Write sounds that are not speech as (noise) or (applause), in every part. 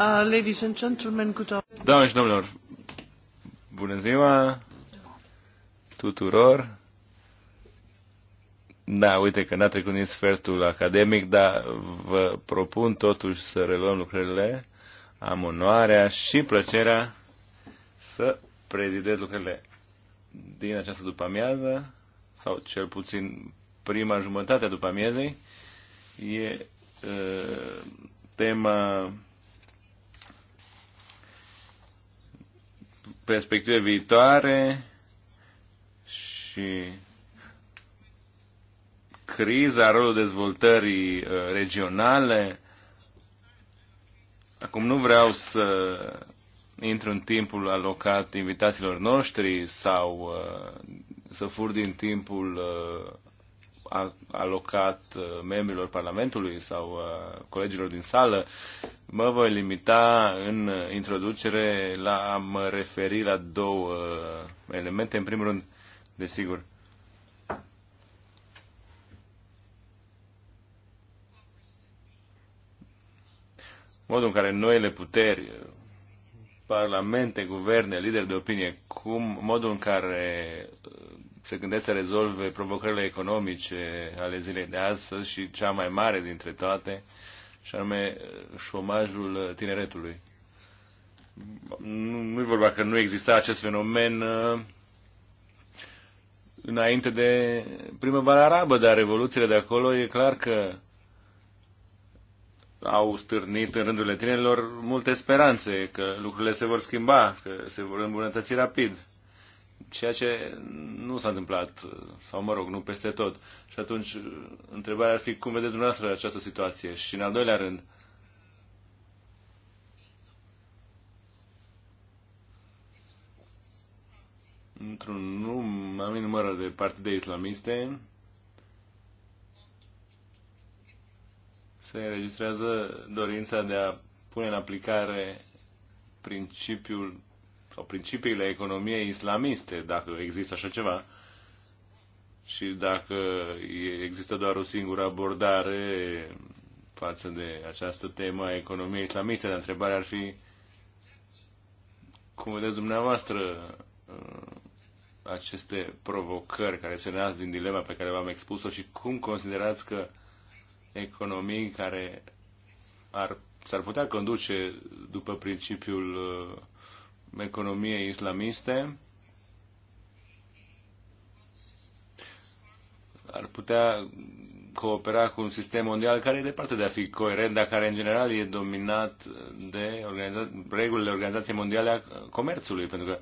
Uh, ladies and gentlemen, good Doamne și domnilor, bună ziua tuturor. Da, uite că n-a trecut nici sfertul academic, dar vă propun totuși să reluăm lucrările. Am onoarea și plăcerea să prezidez lucrările din această după-amiază, sau cel puțin prima jumătate a după-amiezei. E uh, tema perspective viitoare și criza, rolul dezvoltării uh, regionale. Acum nu vreau să intru în timpul alocat invitațiilor noștri sau uh, să fur din timpul uh, alocat uh, membrilor Parlamentului sau uh, colegilor din sală, mă voi limita în introducere la a mă referi la două uh, elemente. În primul rând, desigur, modul în care noile puteri, parlamente, guverne, lideri de opinie, cum modul în care se gândesc să rezolve provocările economice ale zilei de astăzi și cea mai mare dintre toate, și anume uh, șomajul uh, tineretului. Nu e vorba că nu exista acest fenomen uh, înainte de primăvara arabă, dar revoluțiile de acolo e clar că au stârnit în rândurile tinerilor multe speranțe că lucrurile se vor schimba, că se vor îmbunătăți rapid ceea ce nu s-a întâmplat, sau mă rog, nu peste tot. Și atunci, întrebarea ar fi cum vedeți dumneavoastră această situație. Și în al doilea rând, într-un num, de număr de partide islamiste, se registrează dorința de a pune în aplicare principiul sau principiile economiei islamiste, dacă există așa ceva, și dacă există doar o singură abordare față de această temă a economiei islamiste, dar întrebarea ar fi cum vedeți dumneavoastră uh, aceste provocări care se nasc din dilema pe care v-am expus-o și cum considerați că economii care ar, s-ar putea conduce după principiul uh, economiei islamiste ar putea coopera cu un sistem mondial care e departe de a fi coerent, dar care în general e dominat de organiza- regulile Organizației Mondiale a Comerțului, pentru că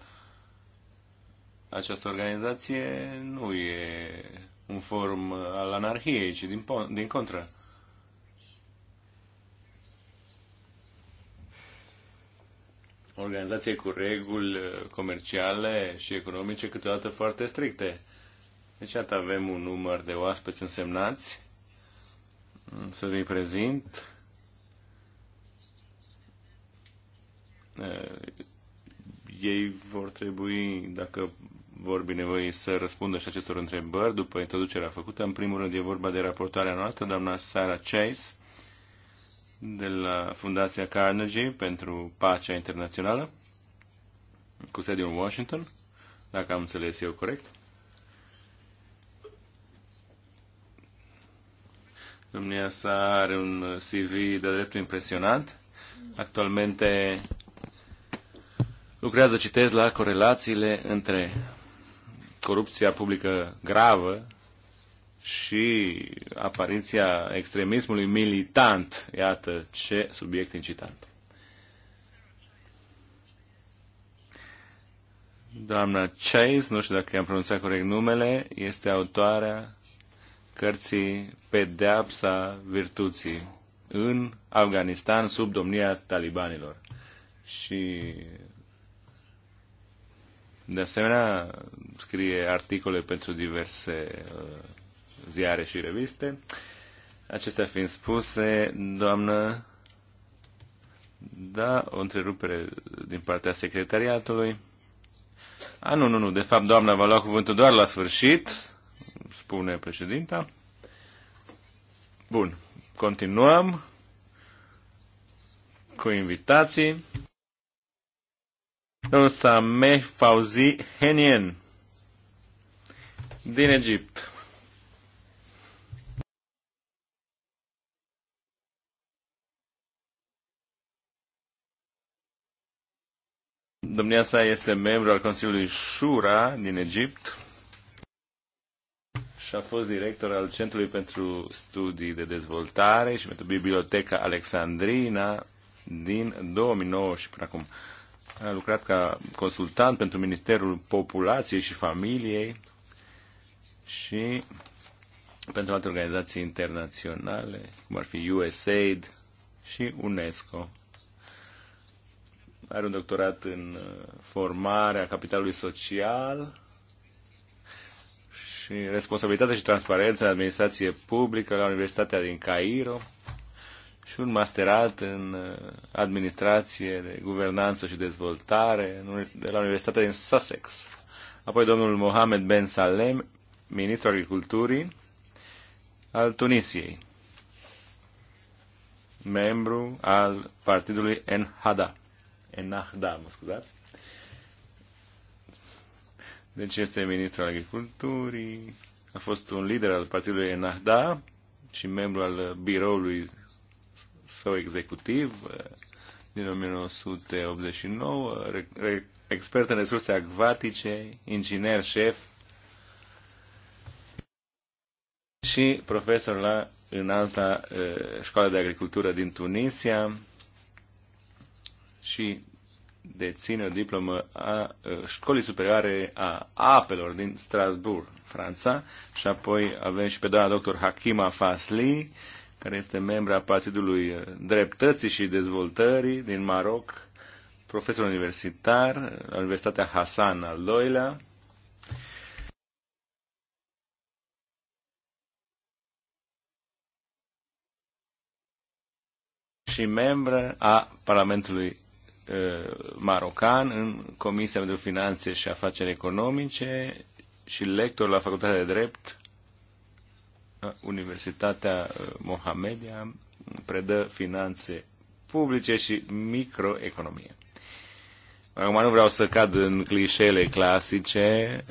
această organizație nu e un forum al anarhiei, ci din, din contră. organizație cu reguli comerciale și economice câteodată foarte stricte. Deci iată avem un număr de oaspeți însemnați. Să vi prezint. Eh, ei vor trebui, dacă vor binevoi să răspundă și acestor întrebări după introducerea făcută. În primul rând e vorba de raportarea noastră, doamna Sara Chase, de la Fundația Carnegie pentru Pacea Internațională, cu sediu în Washington, dacă am înțeles eu corect. Domnia sa are un CV de drept impresionant. Actualmente lucrează, citez, la corelațiile între corupția publică gravă și apariția extremismului militant. Iată ce subiect incitant. Doamna Chase, nu știu dacă i-am pronunțat corect numele, este autoarea cărții Pedeapsa Virtuții în Afganistan sub domnia talibanilor. Și de asemenea scrie articole pentru diverse uh, ziare și reviste. Acestea fiind spuse, doamnă, da, o întrerupere din partea secretariatului. A, nu, nu, nu, de fapt, doamna va lua cuvântul doar la sfârșit, spune președinta. Bun, continuăm cu invitații. Domnul Sameh Fauzi Henien din Egipt. Domnia sa este membru al Consiliului Shura din Egipt și a fost director al Centrului pentru Studii de Dezvoltare și pentru Biblioteca Alexandrina din 2009 și până acum. A lucrat ca consultant pentru Ministerul Populației și Familiei și pentru alte organizații internaționale, cum ar fi USAID și UNESCO are un doctorat în uh, formarea capitalului social și responsabilitate și transparență în administrație publică la Universitatea din Cairo și un masterat în uh, administrație de guvernanță și dezvoltare de la Universitatea din Sussex. Apoi domnul Mohamed Ben Salem, ministrul agriculturii al Tunisiei, membru al partidului Enhada. Enahda, mă scuzați. Deci este ministrul agriculturii, a fost un lider al partidului Enahda și membru al biroului său executiv eh, din 1989, expert în resurse acvatice, inginer șef și profesor la în alta eh, școală de agricultură din Tunisia și deține o diplomă a Școlii Superioare a Apelor din Strasbourg, Franța, și apoi avem și pe doamna doctor Hakima Fasli, care este membra Partidului Dreptății și Dezvoltării din Maroc, profesor universitar la Universitatea Hassan al doilea. și membră a Parlamentului Uh, marocan în Comisia pentru Finanțe și Afaceri Economice și lector la Facultatea de Drept uh, Universitatea uh, Mohamedia predă finanțe publice și microeconomie. Acum nu vreau să cad în clișele clasice,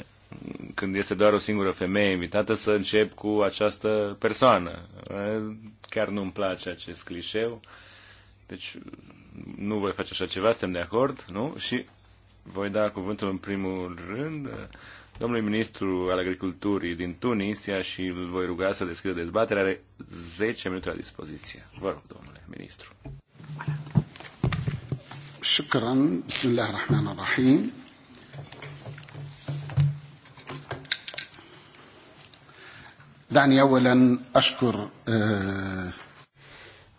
când este doar o singură femeie invitată, să încep cu această persoană. Chiar nu-mi place acest clișeu. Deci nu voi face așa ceva, suntem de acord, nu? Și voi da cuvântul în primul rând uh, domnului ministru al agriculturii din Tunisia și îl voi ruga să deschidă dezbaterea. Are 10 minute la dispoziție. Vă rog, domnule ministru. Bismillah ar-Rahman ar-Rahim. دعني اولا اشكر أه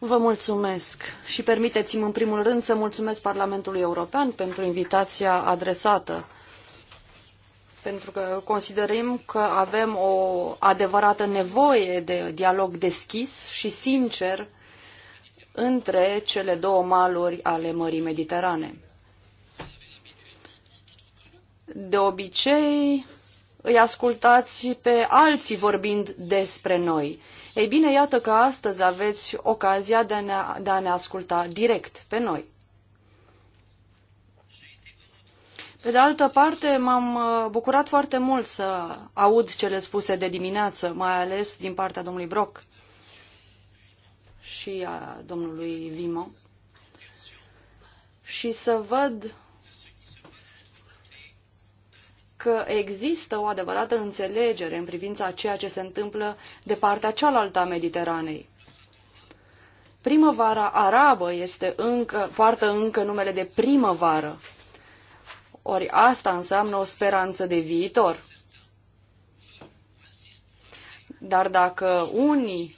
Vă mulțumesc și permiteți-mi în primul rând să mulțumesc Parlamentului European pentru invitația adresată, pentru că considerăm că avem o adevărată nevoie de dialog deschis și sincer între cele două maluri ale Mării Mediterane. De obicei, îi ascultați pe alții vorbind despre noi. Ei bine, iată că astăzi aveți ocazia de a ne, de a ne asculta direct pe noi. Pe de altă parte, m-am uh, bucurat foarte mult să aud cele spuse de dimineață, mai ales din partea domnului Brock și a domnului Vimo, și să văd că există o adevărată înțelegere în privința a ceea ce se întâmplă de partea cealaltă a Mediteranei. Primăvara arabă este încă, poartă încă numele de primăvară. Ori asta înseamnă o speranță de viitor. Dar dacă unii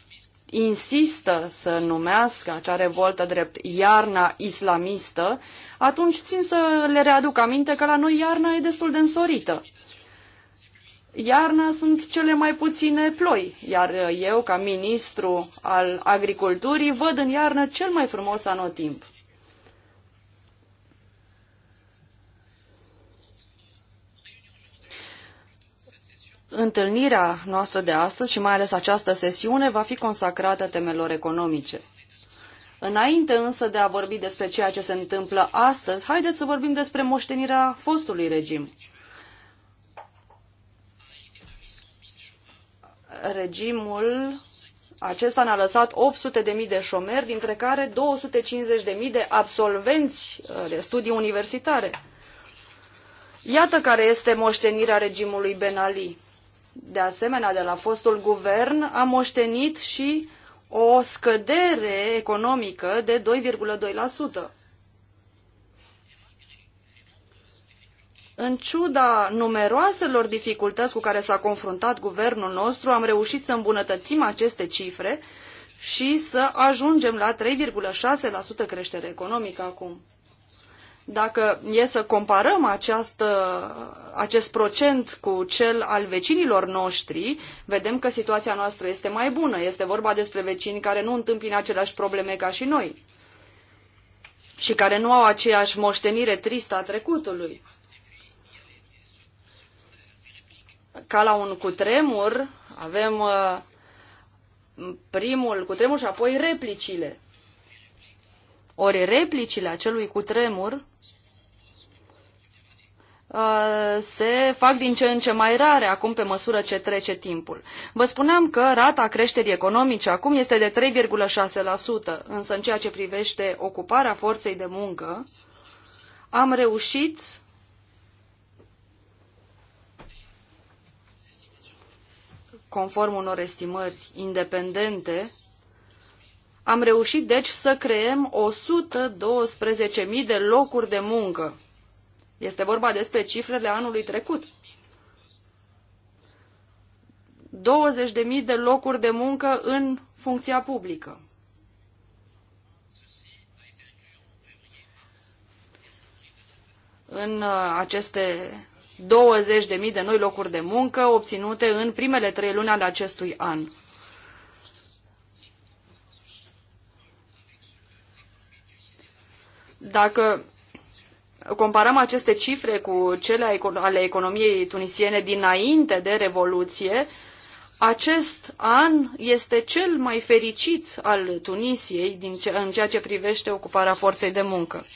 insistă să numească acea revoltă drept iarna islamistă, atunci țin să le readuc aminte că la noi iarna e destul de însorită. Iarna sunt cele mai puține ploi, iar eu, ca ministru al agriculturii, văd în iarnă cel mai frumos anotimp. Întâlnirea noastră de astăzi și mai ales această sesiune va fi consacrată temelor economice. Înainte însă de a vorbi despre ceea ce se întâmplă astăzi, haideți să vorbim despre moștenirea fostului regim. Regimul acesta ne-a lăsat 800.000 de șomeri, dintre care 250.000 de absolvenți uh, de studii universitare. Iată care este moștenirea regimului Ben Ali. De asemenea, de la fostul guvern a moștenit și o scădere economică de 2,2%. În ciuda numeroaselor dificultăți cu care s-a confruntat guvernul nostru, am reușit să îmbunătățim aceste cifre și să ajungem la 3,6% creștere economică acum. Dacă e să comparăm această, acest procent cu cel al vecinilor noștri, vedem că situația noastră este mai bună. Este vorba despre vecini care nu întâmpină aceleași probleme ca și noi și care nu au aceeași moștenire tristă a trecutului. Ca la un cutremur, avem uh, primul cutremur și apoi replicile. Ori replicile acelui cutremur uh, se fac din ce în ce mai rare acum pe măsură ce trece timpul. Vă spuneam că rata creșterii economice acum este de 3,6%, însă în ceea ce privește ocuparea forței de muncă, am reușit conform unor estimări independente, am reușit deci să creăm 112.000 de locuri de muncă. Este vorba despre cifrele anului trecut. 20.000 de locuri de muncă în funcția publică. În uh, aceste 20.000 de noi locuri de muncă obținute în primele trei luni ale acestui an. Dacă comparăm aceste cifre cu cele ale economiei tunisiene dinainte de Revoluție, acest an este cel mai fericit al Tunisiei din ce, în ceea ce privește ocuparea forței de muncă.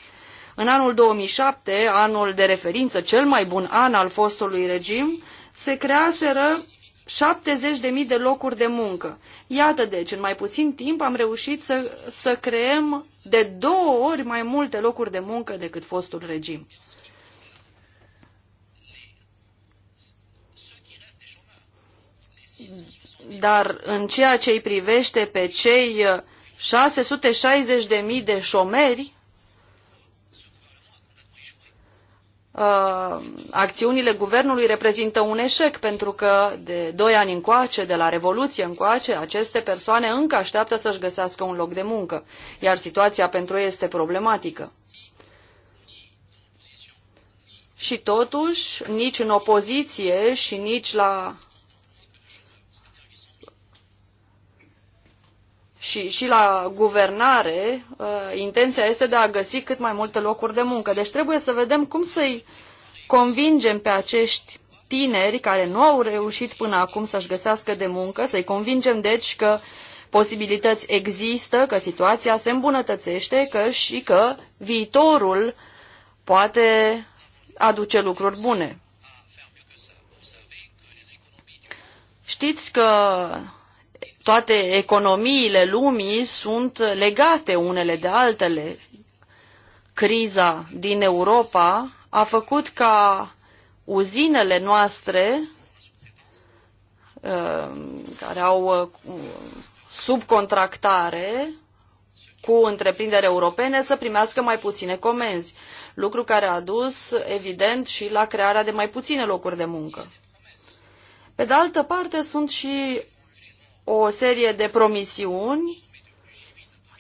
În anul 2007, anul de referință, cel mai bun an al fostului regim, se creaseră 70.000 de locuri de muncă. Iată deci, în mai puțin timp am reușit să, să creăm de două ori mai multe locuri de muncă decât fostul regim. Dar în ceea ce îi privește pe cei 660.000 de șomeri, uh, acțiunile guvernului reprezintă un eșec, pentru că de doi ani încoace, de la Revoluție încoace, aceste persoane încă așteaptă să-și găsească un loc de muncă, iar situația pentru ei este problematică. Și totuși, nici în opoziție și nici la și, și la guvernare, uh, intenția este de a găsi cât mai multe locuri de muncă. Deci trebuie să vedem cum să-i convingem pe acești tineri care nu au reușit până acum să-și găsească de muncă, să-i convingem deci că posibilități există, că situația se îmbunătățește că și că viitorul poate aduce lucruri bune. Știți că toate economiile lumii sunt legate unele de altele. Criza din Europa a făcut ca uzinele noastre uh, care au uh, subcontractare cu întreprinderi europene să primească mai puține comenzi, lucru care a dus, evident, și la crearea de mai puține locuri de muncă. Pe de altă parte, sunt și o serie de promisiuni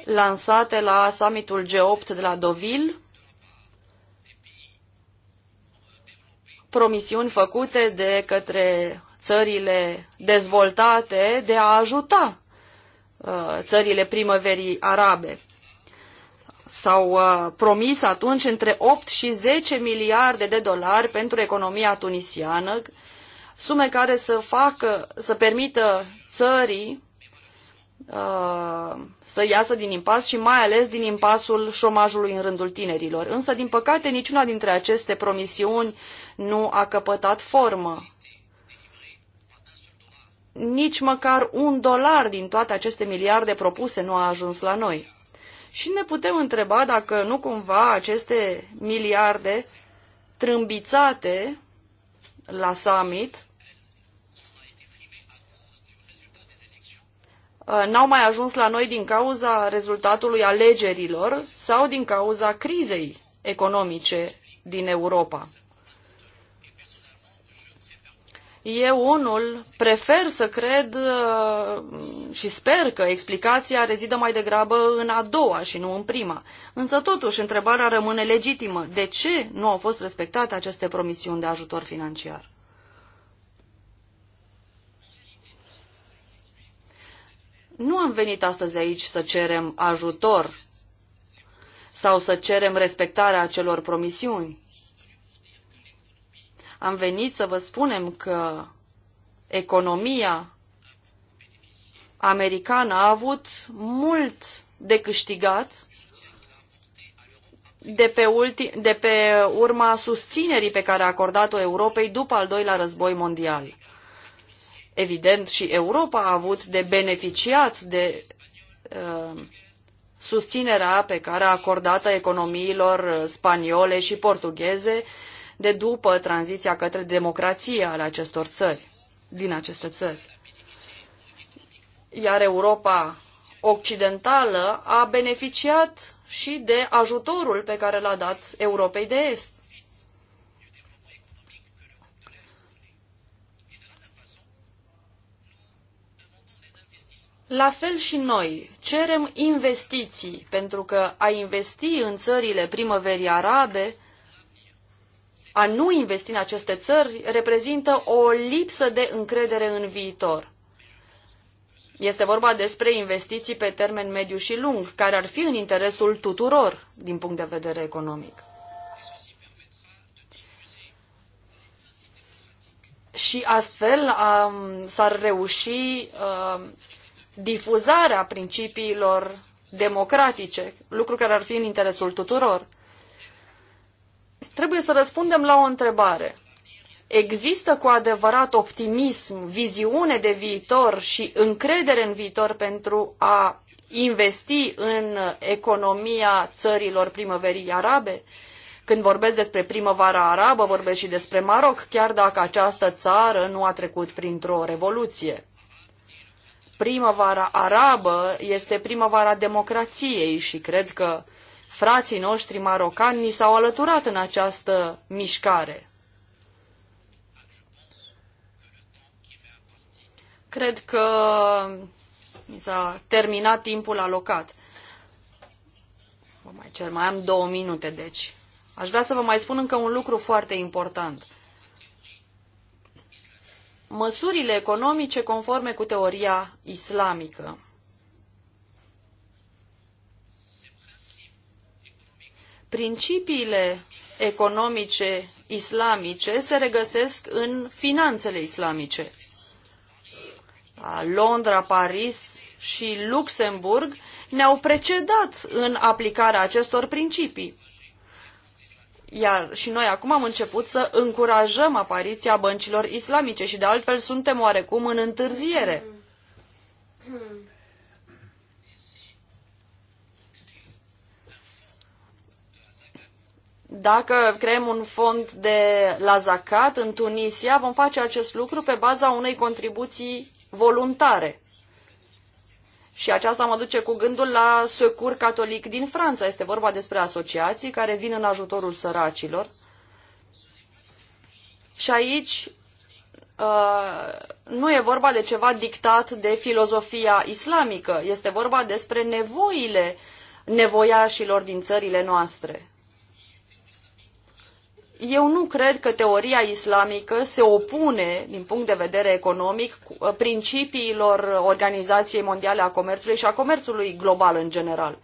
lansate la summitul G8 de la Deauville, promisiuni făcute de către țările dezvoltate de a ajuta uh, țările primăverii arabe. S-au uh, promis atunci între 8 și 10 miliarde de dolari pentru economia tunisiană, sume care să facă, să permită țării uh, să iasă din impas și mai ales din impasul șomajului în rândul tinerilor. Însă, din păcate, niciuna dintre aceste promisiuni nu a căpătat formă. Nici măcar un dolar din toate aceste miliarde propuse nu a ajuns la noi. Și ne putem întreba dacă nu cumva aceste miliarde trâmbițate la summit Uh, n-au mai ajuns la noi din cauza rezultatului alegerilor sau din cauza crizei economice din Europa. Eu unul prefer să cred uh, și sper că explicația rezidă mai degrabă în a doua și nu în prima. Însă totuși întrebarea rămâne legitimă. De ce nu au fost respectate aceste promisiuni de ajutor financiar? Nu am venit astăzi aici să cerem ajutor sau să cerem respectarea acelor promisiuni. Am venit să vă spunem că economia americană a avut mult de câștigat de pe, ulti, de pe urma susținerii pe care a acordat-o Europei după al doilea război mondial. Evident, și Europa a avut de beneficiat de uh, susținerea pe care a acordat economiilor uh, spaniole și portugheze de după tranziția către democrație ale acestor țări, din aceste țări. Iar Europa occidentală a beneficiat și de ajutorul pe care l-a dat Europei de Est. La fel și noi cerem investiții, pentru că a investi în țările primăverii arabe, a nu investi în aceste țări, reprezintă o lipsă de încredere în viitor. Este vorba despre investiții pe termen mediu și lung, care ar fi în interesul tuturor din punct de vedere economic. Și astfel s-ar reuși uh, difuzarea principiilor democratice, lucru care ar fi în interesul tuturor. Trebuie să răspundem la o întrebare. Există cu adevărat optimism, viziune de viitor și încredere în viitor pentru a investi în economia țărilor primăverii arabe? Când vorbesc despre primăvara arabă, vorbesc și despre Maroc, chiar dacă această țară nu a trecut printr-o revoluție primăvara arabă este primăvara democrației și cred că frații noștri marocani ni s-au alăturat în această mișcare. Cred că mi s-a terminat timpul alocat. Vă mai cer, mai am două minute, deci. Aș vrea să vă mai spun încă un lucru foarte important măsurile economice conforme cu teoria islamică. Principiile economice islamice se regăsesc în finanțele islamice. La Londra, Paris și Luxemburg ne-au precedat în aplicarea acestor principii. Iar și noi acum am început să încurajăm apariția băncilor islamice și de altfel suntem oarecum în întârziere. Dacă creăm un fond de la Zacat în Tunisia, vom face acest lucru pe baza unei contribuții voluntare. Și aceasta mă duce cu gândul la Secur Catolic din Franța. Este vorba despre asociații care vin în ajutorul săracilor. Și aici Uh, nu e vorba de ceva dictat de filozofia islamică, este vorba despre nevoile nevoiașilor din țările noastre eu nu cred că teoria islamică se opune, din punct de vedere economic, uh, principiilor Organizației Mondiale a Comerțului și a comerțului global în general.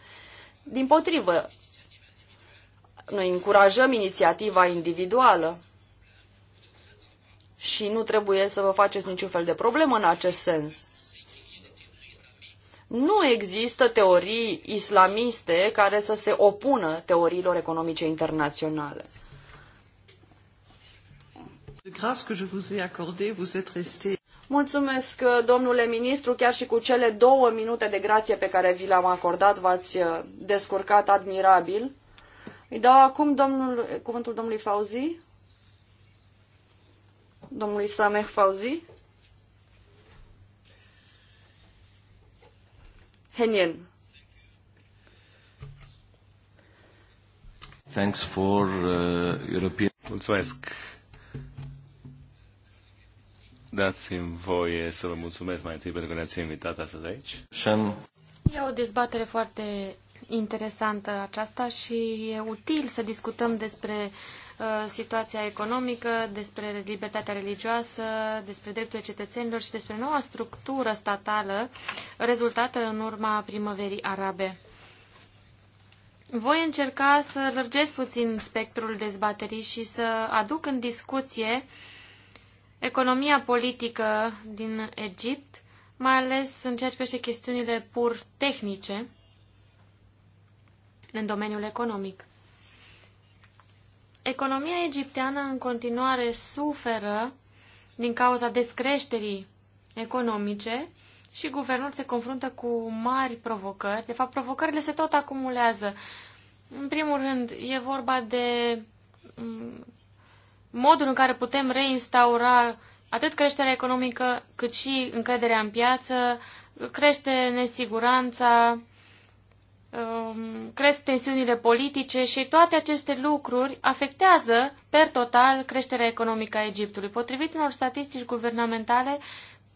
Din potrivă, noi încurajăm inițiativa individuală și nu trebuie să vă faceți niciun fel de problemă în acest sens. Nu există teorii islamiste care să se opună teoriilor economice internaționale. Mulțumesc, uh, domnule ministru, chiar și cu cele două minute de grație pe care vi le-am acordat, v-ați uh, descurcat admirabil. Îi dau acum domnul, cuvântul domnului Fauzi, domnului Sameh Fauzi. Henien. Thanks for uh, European... Mulțumesc dați-mi voie să vă mulțumesc mai întâi pentru că ne-ați invitat astăzi aici. E o dezbatere foarte interesantă aceasta și e util să discutăm despre uh, situația economică, despre libertatea religioasă, despre drepturile cetățenilor și despre noua structură statală rezultată în urma primăverii arabe. Voi încerca să lărgesc puțin spectrul dezbaterii și să aduc în discuție uh, economia politică din Egipt, mai ales în ceea ce privește chestiunile pur tehnice în domeniul economic. Economia egipteană în continuare suferă din cauza descreșterii economice și guvernul se confruntă cu mari provocări. De fapt, provocările se tot acumulează. În primul rând, e vorba de modul în care putem reinstaura atât creșterea economică, cât și încrederea în piață, crește nesiguranța, um, cresc tensiunile politice și toate aceste lucruri afectează, per total, creșterea economică a Egiptului. Potrivit unor statistici guvernamentale,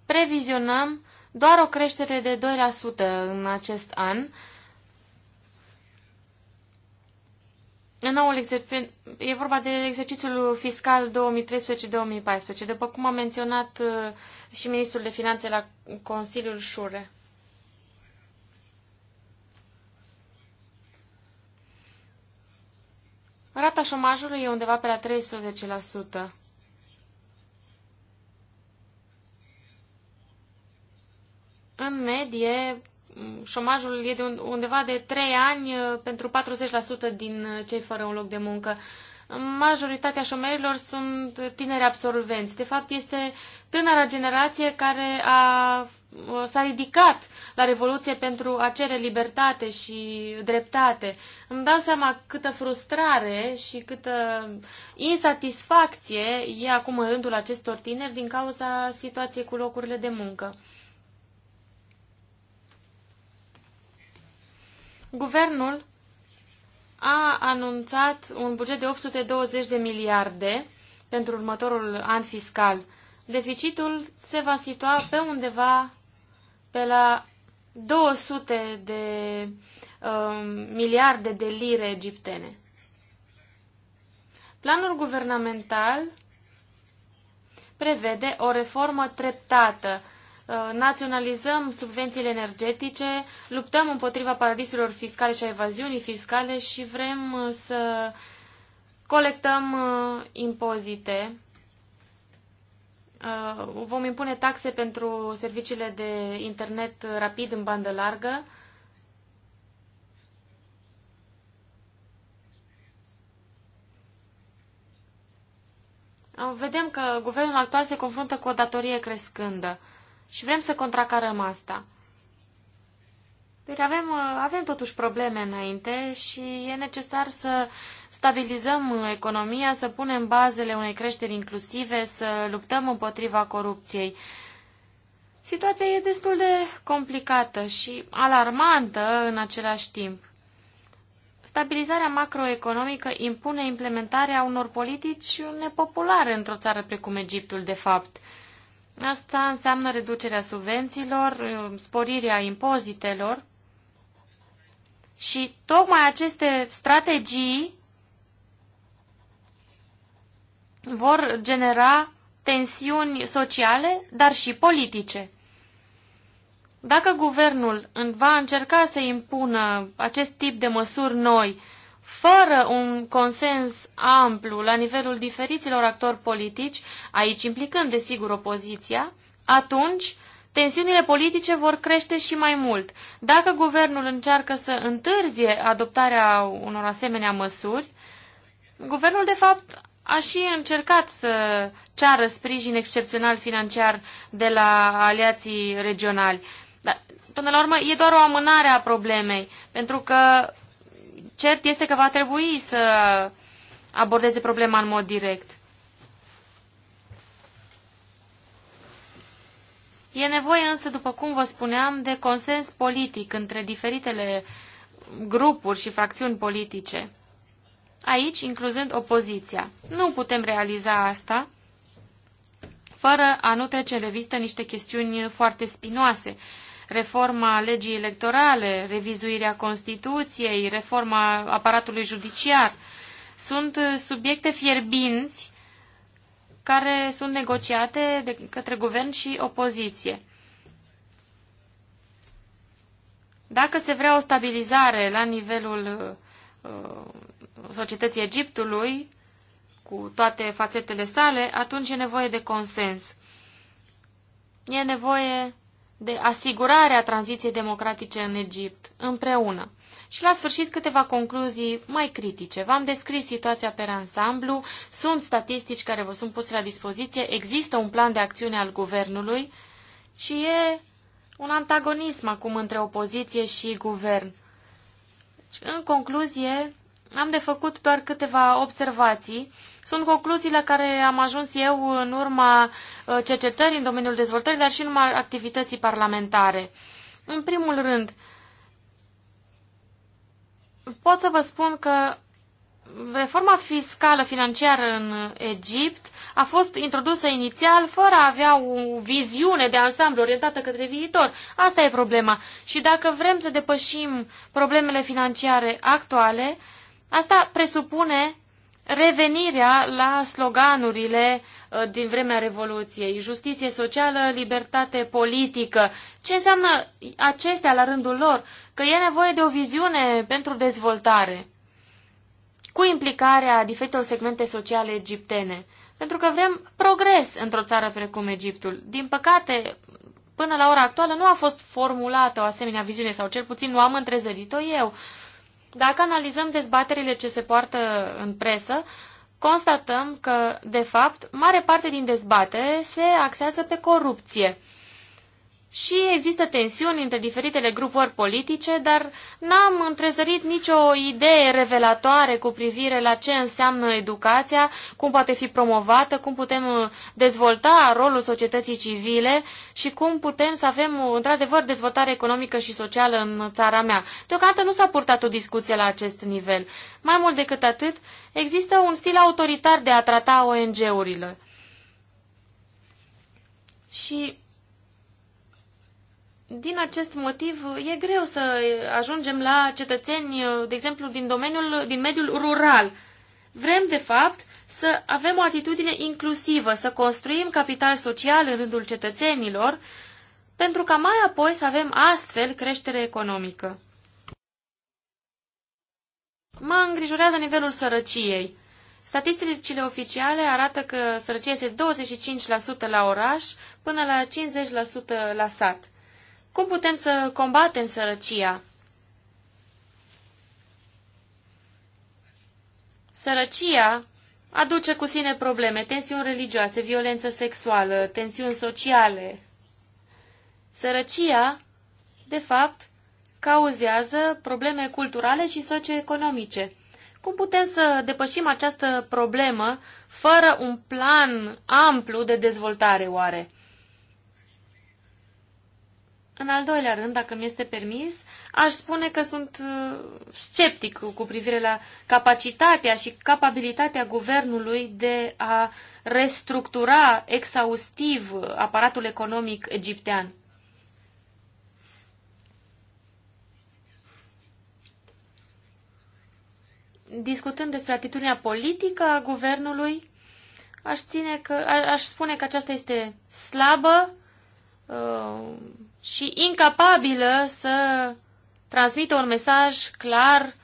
previzionăm doar o creștere de 2% în acest an, noul exercițiu, e vorba de exercițiul fiscal 2013-2014, după cum a menționat uh, și ministrul de finanțe la Consiliul Șure. Rata șomajului e undeva pe la 13%. În medie, șomajul e de undeva de 3 ani uh, pentru 40% din uh, cei fără un loc de muncă. Majoritatea șomerilor sunt tineri absolvenți. De fapt, este tânăra generație care a, uh, s-a ridicat la Revoluție pentru a cere libertate și dreptate. Îmi dau seama câtă frustrare și câtă insatisfacție e acum în rândul acestor tineri din cauza situației cu locurile de muncă. Guvernul a anunțat un buget de 820 de miliarde pentru următorul an fiscal. Deficitul se va situa pe undeva pe la 200 de uh, miliarde de lire egiptene. Planul guvernamental prevede o reformă treptată Uh, naționalizăm subvențiile energetice, luptăm împotriva paradisurilor fiscale și a evaziunii fiscale și vrem uh, să colectăm uh, impozite. Vom impune taxe pentru serviciile de internet rapid în bandă largă. Vedem că guvernul actual se confruntă cu o datorie crescândă. Și vrem să contracarăm asta. Deci avem, uh, avem totuși probleme înainte și e necesar să stabilizăm economia, să punem bazele unei creșteri inclusive, să luptăm împotriva corupției. Situația e destul de complicată și alarmantă în același timp. Stabilizarea macroeconomică impune implementarea unor politici nepopulare într-o țară precum Egiptul, de fapt – Asta înseamnă reducerea subvențiilor, sporirea impozitelor și tocmai aceste strategii vor genera tensiuni sociale, dar și politice. Dacă guvernul va încerca să impună acest tip de măsuri noi fără un consens amplu la nivelul diferiților actori politici, aici implicând desigur opoziția, atunci tensiunile politice vor crește și mai mult. Dacă guvernul încearcă să întârzie adoptarea unor asemenea măsuri, guvernul de fapt a și încercat să ceară sprijin excepțional financiar de la aliații regionali. Dar, până la urmă, e doar o amânare a problemei, pentru că Cert este că va trebui să abordeze problema în mod direct. E nevoie însă, după cum vă spuneam, de consens politic între diferitele grupuri și fracțiuni politice. Aici, incluzând opoziția. Nu putem realiza asta fără a nu trece în revistă niște chestiuni foarte spinoase, reforma legii electorale, revizuirea Constituției, reforma aparatului judiciar. Sunt uh, subiecte fierbinți care sunt negociate de către guvern și opoziție. Dacă se vrea o stabilizare la nivelul uh, societății Egiptului, cu toate fațetele sale, atunci e nevoie de consens. E nevoie de asigurare a tranziției democratice în Egipt, împreună. Și la sfârșit câteva concluzii mai critice. V-am descris situația pe ansamblu, sunt statistici care vă sunt puse la dispoziție, există un plan de acțiune al guvernului și e un antagonism acum între opoziție și guvern. Deci, în concluzie, am de făcut doar câteva observații. Sunt concluziile care am ajuns eu în urma uh, cercetării în domeniul dezvoltării, dar și în urma activității parlamentare. În primul rând, pot să vă spun că reforma fiscală financiară în Egipt a fost introdusă inițial fără a avea o viziune de ansamblu orientată către viitor. Asta e problema. Și dacă vrem să depășim problemele financiare actuale, uh, Asta presupune revenirea la sloganurile uh, din vremea Revoluției, justiție socială, libertate politică. Ce înseamnă acestea la rândul lor? Că e nevoie de o viziune pentru dezvoltare, cu implicarea diferitor segmente sociale egiptene. Pentru că vrem progres într-o țară precum Egiptul. Din păcate, până la ora actuală nu a fost formulată o asemenea viziune, sau cel puțin nu am întrezărit-o eu. Dacă analizăm dezbaterile ce se poartă în presă, constatăm că, de fapt, mare parte din dezbatere se axează pe corupție și există tensiuni între diferitele grupuri politice, dar n-am întrezărit nicio idee revelatoare cu privire la ce înseamnă educația, cum poate fi promovată, cum putem uh, dezvolta rolul societății civile și cum putem să avem, uh, într-adevăr, dezvoltare economică și socială în țara mea. Deocamdată nu s-a purtat o discuție la acest nivel. Mai mult decât atât, există un stil autoritar de a trata ONG-urile. Și din acest motiv e greu să ajungem la cetățeni, de exemplu, din domeniul, din mediul rural. Vrem, de fapt, să avem o atitudine inclusivă, să construim capital social în rândul cetățenilor, pentru ca mai apoi să avem astfel creștere economică. Mă îngrijorează nivelul sărăciei. Statisticile oficiale arată că sărăcia este 25% la oraș până la 50% la sat. Cum putem să combatem sărăcia? Sărăcia aduce cu sine probleme, tensiuni religioase, violență sexuală, tensiuni sociale. Sărăcia, de fapt, cauzează probleme culturale și socioeconomice. Cum putem să depășim această problemă fără un plan amplu de dezvoltare, oare? În al doilea rând, dacă mi este permis, aș spune că sunt uh, sceptic cu privire la capacitatea și capabilitatea guvernului de a restructura exhaustiv aparatul economic egiptean. Discutând despre atitudinea politică a guvernului, aș, ține că, aș spune că aceasta este slabă, uh, și incapabilă să transmită un mesaj clar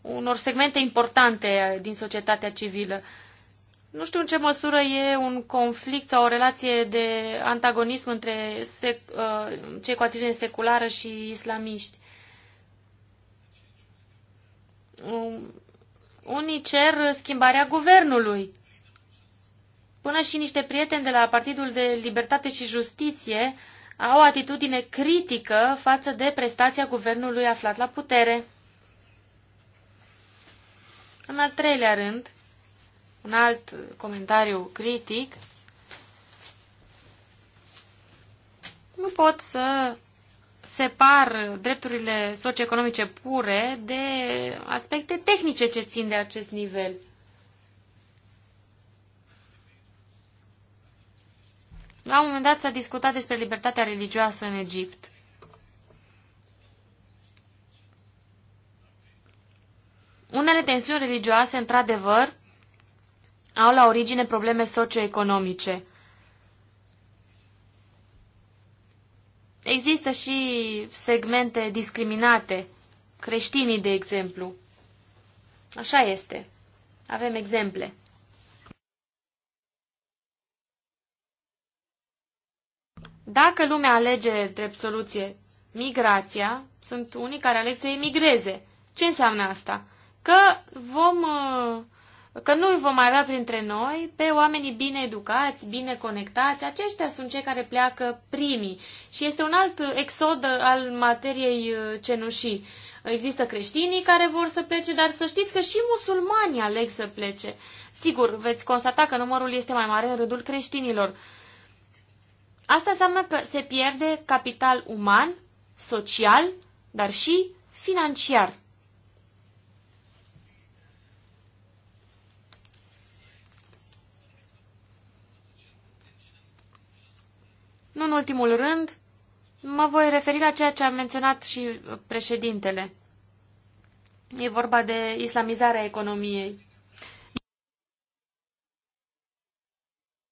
unor segmente importante din societatea civilă. Nu știu în ce măsură e un conflict sau o relație de antagonism între sec, uh, cei cu atitudine seculară și islamiști. Um, unii cer schimbarea guvernului. Până și niște prieteni de la Partidul de Libertate și Justiție uh, au o atitudine critică față de prestația guvernului aflat la putere. În al treilea rând, un alt comentariu critic, nu pot să separ drepturile socioeconomice pure de aspecte tehnice ce țin de acest nivel – La un moment dat s-a discutat despre libertatea religioasă în Egipt. Unele tensiuni religioase, într-adevăr, au la origine probleme socioeconomice. Există și segmente discriminate, creștinii, de exemplu. Așa este. Avem exemple. Dacă lumea alege drept soluție migrația, sunt unii care aleg să emigreze. Ce înseamnă asta? Că vom uh, că nu îi vom mai avea printre noi pe oamenii bine educați, bine conectați. Aceștia sunt cei care pleacă primii. Și este un alt exod al materiei uh, cenușii. Există creștinii care vor să plece, dar să știți că și musulmanii aleg să plece. Sigur, veți constata că numărul este mai mare în rândul creștinilor. Asta înseamnă că se pierde capital uman, social, dar și financiar. Nu în ultimul rând, mă voi referi la ceea ce a menționat și președintele. E vorba de islamizarea economiei.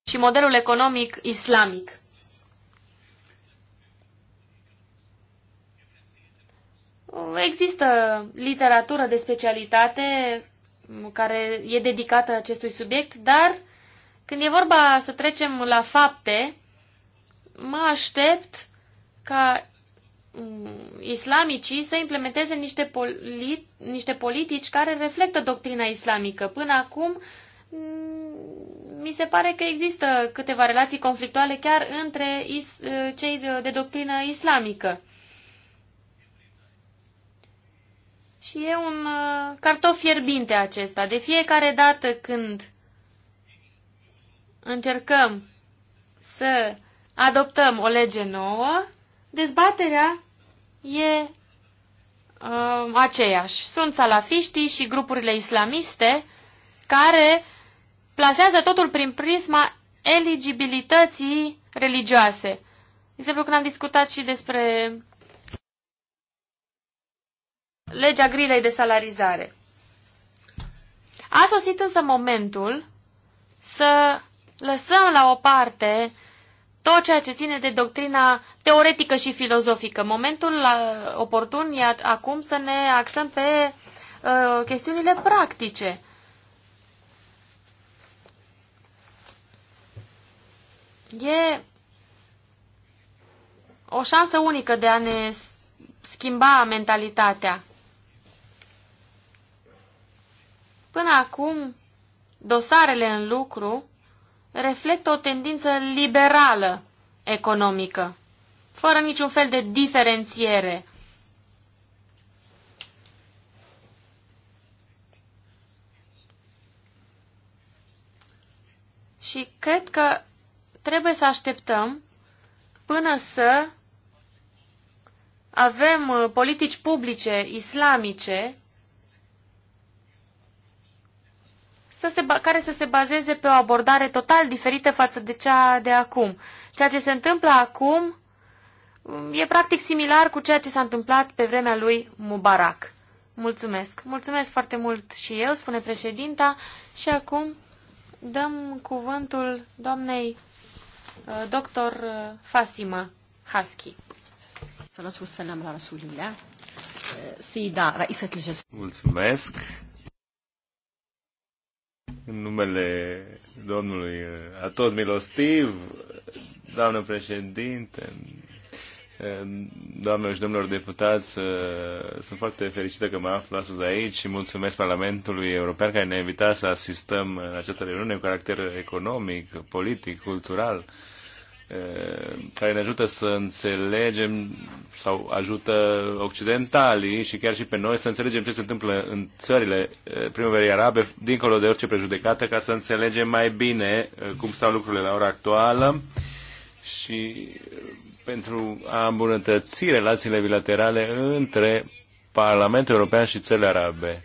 Și modelul economic islamic. Există literatură de specialitate care e dedicată acestui subiect, dar când e vorba să trecem la fapte, mă aștept ca mm, islamicii să implementeze niște, poli- niște politici care reflectă doctrina islamică. Până acum, mm, mi se pare că există câteva relații conflictuale chiar între cei de, de doctrină islamică. Și e un uh, cartof fierbinte acesta. De fiecare dată când încercăm să adoptăm o lege nouă, dezbaterea e uh, aceeași. Sunt salafiștii și grupurile islamiste care plasează totul prin prisma eligibilității religioase. De exemplu, când am discutat și despre legea grilei de salarizare. A sosit însă momentul să lăsăm la o parte tot ceea ce ține de doctrina teoretică și filozofică. Momentul oportun e acum să ne axăm pe uh, chestiunile practice. E o șansă unică de a ne schimba mentalitatea. Până acum, dosarele în lucru reflectă o tendință liberală economică, fără niciun fel de diferențiere. Și cred că trebuie să așteptăm până să avem uh, politici publice islamice să se, care să se bazeze pe o abordare total diferită față de cea de acum. Ceea ce se întâmplă acum mm, e practic similar cu ceea ce s-a întâmplat pe vremea lui Mubarak. Mulțumesc. Mulțumesc foarte mult și eu, spune președinta. Și acum dăm cuvântul doamnei uh, doctor uh, Fasima Haski. Uh, da, Mulțumesc în numele Domnului eh, Atot Milostiv, doamnă președinte, eh, doamnelor și domnilor deputați, eh, sunt foarte fericită că mă aflu astăzi aici și mulțumesc Parlamentului European care ne-a invitat să asistăm la această reuniune cu caracter economic, politic, cultural care ne ajută să înțelegem sau ajută occidentalii și chiar și pe noi să înțelegem ce se întâmplă în țările primăverii arabe, dincolo de orice prejudecată, ca să înțelegem mai bine cum stau lucrurile la ora actuală și pentru a îmbunătăți relațiile bilaterale între Parlamentul European și țările arabe.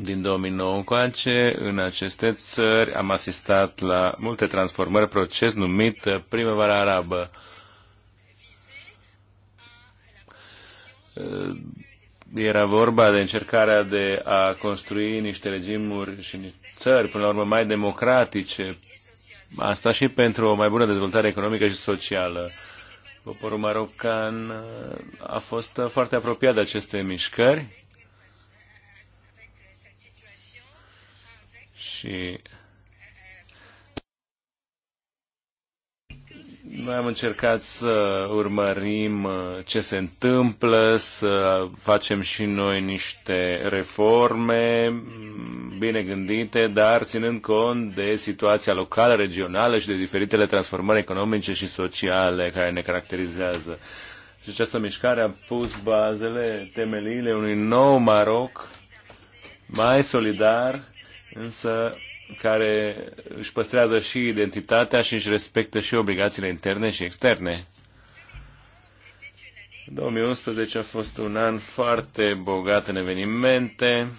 Din 2009 încoace, în aceste țări am asistat la multe transformări, proces numit primăvara arabă. Era vorba de încercarea de a construi niște regimuri și țări, până la urmă, mai democratice. Asta și pentru o mai bună dezvoltare economică și socială. Poporul marocan a fost foarte apropiat de aceste mișcări Și noi am încercat să urmărim uh, ce se întâmplă, să facem și noi niște reforme mm, bine gândite, dar ținând cont de situația locală, regională și de diferitele transformări economice și sociale care ne caracterizează. Și această mișcare a pus bazele, temeliile unui nou Maroc mai solidar, însă care își păstrează și identitatea și își respectă și obligațiile interne și externe. 2011 a fost un an foarte bogat în evenimente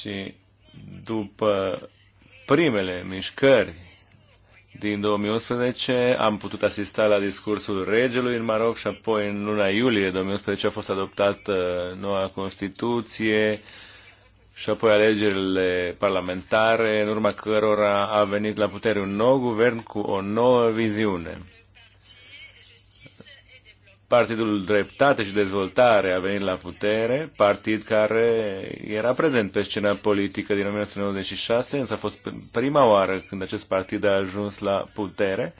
și după primele mișcări din 2011 am putut asista la discursul regelui în Maroc și apoi în luna iulie 2011 a fost adoptată uh, noua Constituție și apoi alegerile parlamentare, în urma cărora a venit la putere un nou guvern cu o nouă viziune. Partidul Dreptate și Dezvoltare a venit la putere, partid care era prezent pe scena politică din 1996, însă a fost prima oară când acest partid a ajuns la putere.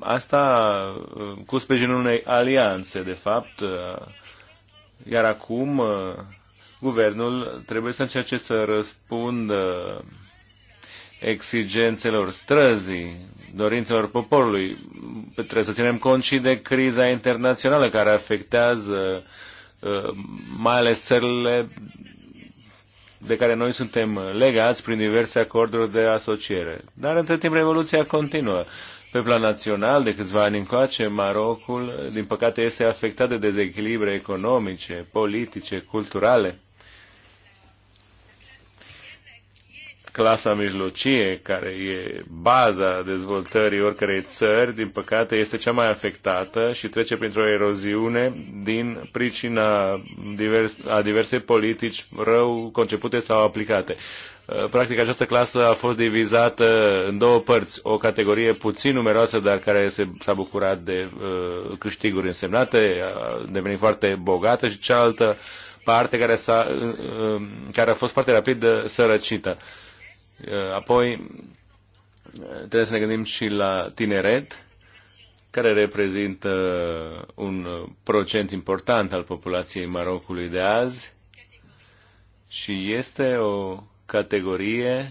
Asta uh, cu sprijinul unei alianțe, de fapt, uh, iar acum uh, guvernul trebuie să încerce să răspundă exigențelor străzii dorințelor poporului. Trebuie să ținem cont și de criza internațională care afectează uh, mai ales țările de care noi suntem legați prin diverse acorduri de asociere. Dar între timp revoluția continuă. Pe plan național, de câțiva ani încoace, Marocul, din păcate, este afectat de dezechilibre economice, politice, culturale. clasa mijlocie, care e baza dezvoltării oricărei țări, din păcate este cea mai afectată și trece printr-o eroziune din pricina divers, a diverse politici rău concepute sau aplicate. Uh, practic, această clasă a fost divizată în două părți. O categorie puțin numeroasă, dar care s-a bucurat de uh, câștiguri însemnate, a devenit foarte bogată și cealaltă parte care, s-a, uh, uh, care a fost foarte rapid sărăcită. Uh, apoi, uh, trebuie să ne gândim și la tineret, care reprezintă un procent important al populației Marocului de azi și este o categorie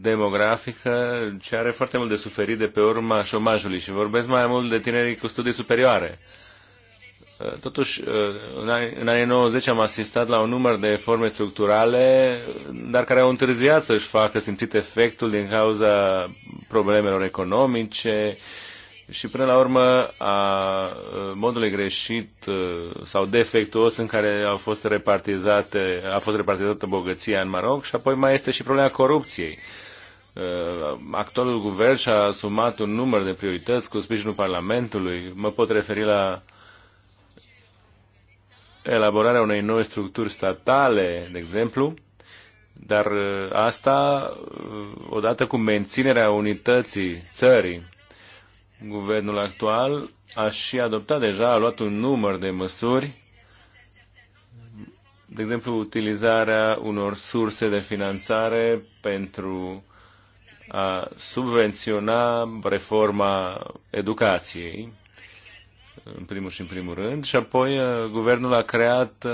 demografică ce are foarte mult de suferit de pe urma șomajului și vorbesc mai mult de tinerii cu studii superioare Totuși, în anii, 90 am asistat la un număr de reforme structurale, dar care au întârziat să-și facă simțit efectul din cauza problemelor economice și, până la urmă, a modului greșit sau defectuos în care au fost repartizate, a fost repartizată bogăția în Maroc și apoi mai este și problema corupției actualul guvern și-a asumat un număr de priorități cu sprijinul Parlamentului. Mă pot referi la elaborarea unei noi structuri statale, de exemplu, dar uh, asta uh, odată cu menținerea unității țării. Guvernul actual a și adoptat deja, a luat un număr de măsuri, de exemplu, utilizarea unor surse de finanțare pentru a subvenționa reforma educației, în primul și în primul rând, și apoi uh, guvernul a creat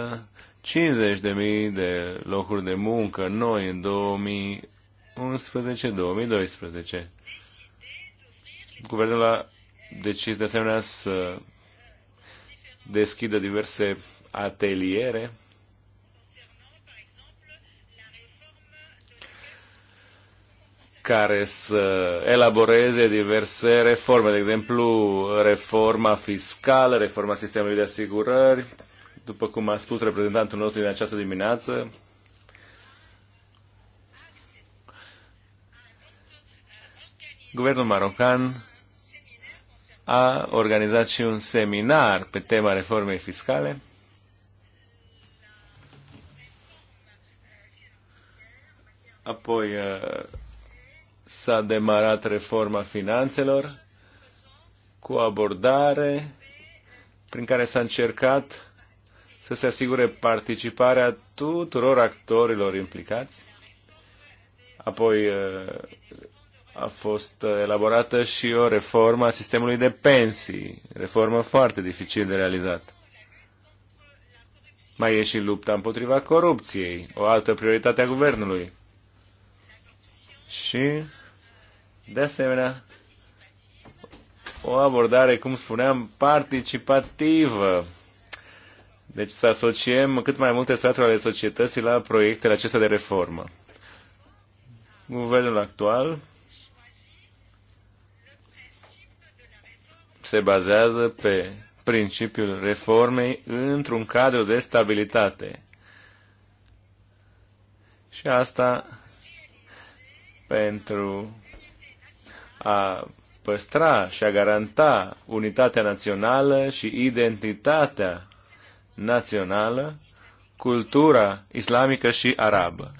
50.000 uh, de locuri de muncă noi în 2011-2012. Guvernul a decis de asemenea să deschidă diverse ateliere care să elaboreze diverse reforme, de exemplu, reforma fiscală, reforma sistemului de asigurări, după cum a spus reprezentantul nostru din această dimineață. Guvernul marocan a organizat și un seminar pe tema reformei fiscale. Apoi, uh, s-a demarat reforma finanțelor cu o abordare prin care s-a încercat să se asigure participarea tuturor actorilor implicați. Apoi uh, a fost elaborată și o reformă a sistemului de pensii, reformă foarte dificil de realizat. Mai e și lupta împotriva corupției, o altă prioritate a guvernului. Și de asemenea, o abordare, cum spuneam, participativă. Deci să asociem cât mai multe straturi ale societății la proiectele acestea de reformă. Guvernul actual se bazează pe principiul reformei într-un cadru de stabilitate. Și asta pentru a păstra și a garanta unitatea națională și identitatea națională, cultura islamică și arabă.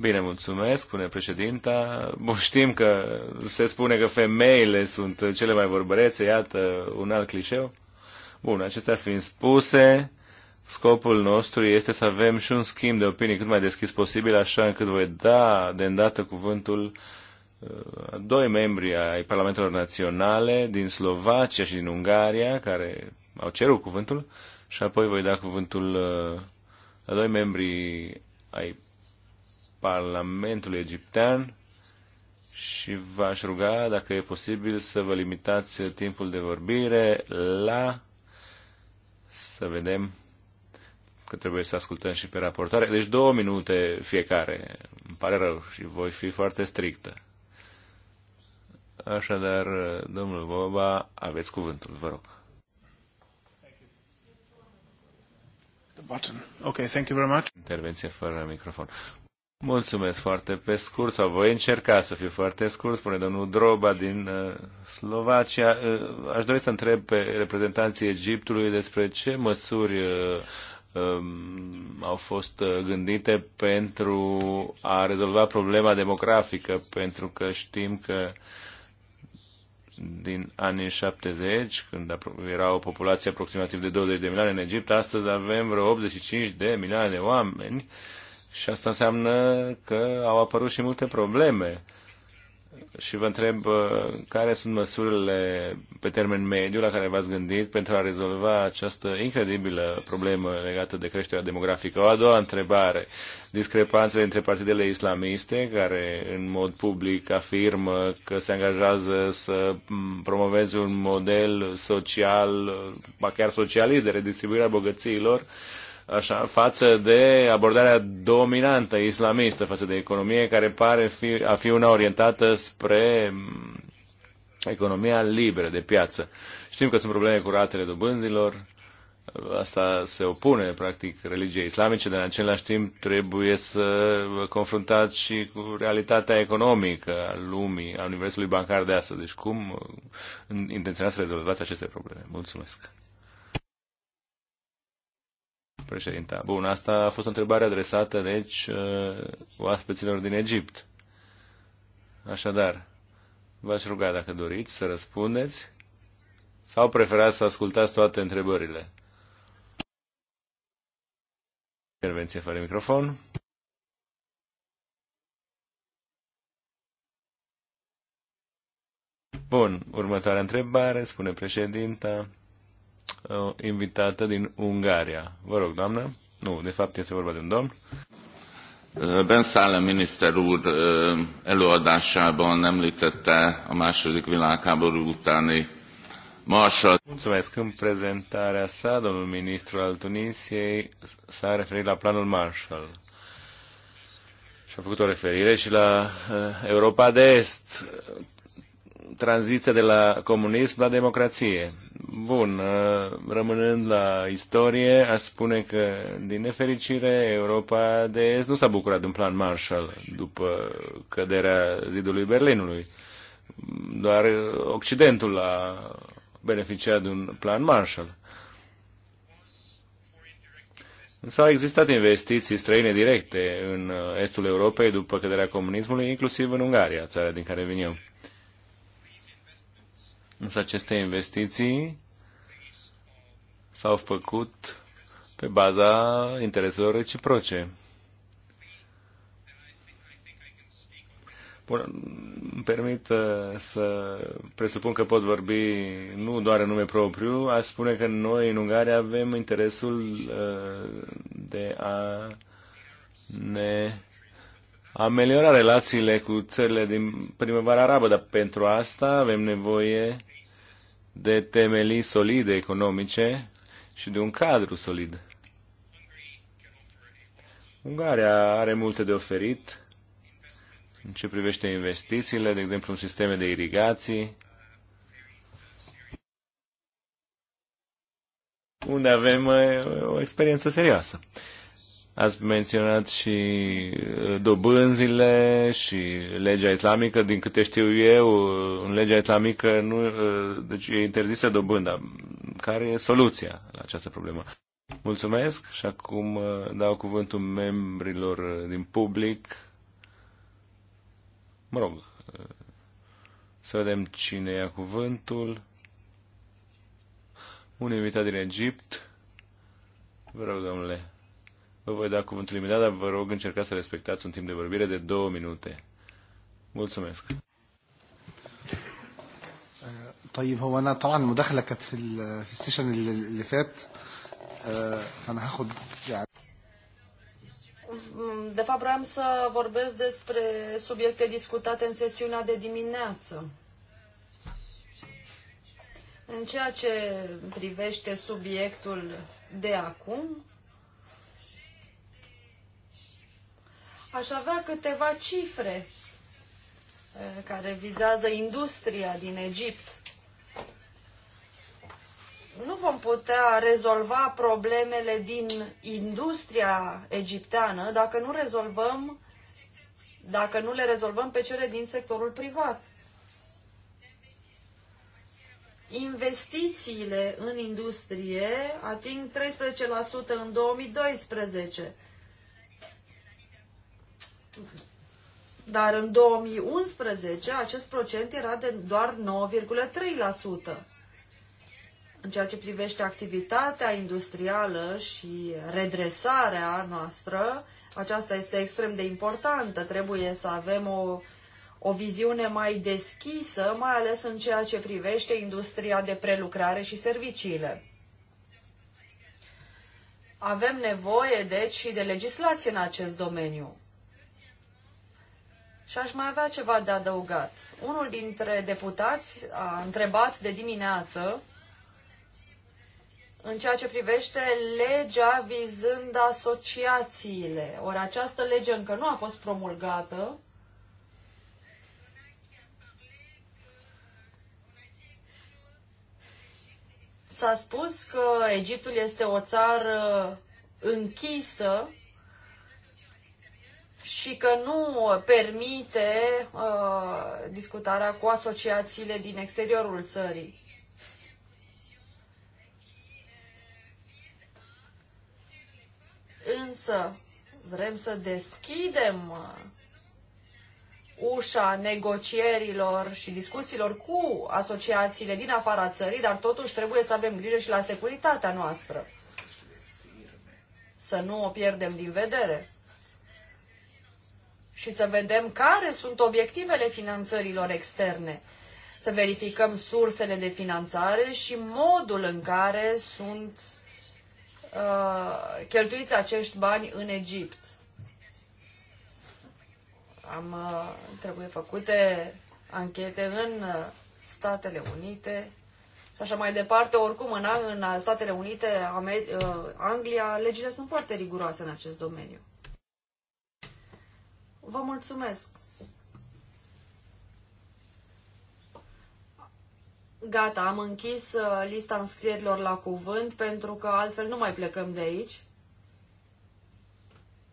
Bine, mulțumesc, spune președinta. Bun, știm că se spune că femeile sunt cele mai vorbărețe, iată un alt clișeu. Bun, acestea fiind spuse, scopul nostru este să avem și un schimb de opinii cât mai deschis posibil, așa încât voi da de îndată cuvântul uh, Uh, doi membri ai Parlamentelor Naționale din Slovacia și din Ungaria, care au cerut cuvântul, și apoi voi da cuvântul uh, la doi membri ai Parlamentului Egiptean și v-aș ruga, dacă e posibil, să vă limitați timpul de vorbire la... să vedem că trebuie să ascultăm și pe raportoare. Deci două minute fiecare. Îmi pare rău și voi fi foarte strictă. Așadar, domnul Boba, aveți cuvântul, vă rog. Button. Ok, thank you very much. Intervenție fără microfon. Mulțumesc foarte pe scurt, sau voi încerca să fiu foarte scurt, spune domnul Droba din uh, Slovacia. Uh, aș dori să întreb pe reprezentanții Egiptului despre ce măsuri uh, um, au fost uh, gândite pentru a rezolva problema demografică, pentru că știm că uh, din anii 70, când era o populație aproximativ de 20 de milioane în Egipt, astăzi avem vreo 85 de milioane de oameni și asta înseamnă că au apărut și multe probleme și vă întreb uh, care sunt măsurile pe termen mediu la care v-ați gândit pentru a rezolva această incredibilă problemă legată de creșterea demografică. O a doua întrebare, discrepanțele între partidele islamiste care în mod public afirmă că se angajează să promoveze un model social, ba chiar socialist de redistribuirea bogățiilor, așa, față de abordarea dominantă islamistă, față de economie care pare fi, a fi una orientată spre economia liberă de piață. Știm că sunt probleme cu ratele dobânzilor, asta se opune, practic, religiei islamice, dar în același timp trebuie să vă confruntați și cu realitatea economică a lumii, a universului bancar de astăzi. Deci cum uh, intenționați să rezolvați aceste probleme? Mulțumesc! președinta. Bun, asta a fost o întrebare adresată, deci, uh, oaspeților din Egipt. Așadar, v-aș ruga dacă doriți să răspundeți sau preferați să ascultați toate întrebările. Intervenție fără microfon. Bun, următoarea întrebare, spune președinta. Uh, invitată din Ungaria. Vă rog, doamnă. Nu, de fapt este vorba de un domn. Uh, Benszállem miniszter úr uh, előadásában említette a második világháború utáni marsat. Mulțumesc. În prezentarea sa, domnul ministru al Tunisiei s-a referit la planul Marshall. Și a făcut o referire și la Europa de Est, tranziția de la comunism la democrație. Bun, uh, rămânând la istorie, aș spune că, din nefericire, Europa de Est nu s-a bucurat de un plan Marshall după căderea zidului Berlinului. Doar Occidentul a beneficiat de un plan Marshall. Însă au existat investiții străine directe în estul Europei după căderea comunismului, inclusiv în Ungaria, țara din care vin eu. Însă aceste investiții s-au făcut pe baza intereselor reciproce. Bun, îmi permit uh, să presupun că pot vorbi nu doar în nume propriu, aș spune că noi în Ungaria avem interesul uh, de a ne ameliora relațiile cu țările din primăvara arabă, dar pentru asta avem nevoie de temelii solide economice și de un cadru solid. Ungaria are multe de oferit în ce privește investițiile, de exemplu în sisteme de irigații, unde avem uh, o experiență serioasă. Ați menționat și uh, dobânzile și legea islamică. Din câte știu eu, în legea islamică nu, uh, deci e interzisă dobânda. Care e soluția la această problemă? Mulțumesc și acum uh, dau cuvântul membrilor din public. Mă rog, să vedem cine ia cuvântul. Un invitat din Egipt. Vă rog, domnule. Vă voi da cuvântul imediat, dar vă rog încercați să respectați un timp de vorbire de două minute. Mulțumesc. طيب هو انا طبعا المداخله كانت في في السيشن اللي فات انا هاخد يعني de fapt vreau să vorbesc despre subiecte discutate în sesiunea de dimineață. În ceea ce privește subiectul de acum, Aș avea câteva cifre eh, care vizează industria din Egipt. Nu vom putea rezolva problemele din industria egipteană dacă nu rezolvăm dacă nu le rezolvăm pe cele din sectorul privat. Investițiile în industrie ating 13% în 2012 dar în 2011 acest procent era de doar 9,3%. În ceea ce privește activitatea industrială și redresarea noastră, aceasta este extrem de importantă. Trebuie să avem o, o viziune mai deschisă, mai ales în ceea ce privește industria de prelucrare și serviciile. Avem nevoie, deci, și de legislație în acest domeniu. Și aș mai avea ceva de adăugat. Unul dintre deputați a întrebat de dimineață în ceea ce privește legea vizând asociațiile. Ori această lege încă nu a fost promulgată. S-a spus că Egiptul este o țară închisă și că nu permite uh, discutarea cu asociațiile din exteriorul țării. Însă vrem să deschidem uh, ușa negocierilor și discuțiilor cu asociațiile din afara țării, dar totuși trebuie să avem grijă și la securitatea noastră. Să nu o pierdem din vedere și să vedem care sunt obiectivele finanțărilor externe, să verificăm sursele de finanțare și modul în care sunt uh, cheltuiți acești bani în Egipt. Am, uh, trebuie făcute anchete în uh, Statele Unite și așa mai departe. Oricum, în, în Statele Unite, uh, Anglia, legile sunt foarte riguroase în acest domeniu. Vă mulțumesc! Gata, am închis uh, lista înscrierilor la cuvânt pentru că altfel nu mai plecăm de aici.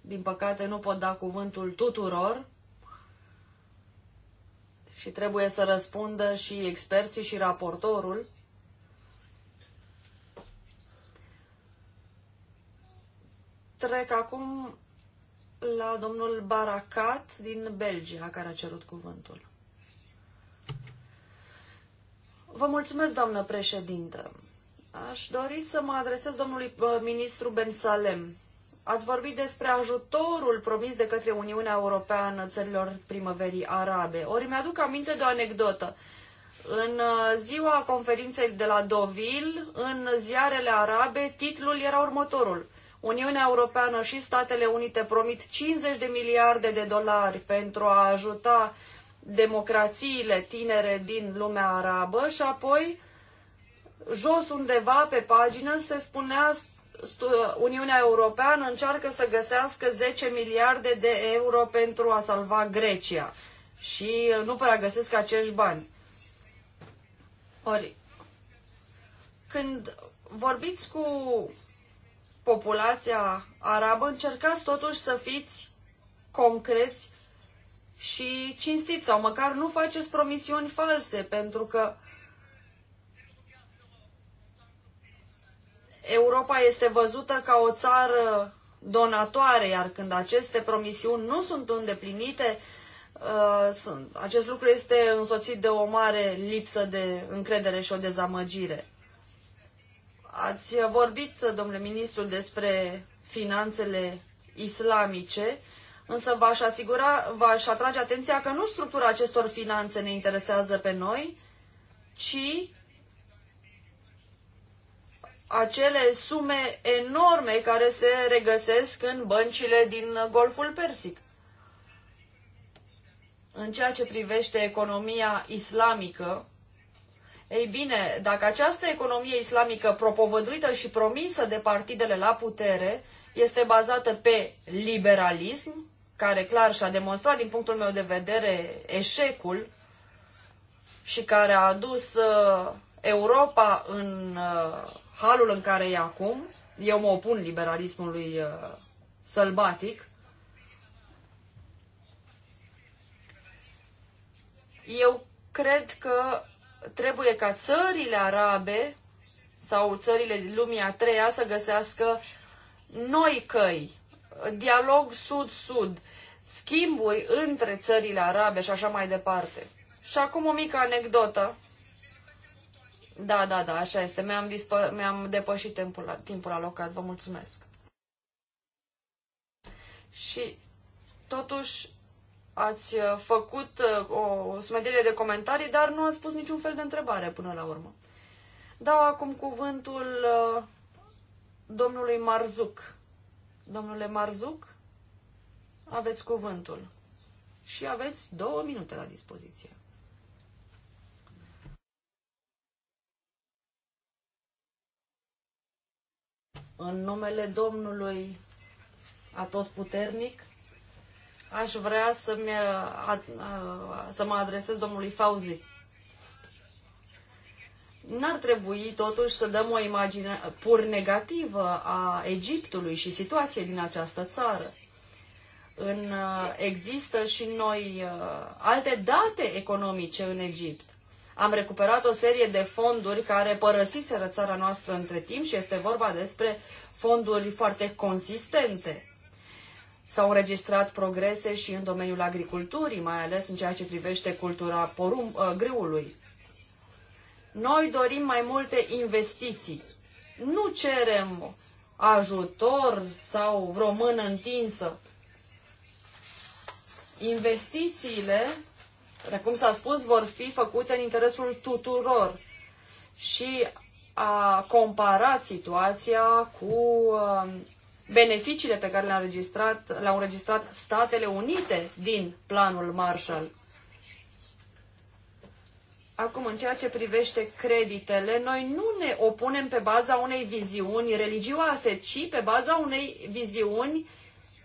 Din păcate nu pot da cuvântul tuturor și trebuie să răspundă și experții și raportorul. Trec acum la domnul Baracat din Belgia, care a cerut cuvântul. Vă mulțumesc, doamnă președintă. Aș dori să mă adresez domnului ministru Ben Salem. Ați vorbit despre ajutorul promis de către Uniunea Europeană țărilor primăverii arabe. Ori mi-aduc aminte de o anecdotă. În uh, ziua conferinței de la Deauville, în ziarele arabe, titlul era următorul. Uniunea Europeană și Statele Unite promit 50 de miliarde de dolari pentru a ajuta democrațiile tinere din lumea arabă și apoi jos undeva pe pagină se spunea Uniunea Europeană încearcă să găsească 10 miliarde de euro pentru a salva Grecia și nu prea găsesc acești bani. Ori, când vorbiți cu populația arabă, încercați totuși să fiți concreți și cinstiți sau măcar nu faceți promisiuni false, pentru că Europa este văzută ca o țară donatoare, iar când aceste promisiuni nu sunt îndeplinite, uh, acest lucru este însoțit de o mare lipsă de încredere și o dezamăgire. Ați vorbit, domnule ministru, despre finanțele islamice, însă v-aș asigura, v-aș atrage atenția că nu structura acestor finanțe ne interesează pe noi, ci acele sume enorme care se regăsesc în băncile din Golful Persic. În ceea ce privește economia islamică, ei bine, dacă această economie islamică propovăduită și promisă de partidele la putere este bazată pe liberalism, care clar și-a demonstrat din punctul meu de vedere eșecul și care a adus uh, Europa în uh, halul în care e acum, eu mă opun liberalismului uh, sălbatic, eu cred că trebuie ca țările arabe sau țările lumii a treia să găsească noi căi, dialog sud-sud, schimburi între țările arabe și așa mai departe. Și acum o mică anecdotă. Da, da, da, așa este. Mi-am, dispă- mi-am depășit timpul, timpul alocat. Vă mulțumesc. Și totuși Ați uh, făcut uh, o sumedire de comentarii, dar nu ați pus niciun fel de întrebare până la urmă. Dau acum cuvântul uh, domnului Marzuc. Domnule Marzuc, aveți cuvântul și aveți două minute la dispoziție. În numele Domnului Atotputernic, aș vrea să-mi, uh, uh, să mă adresez domnului Fauzi. N-ar trebui totuși să dăm o imagine pur negativă a Egiptului și situației din această țară. În, uh, există și noi alte date economice în Egipt. Am recuperat o serie de fonduri care părăsiseră țara noastră între timp și este vorba despre fonduri foarte consistente S-au înregistrat progrese și în domeniul agriculturii, mai ales în ceea ce privește cultura porum, uh, grâului. Noi dorim mai multe investiții. Nu cerem ajutor sau vreo mână întinsă. Investițiile, cum s-a spus, vor fi făcute în interesul tuturor și a comparat situația cu uh, beneficiile pe care le-au înregistrat, le înregistrat Statele Unite din planul Marshall. Acum, în ceea ce privește creditele, noi nu ne opunem pe baza unei viziuni religioase, ci pe baza unei viziuni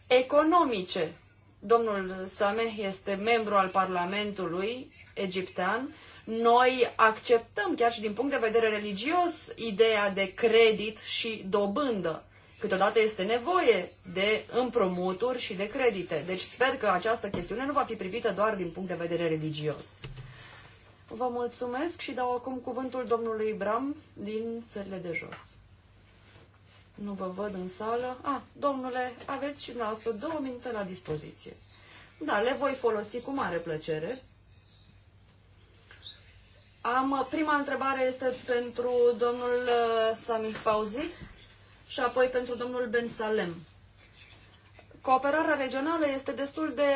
economice. Domnul Sameh este membru al Parlamentului egiptean. Noi acceptăm, chiar și din punct de vedere religios, ideea de credit și dobândă. Câteodată este nevoie de împrumuturi și de credite. Deci sper că această chestiune nu va fi privită doar din punct de vedere religios. Vă mulțumesc și dau acum cuvântul domnului Bram din țările de jos. Nu vă văd în sală. Ah, domnule, aveți și dumneavoastră două minute la dispoziție. Da, le voi folosi cu mare plăcere. Am, prima întrebare este pentru domnul uh, Sami Fauzi și apoi pentru domnul Ben Salem. Cooperarea regională este destul de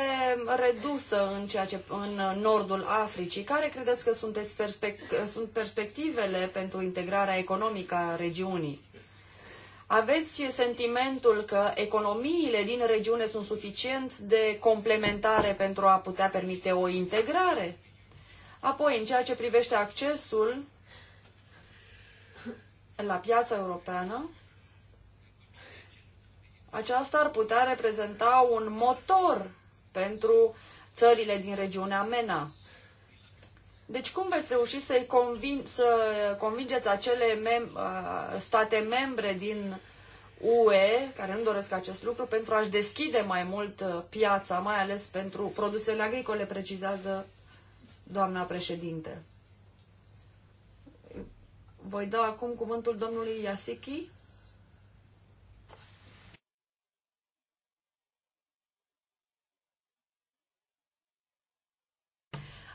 redusă în, ceea ce, în nordul Africii. Care credeți că sunteți perspec- sunt perspectivele pentru integrarea economică a regiunii? Aveți sentimentul că economiile din regiune sunt suficient de complementare pentru a putea permite o integrare? Apoi, în ceea ce privește accesul la piața europeană, aceasta ar putea reprezenta un motor pentru țările din regiunea MENA. Deci cum veți reuși să-i convin, să convingeți acele mem- uh, state membre din UE, care nu doresc acest lucru, pentru a-și deschide mai mult uh, piața, mai ales pentru produsele agricole, precizează doamna președinte. Voi da acum cuvântul domnului Yasiki.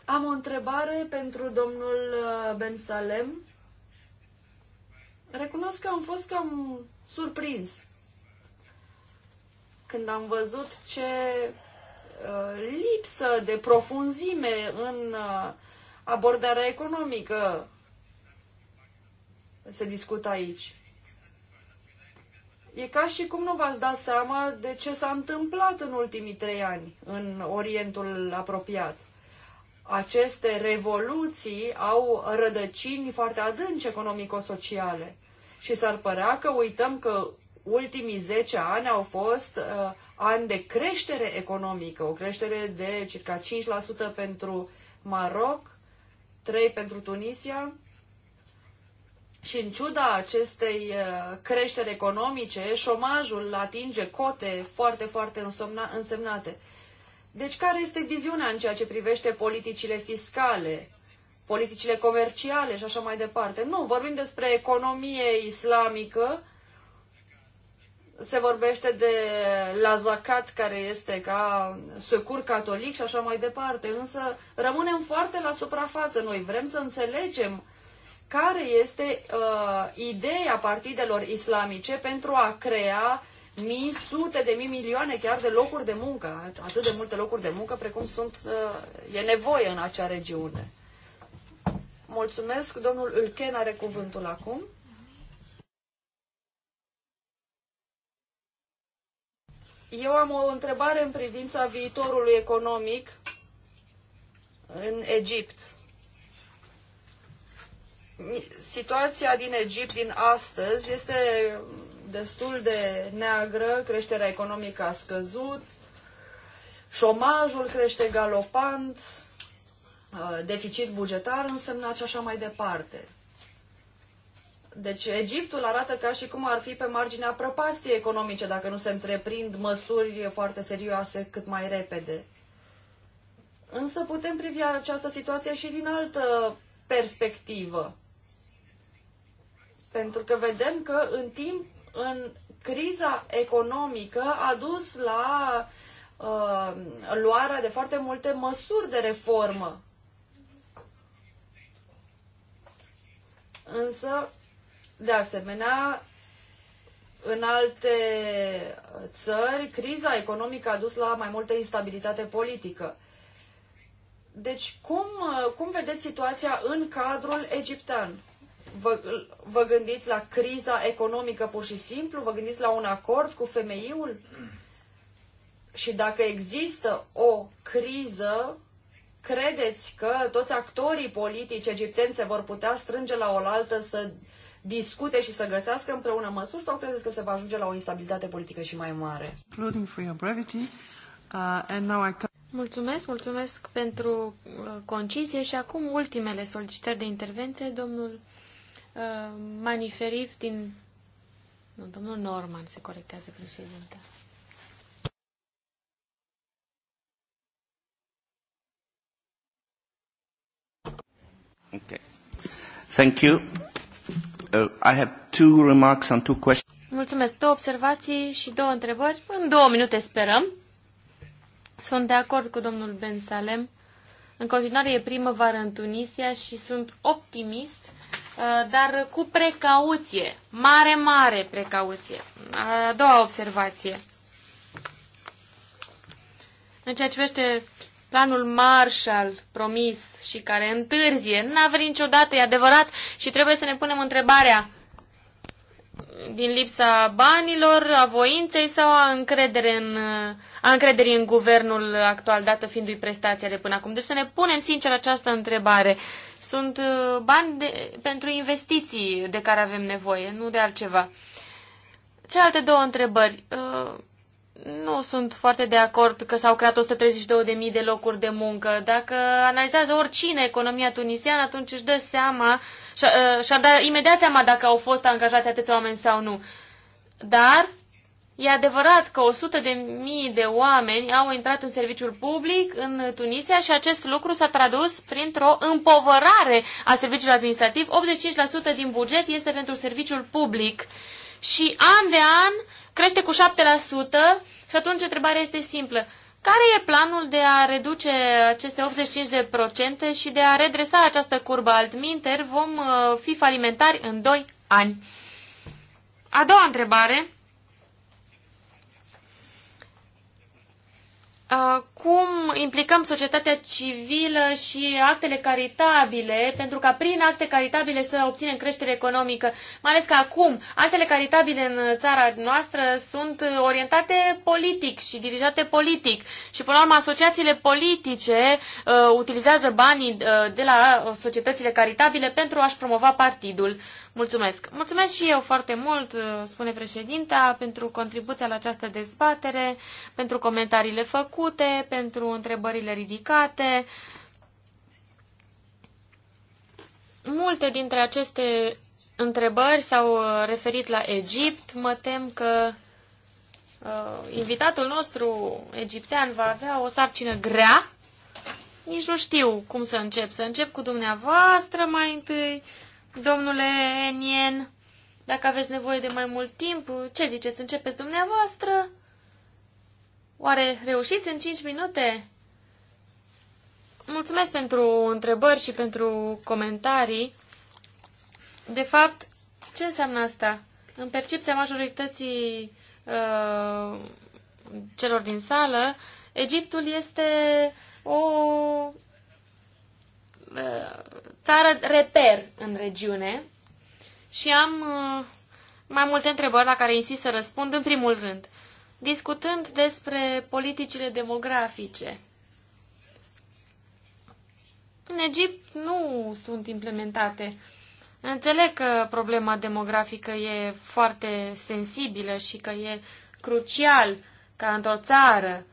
Am o întrebare pentru domnul uh, Ben Salem. Recunosc că am fost cam surprins când am văzut ce uh, lipsă de profunzime în uh, abordarea economică se discută aici. E ca și cum nu v-ați dat seama de ce s-a întâmplat în ultimii trei ani în Orientul apropiat aceste revoluții au rădăcini foarte adânci economico-sociale. Și s-ar părea că uităm că ultimii 10 ani au fost uh, ani de creștere economică, o creștere de circa 5% pentru Maroc, 3% pentru Tunisia. Și în ciuda acestei uh, creșteri economice, șomajul atinge cote foarte, foarte însemnate deci care este viziunea în ceea ce privește politicile fiscale, politicile comerciale și așa mai departe? Nu, vorbim despre economie islamică, se vorbește de la zakat, care este ca secur catolic și așa mai departe, însă rămânem foarte la suprafață. Noi vrem să înțelegem care este uh, ideea partidelor islamice pentru a crea mii, sute de mii, milioane chiar de locuri de muncă, atât de multe locuri de muncă precum sunt, uh, e nevoie în acea regiune. Mulțumesc, domnul Ulken are cuvântul acum. Eu am o întrebare în privința viitorului economic în Egipt. Situația din Egipt din astăzi este destul de neagră, creșterea economică a scăzut, șomajul crește galopant, uh, deficit bugetar însemna și așa mai departe. Deci Egiptul arată ca și cum ar fi pe marginea prăpastiei economice dacă nu se întreprind măsuri foarte serioase cât mai repede. Însă putem privi această situație și din altă perspectivă. Pentru că vedem că în timp în criza economică a dus la uh, luarea de foarte multe măsuri de reformă. Însă, de asemenea, în alte țări, criza economică a dus la mai multă instabilitate politică. Deci, cum, uh, cum vedeți situația în cadrul egiptean? Vă, vă gândiți la criza economică pur și simplu? Vă gândiți la un acord cu femeiul? Și dacă există o criză, credeți că toți actorii politici egipteni se vor putea strânge la oaltă să discute și să găsească împreună măsuri sau credeți că se va ajunge la o instabilitate politică și mai mare? Uh, mulțumesc, mulțumesc pentru uh, concizie și acum ultimele solicitări de intervenție, domnul Uh, Maniferiv din... Nu, domnul Norman se corectează președinte. Ok, Thank you. Uh, I have two remarks and two questions. Mulțumesc. Două observații și două întrebări. În două minute sperăm. Sunt de acord cu domnul Ben Salem. În continuare e primăvară în Tunisia și sunt optimist Uh, dar cu precauție, mare, mare precauție. A doua observație. În ceea ce vește planul Marshall promis și care întârzie, n-a venit niciodată, e adevărat, și trebuie să ne punem întrebarea din lipsa banilor, a voinței sau a, încredere în, a încrederii în guvernul actual, dată fiindu-i prestația de până acum. Deci să ne punem sincer această întrebare. Uh, sunt uh, bani de, pentru investiții de care avem nevoie, nu de altceva. Cealaltă două întrebări. Uh, nu sunt foarte de acord că s-au creat 132.000 de locuri de muncă. Dacă analizează oricine economia tunisiană, atunci își dă seama și-ar uh, da imediat seama dacă au fost angajați atâția oameni sau nu. Dar E adevărat că 100 de mii de oameni au intrat în serviciul public în Tunisia și acest lucru s-a tradus printr-o împovărare a serviciului administrativ. 85% din buget este pentru serviciul public și an de an crește cu 7% și atunci întrebarea este simplă. Care e planul de a reduce aceste 85% și de a redresa această curbă? Altminteri vom uh, fi falimentari în 2 ani. A doua întrebare Uh, cum implicăm societatea civilă și actele caritabile, pentru ca prin acte caritabile să obținem creștere economică, mai ales că acum actele caritabile în țara noastră sunt orientate politic și dirijate politic și până la urmă asociațiile politice uh, utilizează banii uh, de la societățile caritabile pentru a-și promova partidul. Uh, Mulțumesc. Mulțumesc și eu foarte mult, uh, spune președinta, pentru contribuția la această dezbatere, pentru comentariile făcute, pentru întrebările ridicate. Multe dintre aceste întrebări s-au uh, referit la Egipt. Mă tem că uh, invitatul nostru egiptean va avea o sarcină grea. Nici nu știu cum să încep. Să încep cu dumneavoastră mai întâi Domnule Enien, dacă aveți nevoie de mai mult timp, ce ziceți, începeți dumneavoastră? Oare reușiți în 5 minute? Mulțumesc pentru întrebări și pentru comentarii. De fapt, ce înseamnă asta? În percepția majorității uh, celor din sală, Egiptul este o uh, țară reper în regiune și am uh, mai multe întrebări la care insist să răspund în primul rând. Discutând despre politicile demografice, în Egipt nu sunt implementate. Înțeleg că problema demografică e foarte sensibilă și că e crucial ca într-o țară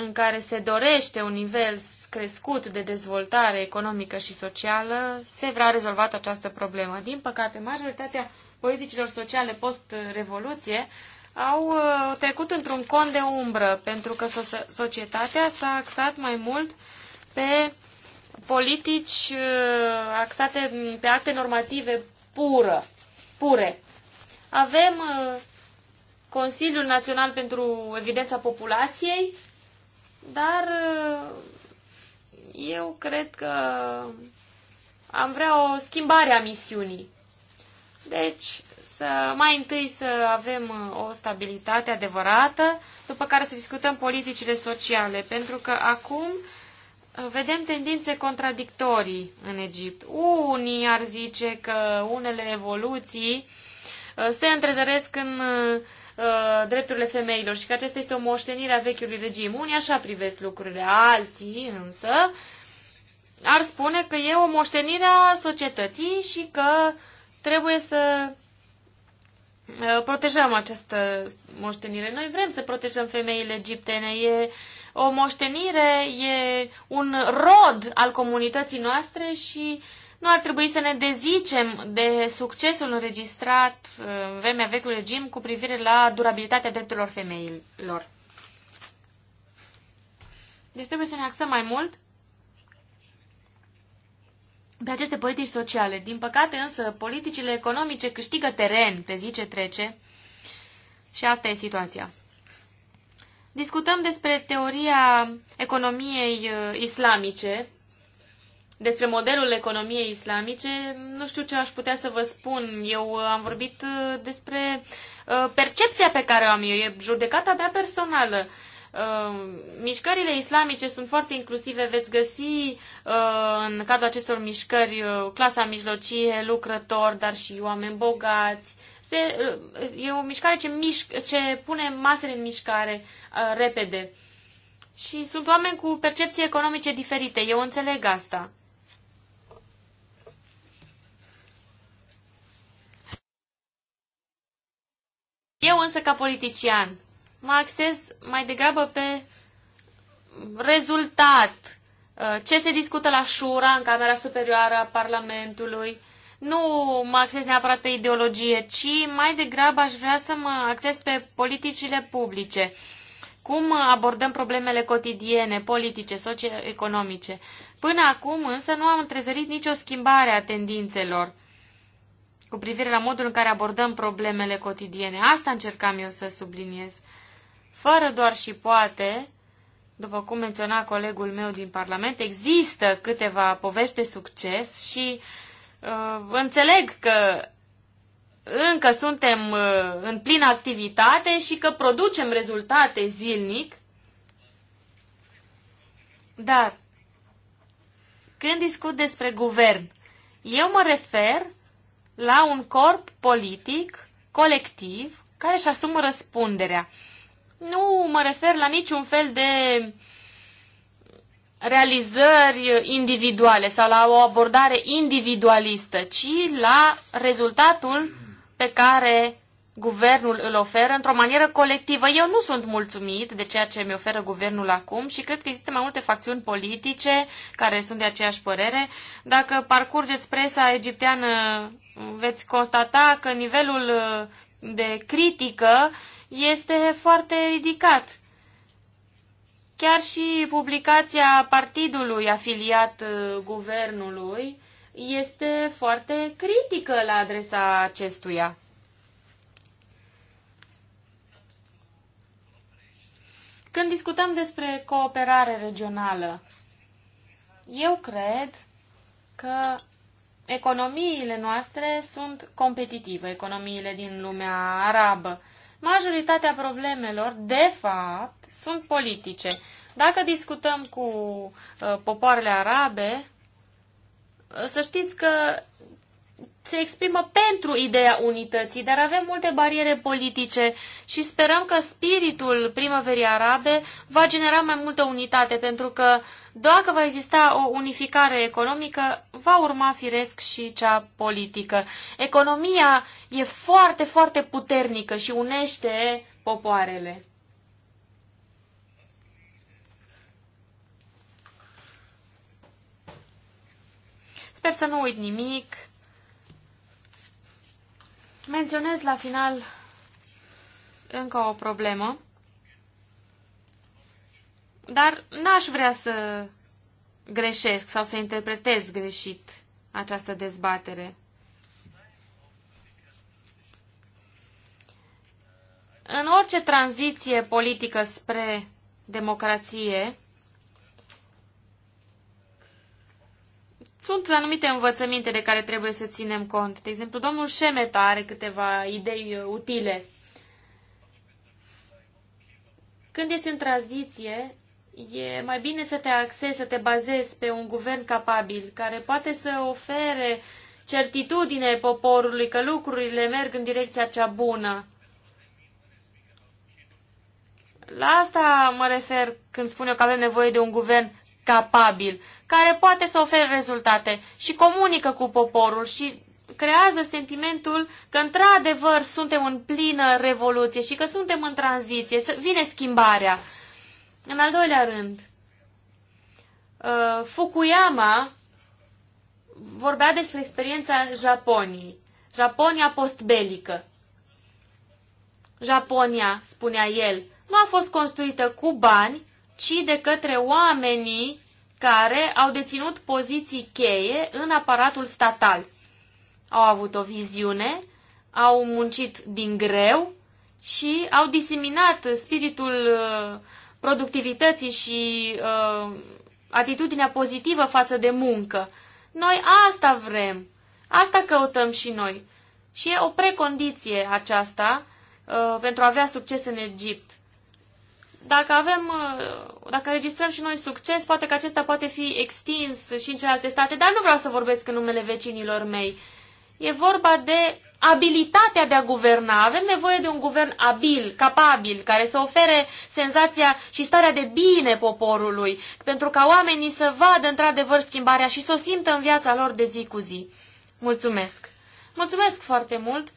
în care se dorește un nivel crescut de dezvoltare economică și socială, se vrea rezolvată această problemă. Din păcate, majoritatea politicilor sociale post-revoluție au uh, trecut într-un con de umbră, pentru că societatea s-a axat mai mult pe politici uh, axate pe acte normative pură, pure. Avem uh, Consiliul Național pentru Evidența Populației, dar eh, eu cred că am vrea o schimbare a misiunii. Deci, să, mai întâi să avem eh, o stabilitate adevărată, după care să discutăm politicile sociale, pentru că acum eh, vedem tendințe contradictorii în Egipt. Unii ar zice că unele evoluții se întrezăresc în Uh, drepturile femeilor și că acesta este o moștenire a vechiului regim. Unii așa privesc lucrurile, alții însă ar spune că e o moștenire a societății și că trebuie să uh, protejăm această moștenire. Noi vrem să protejăm femeile egiptene. E o moștenire, e un rod al comunității noastre și nu ar trebui să ne dezicem de succesul înregistrat în uh, vremea vechiului regim cu privire la durabilitatea drepturilor femeilor. Deci trebuie să ne axăm mai mult pe aceste politici sociale. Din păcate însă, politicile economice câștigă teren pe zi ce trece și asta e situația. Discutăm despre teoria economiei uh, islamice, despre modelul economiei islamice, nu știu ce aș putea să vă spun. Eu am vorbit uh, despre uh, percepția pe care o am eu, e judecata mea personală. Uh, mișcările islamice sunt foarte inclusive, veți găsi în cadrul acestor mișcări clasa mijlocie, lucrători, dar și oameni bogați. Se, e o mișcare ce, mișc, ce pune masele în mișcare repede. Și sunt oameni cu percepții economice diferite, eu înțeleg asta. Eu însă, ca politician, mă axez mai degrabă pe rezultat, uh, ce se discută la Șura, în Camera Superioară a Parlamentului. Nu mă axez neapărat pe ideologie, ci mai degrabă aș vrea să mă axez pe politicile publice. Cum abordăm problemele cotidiene, politice, socioeconomice. Până acum însă nu am întrezărit nicio schimbare a tendințelor cu privire la modul în care abordăm problemele cotidiene. Asta încercam eu să subliniez. Fără doar și poate, după cum menționa colegul meu din Parlament, există câteva povești de succes și uh, înțeleg că încă suntem uh, în plină activitate și că producem rezultate zilnic, dar când discut despre guvern, eu mă refer la un corp politic, colectiv, care își asumă răspunderea. Nu mă refer la niciun fel de realizări individuale sau la o abordare individualistă, ci la rezultatul pe care guvernul îl oferă într-o manieră colectivă. Eu nu sunt mulțumit de ceea ce mi oferă guvernul acum și cred că există mai multe facțiuni politice care sunt de aceeași părere. Dacă parcurgeți presa egipteană, veți constata că nivelul uh, de critică este foarte ridicat. Chiar și publicația partidului afiliat uh, guvernului este foarte critică la adresa acestuia. Când discutăm despre cooperare regională, eu cred că economiile noastre sunt competitive, economiile din lumea arabă. Majoritatea problemelor, de fapt, sunt politice. Dacă discutăm cu uh, popoarele arabe, să știți că se exprimă pentru ideea unității, dar avem multe bariere politice și sperăm că spiritul primăverii arabe va genera mai multă unitate, pentru că dacă va exista o unificare economică, va urma firesc și cea politică. Economia e foarte, foarte puternică și unește popoarele. Sper să nu uit nimic. Menționez la final încă o problemă, dar n-aș vrea să greșesc sau să interpretez greșit această dezbatere. În orice tranziție politică spre democrație, Sunt anumite învățăminte de care trebuie să ținem cont. De exemplu, domnul Șemeta are câteva idei uh, utile. Când ești în tranziție, e mai bine să te axezi, să te bazezi pe un guvern capabil, care poate să ofere certitudine poporului că lucrurile merg în direcția cea bună. La asta mă refer când spun eu că avem nevoie de un guvern capabil, care poate să ofere rezultate și comunică cu poporul și creează sentimentul că într-adevăr suntem în plină revoluție și că suntem în tranziție, vine schimbarea. În al doilea rând, uh, Fukuyama vorbea despre experiența Japoniei, Japonia postbelică. Japonia, spunea el, nu a fost construită cu bani, ci de către oamenii care au deținut poziții cheie în aparatul statal. Au avut o viziune, au muncit din greu și au diseminat spiritul uh, productivității și uh, atitudinea pozitivă față de muncă. Noi asta vrem, asta căutăm și noi. Și e o precondiție aceasta uh, pentru a avea succes în Egipt dacă avem, uh, dacă registrăm și noi succes, poate că acesta poate fi extins și în celelalte state, dar nu vreau să vorbesc în numele vecinilor mei. E vorba de abilitatea de a guverna. Avem nevoie de un guvern abil, capabil, care să ofere senzația și starea de bine poporului, pentru ca oamenii să vadă într-adevăr schimbarea și să o simtă în viața lor de zi cu zi. Mulțumesc! Mulțumesc foarte mult!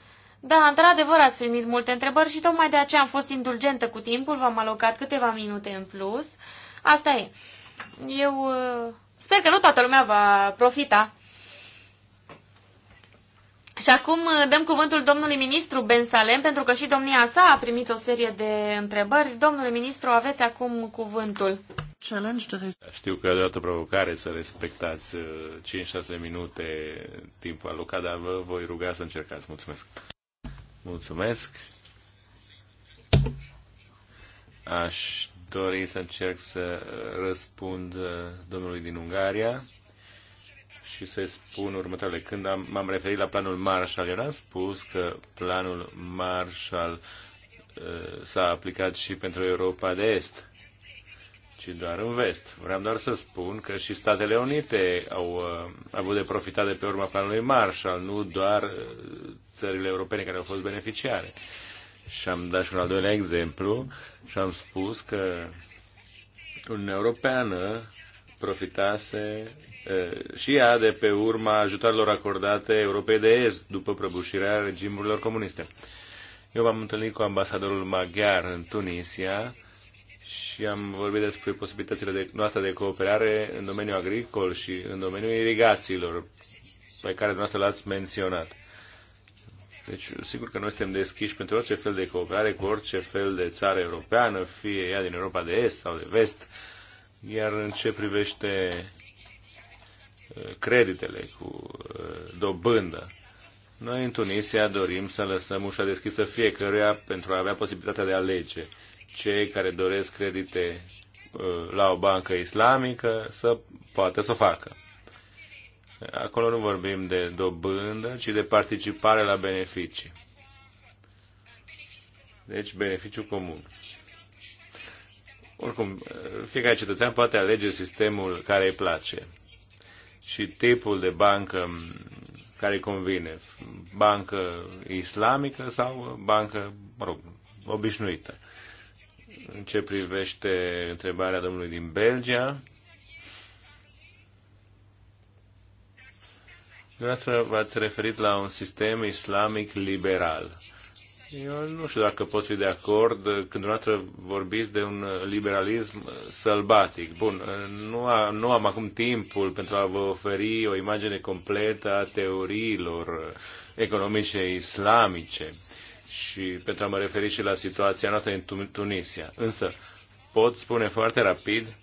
Da, într-adevăr ați primit multe întrebări și tocmai de aceea am fost indulgentă cu timpul, v-am alocat câteva minute în plus. Asta e. Eu uh, sper că nu toată lumea va profita. Și acum uh, dăm cuvântul domnului ministru Ben Salem, pentru că și domnia sa a primit o serie de întrebări. Domnule ministru, aveți acum cuvântul. Știu că e o provocare să respectați 5-6 uh, minute timpul alocat, dar vă voi ruga să încercați. Mulțumesc. Mulțumesc. Aș dori să încerc să răspund uh, domnului din Ungaria și să spun următoarele. Când am, m-am referit la planul Marshall, eu n-am spus că planul Marshall uh, s-a aplicat și pentru Europa de Est ci doar în vest. Vreau doar să spun că și Statele Unite au uh, avut de profitat de pe urma planului Marshall, nu doar uh, țările europene care au fost beneficiare. Și am dat și un al doilea exemplu și am spus că Uniunea Europeană profitase uh, și ea de pe urma ajutoarelor acordate Europei de Est după prăbușirea regimurilor comuniste. Eu m-am întâlnit cu ambasadorul maghiar în Tunisia, și am vorbit despre posibilitățile de, noastre de cooperare în domeniul agricol și în domeniul irigațiilor, pe care dumneavoastră l-ați menționat. Deci, sigur că noi suntem deschiși pentru orice fel de cooperare cu orice fel de țară europeană, fie ea din Europa de Est sau de Vest, iar în ce privește uh, creditele cu uh, dobândă. Noi în Tunisia dorim să lăsăm ușa deschisă fiecăruia pentru a avea posibilitatea de a alege cei care doresc credite uh, la o bancă islamică să poată să o facă. Acolo nu vorbim de dobândă, ci de participare la beneficii. Deci beneficiu comun. Oricum, uh, fiecare cetățean poate alege sistemul care îi place și tipul de bancă care îi convine. Bancă islamică sau bancă, mă rog, obișnuită. În ce privește întrebarea domnului din Belgia, Dumneavoastră v-ați referit la un sistem islamic liberal. Eu nu știu dacă pot fi de acord când dumneavoastră vorbiți de un liberalism sălbatic. Bun, nu, a, nu am acum timpul pentru a vă oferi o imagine completă a teoriilor economice islamice. Uh, și pentru a mă referi și la situația noastră în Tunisia. Însă pot spune foarte rapid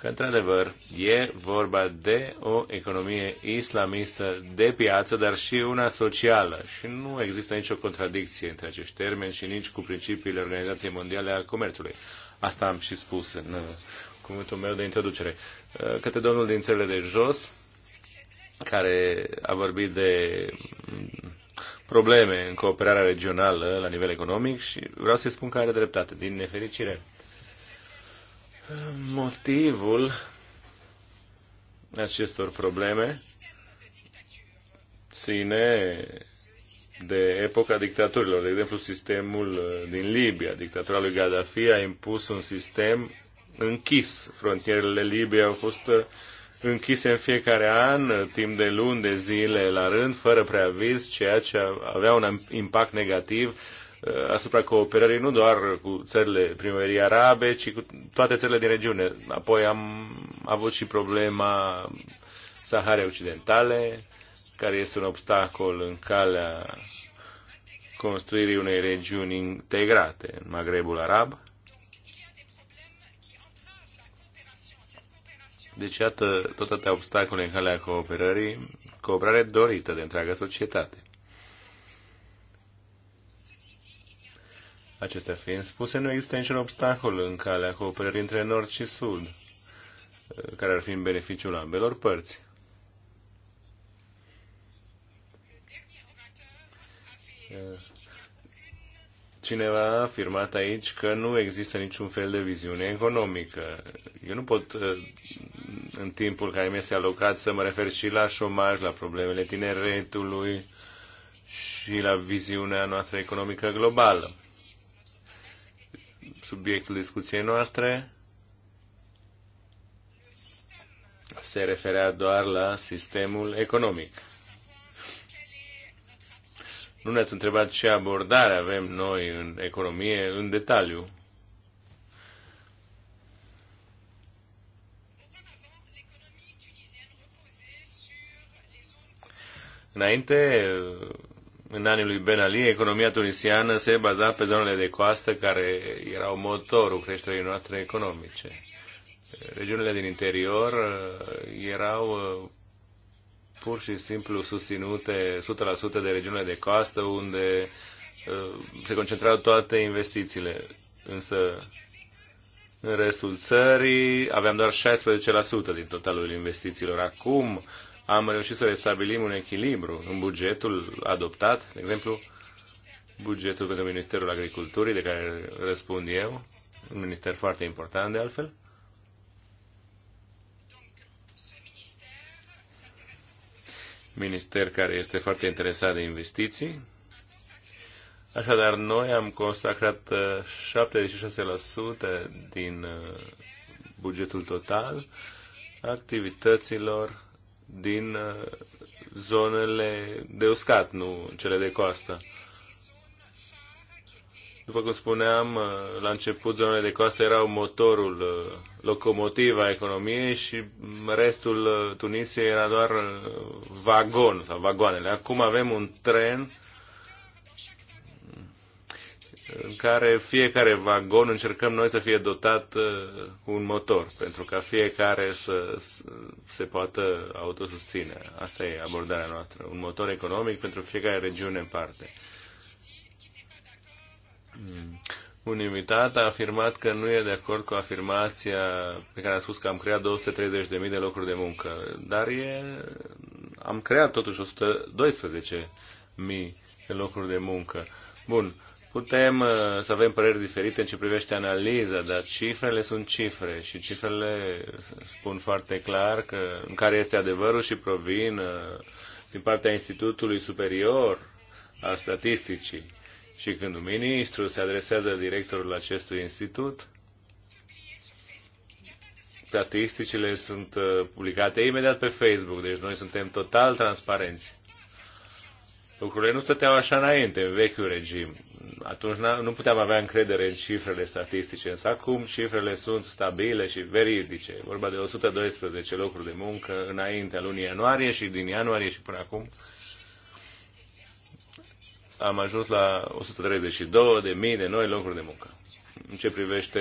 că, într-adevăr, e vorba de o economie islamistă de piață, dar și una socială. Și nu există nicio contradicție între acești termeni și nici cu principiile Organizației Mondiale a Comerțului. Asta am și spus în uh, cuvântul meu de introducere. Uh, către domnul din țările de jos, care a vorbit de probleme în cooperarea regională la nivel economic și vreau să-i spun că are dreptate, din nefericire. Motivul acestor probleme ține de epoca dictaturilor. De exemplu, sistemul din Libia, dictatura lui Gaddafi a impus un sistem închis. Frontierele Libiei au fost închise în fiecare an, timp de luni de zile la rând, fără preaviz, ceea ce avea un impact negativ uh, asupra cooperării nu doar cu țările primării arabe, ci cu toate țările din regiune. Apoi am avut și problema Saharei Occidentale, care este un obstacol în calea construirii unei regiuni integrate în Magrebul Arab. Deci, iată tot atâtea obstacole în calea cooperării, cooperare dorită de întreaga societate. Acestea fiind spuse, nu există niciun obstacol în calea cooperării între nord și sud, care ar fi în beneficiul ambelor părți. Yeah. Cineva a afirmat aici că nu există niciun fel de viziune economică. Eu nu pot, uh, în timpul care mi este alocat, să mă refer și la șomaj, la problemele tineretului și la viziunea noastră economică globală. Subiectul discuției noastre se referea doar la sistemul economic. Nu ne-ați întrebat ce abordare avem noi în economie în detaliu. Înainte, în anii lui Ben Ali, economia tunisiană se baza pe zonele de coastă care erau motorul creșterii noastre economice. Regiunile din interior uh, erau uh, pur și simplu susținute 100% de regiunile de coastă, unde uh, se concentrau toate investițiile. Însă, în restul țării aveam doar 16% din totalul investițiilor. Acum am reușit să restabilim un echilibru în bugetul adoptat, de exemplu, bugetul pentru Ministerul Agriculturii, de care răspund eu, un minister foarte important de altfel, minister care este foarte interesat de investiții. Așadar, noi am consacrat 76% uh, din uh, bugetul total activităților din uh, zonele de uscat, nu cele de coastă. După cum spuneam, uh, la început zonele de coastă erau motorul, uh, locomotiva economiei și restul uh, Tunisiei era doar vagon sau vagoanele. Acum avem un tren în care fiecare vagon încercăm noi să fie dotat cu un motor, pentru ca fiecare să se poată autosusține. Asta e abordarea noastră. Un motor economic pentru fiecare regiune în parte un invitat a afirmat că nu e de acord cu afirmația pe care a spus că am creat 230.000 de locuri de muncă, dar e, am creat totuși 112.000 de locuri de muncă. Bun, putem uh, să avem păreri diferite în ce privește analiza, dar cifrele sunt cifre și cifrele spun foarte clar că, în care este adevărul și provin uh, din partea Institutului Superior al Statisticii și când un ministru se adresează directorul acestui institut, statisticile sunt uh, publicate imediat pe Facebook, deci noi suntem total transparenți. Lucrurile nu stăteau așa înainte, în vechiul regim. Atunci nu puteam avea încredere în cifrele statistice, însă acum cifrele sunt stabile și veridice. vorba de 112 locuri de muncă înaintea lunii ianuarie și din ianuarie și până acum am ajuns la 132.000 de mii de noi locuri de muncă. În ce privește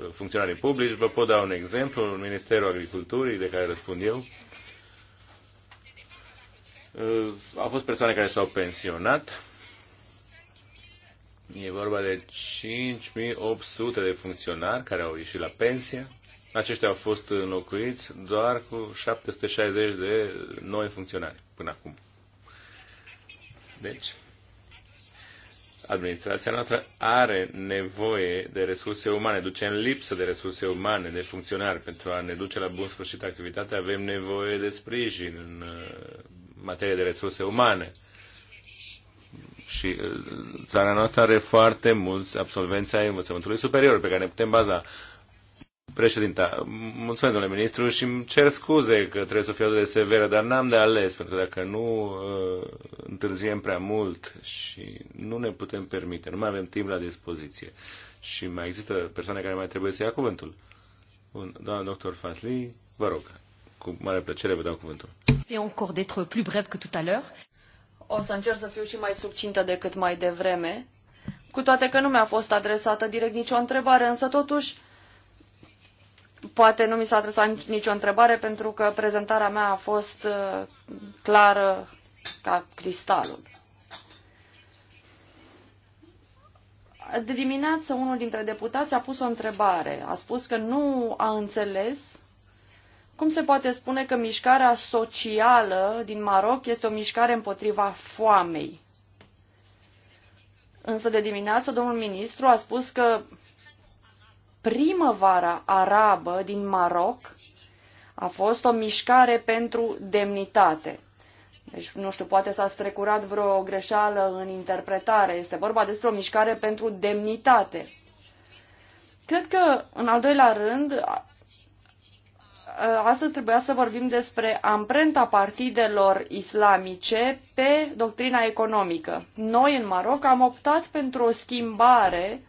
uh, funcționarii publici, vă pot da un exemplu, în Ministerul Agriculturii, de care răspund eu, uh, au fost persoane care s-au pensionat. E vorba de 5.800 de funcționari care au ieșit la pensie. Aceștia au fost înlocuiți doar cu 760 de noi funcționari până acum. Deci, administrația noastră are nevoie de resurse umane, duce în lipsă de resurse umane, de funcționari. Pentru a ne duce la bun sfârșit activitatea avem nevoie de sprijin în uh, materie de resurse umane. Și uh, țara noastră are foarte mulți absolvenți ai învățământului superior pe care ne putem baza. Președinta, mulțumesc, domnule ministru, și îmi cer scuze că trebuie să fiu atât de severă, dar n-am de ales, pentru că dacă nu uh, întârziem prea mult și nu ne putem permite, nu mai avem timp la dispoziție și mai există persoane care mai trebuie să ia cuvântul. Bun, doamna doctor Fasli, vă rog, cu mare plăcere vă dau cuvântul. O să încerc să fiu și mai subcintă decât mai devreme, cu toate că nu mi-a fost adresată direct nicio întrebare, însă totuși Poate nu mi s-a adresat nicio întrebare pentru că prezentarea mea a fost uh, clară ca cristalul. De dimineață, unul dintre deputați a pus o întrebare. A spus că nu a înțeles cum se poate spune că mișcarea socială din Maroc este o mișcare împotriva foamei. Însă de dimineață, domnul ministru a spus că primăvara arabă din Maroc a fost o mișcare pentru demnitate. Deci, nu știu, poate s-a strecurat vreo greșeală în interpretare. Este vorba despre o mișcare pentru demnitate. Cred că, în al doilea rând, astăzi trebuia să vorbim despre amprenta partidelor islamice pe doctrina economică. Noi, în Maroc, am optat pentru o schimbare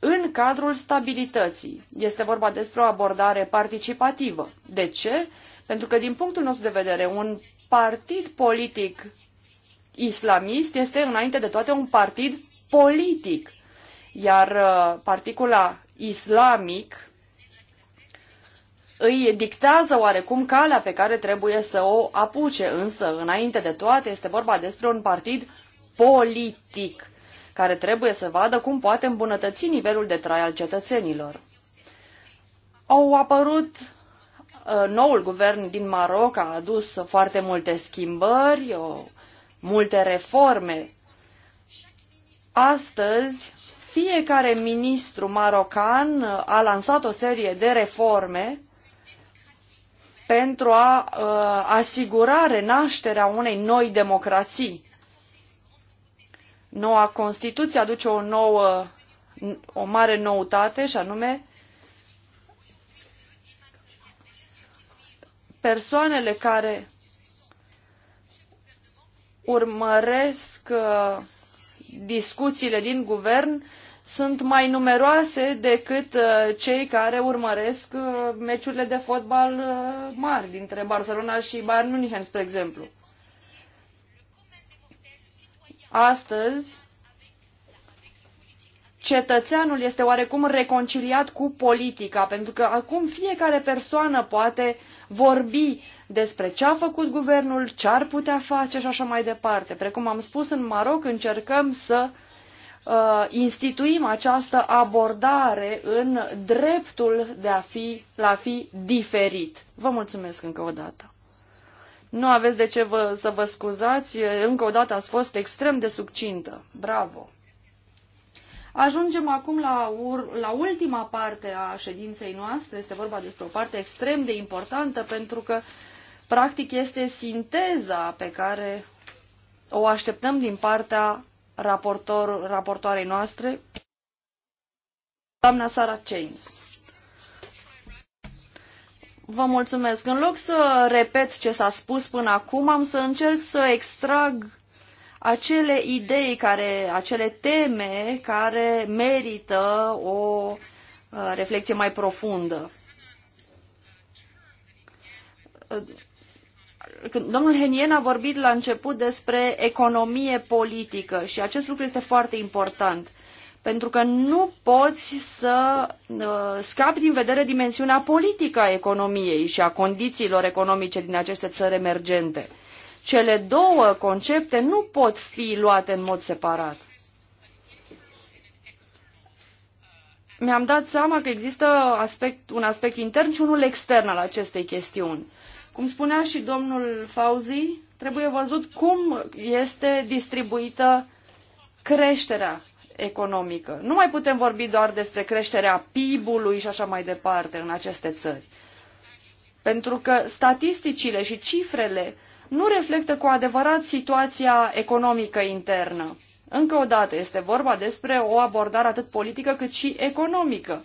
în cadrul stabilității. Este vorba despre o abordare participativă. De ce? Pentru că, din punctul nostru de vedere, un partid politic islamist este, înainte de toate, un partid politic. Iar uh, particula islamic îi dictează oarecum calea pe care trebuie să o apuce, însă, înainte de toate, este vorba despre un partid politic care trebuie să vadă cum poate îmbunătăți nivelul de trai al cetățenilor. Au apărut uh, noul guvern din Maroc a adus foarte multe schimbări, multe reforme. Astăzi, fiecare ministru marocan uh, a lansat o serie de reforme pentru a uh, asigura renașterea unei noi democrații. Noua Constituție aduce o nouă, o mare noutate și anume persoanele care urmăresc uh, discuțiile din guvern sunt mai numeroase decât uh, cei care urmăresc uh, meciurile de fotbal mari dintre Barcelona și Bayern München, spre exemplu. Astăzi, cetățeanul este oarecum reconciliat cu politica, pentru că acum fiecare persoană poate vorbi despre ce a făcut guvernul, ce ar putea face și așa mai departe. Precum am spus, în Maroc încercăm să uh, instituim această abordare în dreptul de a fi, la a fi diferit. Vă mulțumesc încă o dată. Nu aveți de ce vă, să vă scuzați, încă o dată ați fost extrem de succintă. Bravo! Ajungem acum la, ur- la ultima parte a ședinței noastre. Este vorba despre o parte extrem de importantă pentru că, practic, este sinteza pe care o așteptăm din partea raportor, raportoarei noastre, doamna Sara James. Vă mulțumesc. În loc să repet ce s-a spus până acum, am să încerc să extrag acele idei, care, acele teme care merită o uh, reflexie mai profundă. Uh, când domnul Henien a vorbit la început despre economie politică și acest lucru este foarte important. Uh, pentru că nu poți să uh, scapi din vedere dimensiunea politică a economiei și a condițiilor economice din aceste țări emergente. Cele două concepte nu pot fi luate în mod separat. Mi-am dat seama că există aspect, un aspect intern și unul extern al acestei chestiuni. Cum spunea și domnul Fauzi, trebuie văzut cum este distribuită creșterea economică. Nu mai putem vorbi doar despre creșterea PIB-ului și așa mai departe în aceste țări. Pentru că statisticile și cifrele nu reflectă cu adevărat situația economică internă. Încă o dată, este vorba despre o abordare atât politică cât și economică.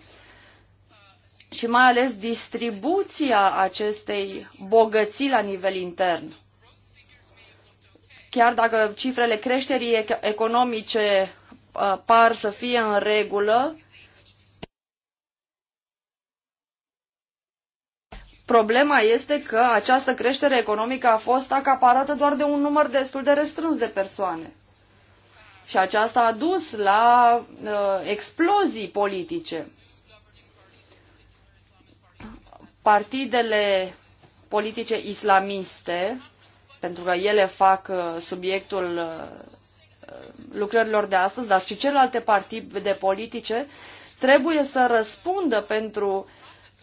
Și mai ales distribuția acestei bogății la nivel intern chiar dacă cifrele creșterii economice Uh, par să fie în regulă, Problema este că această creștere economică a fost acaparată doar de un număr destul de restrâns de persoane. Și aceasta a dus la uh, explozii politice. Partidele politice islamiste, pentru că ele fac uh, subiectul uh, lucrărilor de astăzi, dar și celelalte partide politice, trebuie să răspundă pentru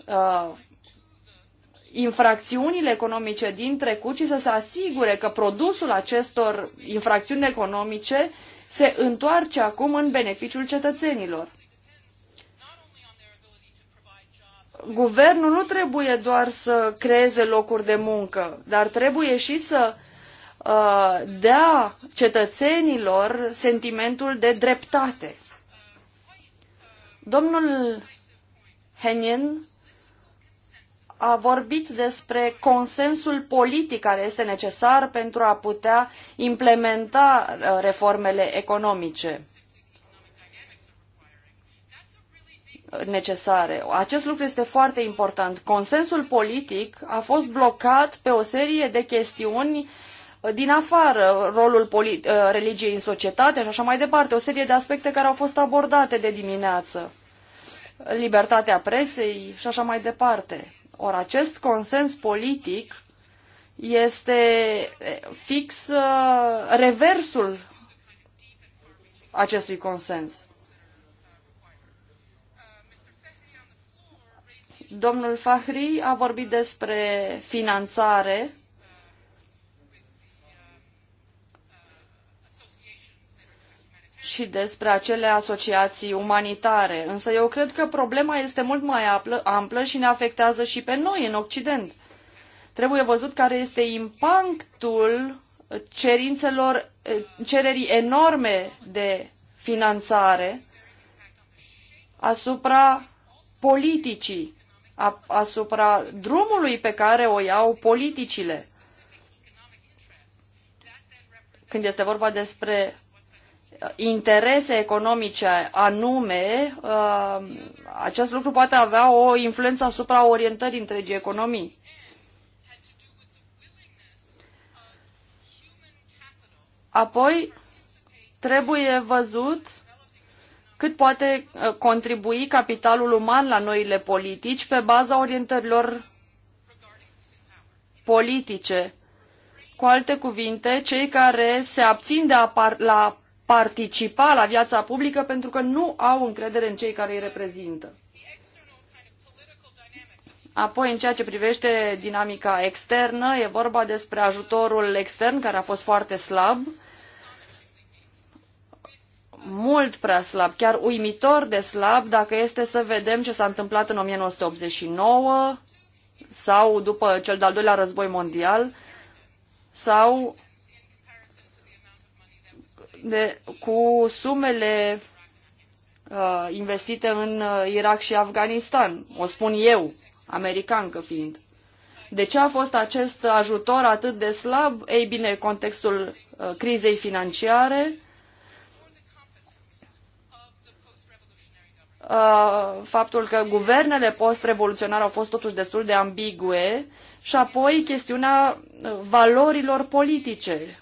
uh, infracțiunile economice din trecut și să se asigure că produsul acestor infracțiuni economice se întoarce acum în beneficiul cetățenilor. Guvernul nu trebuie doar să creeze locuri de muncă, dar trebuie și să Uh, dea cetățenilor sentimentul de dreptate. Domnul Henin a vorbit despre consensul politic care este necesar pentru a putea implementa uh, reformele economice necesare. Acest lucru este foarte important. Consensul politic a fost blocat pe o serie de chestiuni uh, din afară, rolul uh, religiei în societate și așa mai departe, o serie de aspecte care au fost abordate de dimineață, libertatea presei și așa mai departe. Ori acest consens politic este fix uh, reversul acestui consens. Domnul Fahri a vorbit despre finanțare și despre acele asociații umanitare, însă eu cred că problema este mult mai amplă și ne afectează și pe noi în Occident. Trebuie văzut care este impactul cerințelor, cererii enorme de finanțare asupra politicii, asupra drumului pe care o iau politicile. Când este vorba despre interese economice anume, uh, acest lucru poate avea o influență asupra orientării întregii economii. Apoi, trebuie văzut cât poate uh, contribui capitalul uman la noile politici pe baza orientărilor politice. Cu alte cuvinte, cei care se abțin de a par- la participa la viața publică pentru că nu au încredere în cei care îi reprezintă. Apoi, în ceea ce privește dinamica externă, e vorba despre ajutorul extern, care a fost foarte slab, mult prea slab, chiar uimitor de slab, dacă este să vedem ce s-a întâmplat în 1989 sau după cel de-al doilea război mondial, sau de, cu sumele uh, investite în uh, Irak și Afganistan. O spun eu, americancă fiind. De ce a fost acest ajutor atât de slab? Ei bine, contextul uh, crizei financiare, uh, faptul că guvernele post-revoluționare au fost totuși destul de ambigue și apoi chestiunea uh, valorilor politice,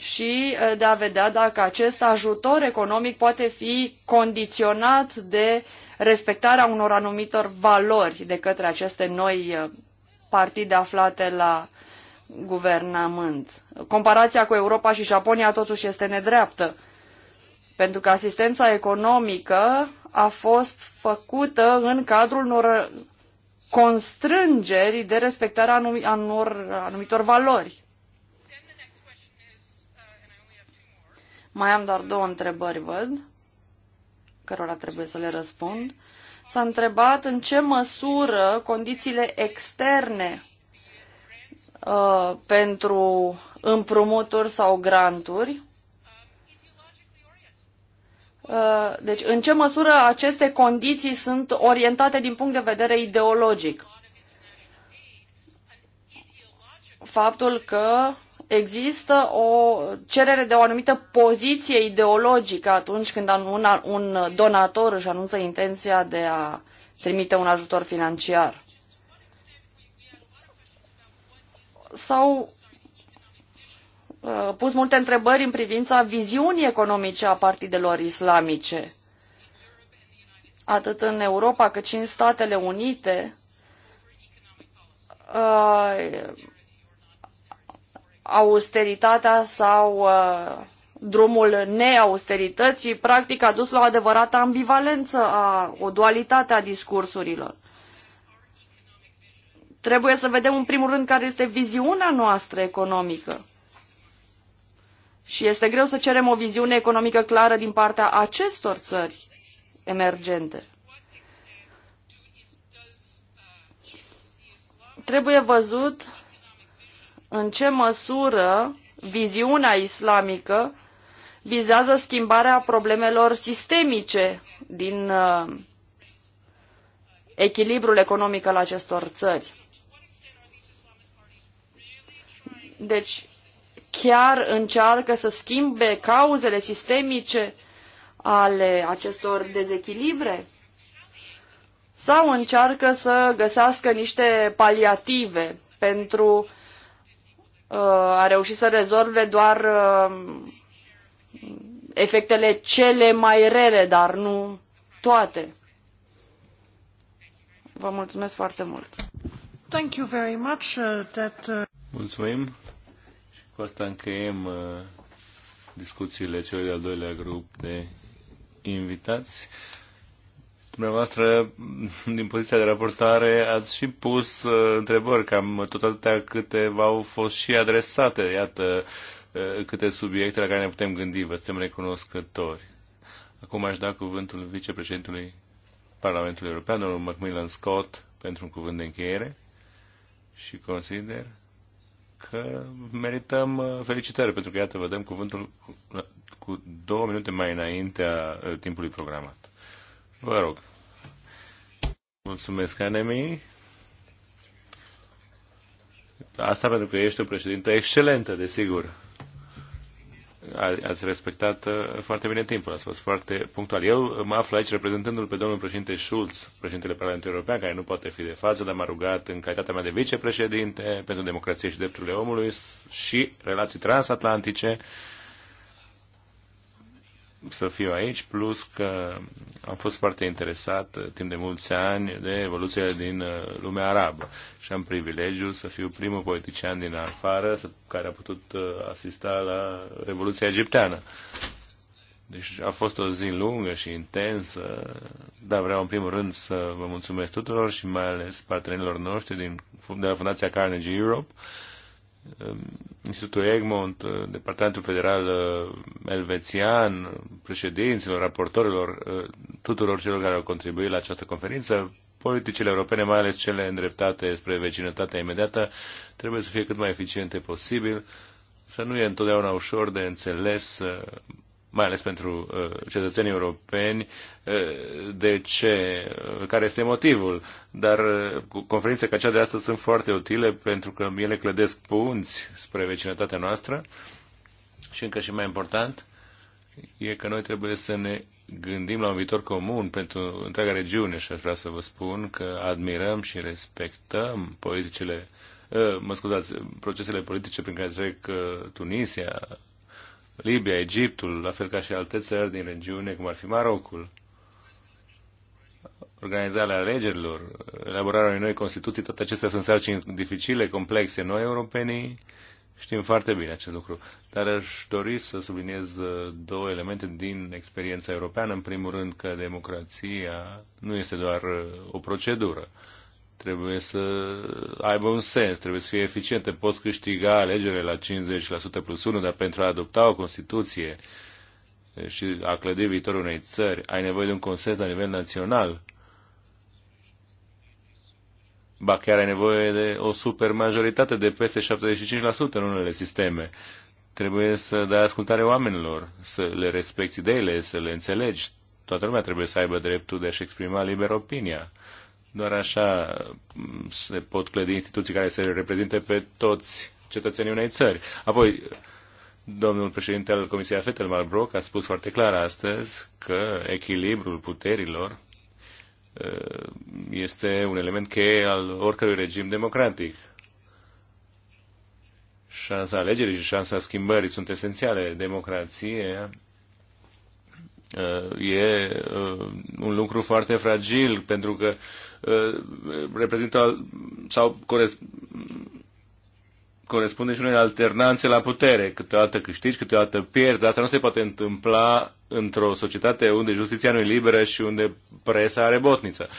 și uh, de a vedea dacă acest ajutor economic poate fi condiționat de respectarea unor anumitor valori de către aceste noi uh, partide aflate la guvernament. Comparația cu Europa și Japonia totuși este nedreaptă, pentru că asistența economică a fost făcută în cadrul unor constrângeri de respectarea anumitor valori. Mai am doar două întrebări, văd, cărora trebuie să le răspund. S-a întrebat în ce măsură condițiile externe uh, pentru împrumuturi sau granturi uh, deci, în ce măsură aceste condiții sunt orientate din punct de vedere ideologic? Faptul că există o cerere de o anumită poziție ideologică atunci când un, un donator își anunță intenția de a trimite un ajutor financiar. S-au uh, pus multe întrebări în privința viziunii economice a partidelor islamice. Atât în Europa cât și în Statele Unite, uh, austeritatea sau uh, drumul neausterității, practic a dus la o adevărată ambivalență, a, o dualitate a discursurilor. Trebuie să vedem în primul rând care este viziunea noastră economică. Și este greu să cerem o viziune economică clară din partea acestor țări emergente. Trebuie văzut în ce măsură viziunea islamică vizează schimbarea problemelor sistemice din uh, echilibrul economic al acestor țări. Deci, chiar încearcă să schimbe cauzele sistemice ale acestor dezechilibre? Sau încearcă să găsească niște paliative pentru Uh, a reușit să rezolve doar uh, efectele cele mai rele, dar nu toate. Vă mulțumesc foarte mult. Thank you very much, uh, that, uh... Mulțumim. Și cu asta încheiem uh, discuțiile celor de-al doilea grup de invitați. Dumneavoastră, din poziția de raportare, ați și pus uh, întrebări, cam tot atâtea v au fost și adresate, iată, uh, câte subiecte la care ne putem gândi, vă suntem recunoscători. Acum aș da cuvântul vicepreședintului Parlamentului European, domnul Macmillan Scott, pentru un cuvânt de încheiere și consider că merităm uh, felicitări, pentru că, iată, vă dăm cuvântul cu două minute mai înaintea uh, timpului programat. Vă rog. Mulțumesc, Anemi. Asta pentru că ești o președintă excelentă, desigur. Ați respectat uh, foarte bine timpul, ați fost foarte punctual. Eu mă aflu aici reprezentându-l pe domnul președinte Schulz, președintele Parlamentului European, care nu poate fi de față, dar m-a rugat în calitatea mea de vicepreședinte pentru democrație și drepturile omului și relații transatlantice să fiu aici, plus că am fost foarte interesat uh, timp de mulți ani de evoluția din uh, lumea arabă și am privilegiul să fiu primul politician din afară care a putut uh, asista la Revoluția Egipteană. Deci a fost o zi lungă și intensă, dar vreau în primul rând să vă mulțumesc tuturor și mai ales partenerilor noștri din, de la Fundația Carnegie Europe, Ehm, Institutul Egmont, eh, Departamentul Federal eh, Elvețian, președinților, raportorilor, eh, tuturor celor care au contribuit la această conferință, politicile europene, mai ales cele îndreptate spre vecinătatea imediată, trebuie să fie cât mai eficiente posibil, să nu e întotdeauna ușor de înțeles mai ales pentru uh, cetățenii europeni, uh, de ce, uh, care este motivul. Dar conferințe ca cea de astăzi sunt foarte utile pentru că ele clădesc punți spre vecinătatea noastră și încă și mai important e că noi trebuie să ne gândim la un viitor comun pentru întreaga regiune și aș vrea să vă spun că admirăm și respectăm politicile mă scuzați, procesele politice prin care trec Tunisia, Libia, Egiptul, la fel ca și alte țări din regiune, cum ar fi Marocul. Organizarea alegerilor, elaborarea unei noi constituții, toate acestea sunt sarcini dificile, complexe. Noi, europenii, știm foarte bine acest lucru. Dar aș dori să subliniez uh, două elemente din experiența europeană. În primul rând că democrația nu este doar uh, o procedură trebuie să aibă un sens, trebuie să fie eficiente. Poți câștiga alegerile la 50% plus 1, dar pentru a adopta o Constituție și a clădi viitorul unei țări, ai nevoie de un consens la nivel național. Ba chiar ai nevoie de o supermajoritate de peste 75% în unele sisteme. Trebuie să dai ascultare oamenilor, să le respecti ideile, să le înțelegi. Toată lumea trebuie să aibă dreptul de a-și exprima liber opinia doar așa se pot clădi instituții care se reprezinte pe toți cetățenii unei țări. Apoi, domnul președinte al Comisiei Afetel Malbroc a spus foarte clar astăzi că echilibrul puterilor este un element cheie al oricărui regim democratic. Șansa alegerii și șansa schimbării sunt esențiale. Democrație Uh, e uh, un lucru foarte fragil pentru că uh, reprezintă sau corespunde și unei alternanțe la putere. Câteodată câștigi, câteodată pierzi, dar asta nu se poate întâmpla într-o societate unde justiția nu e liberă și unde presa are botniță. Uh,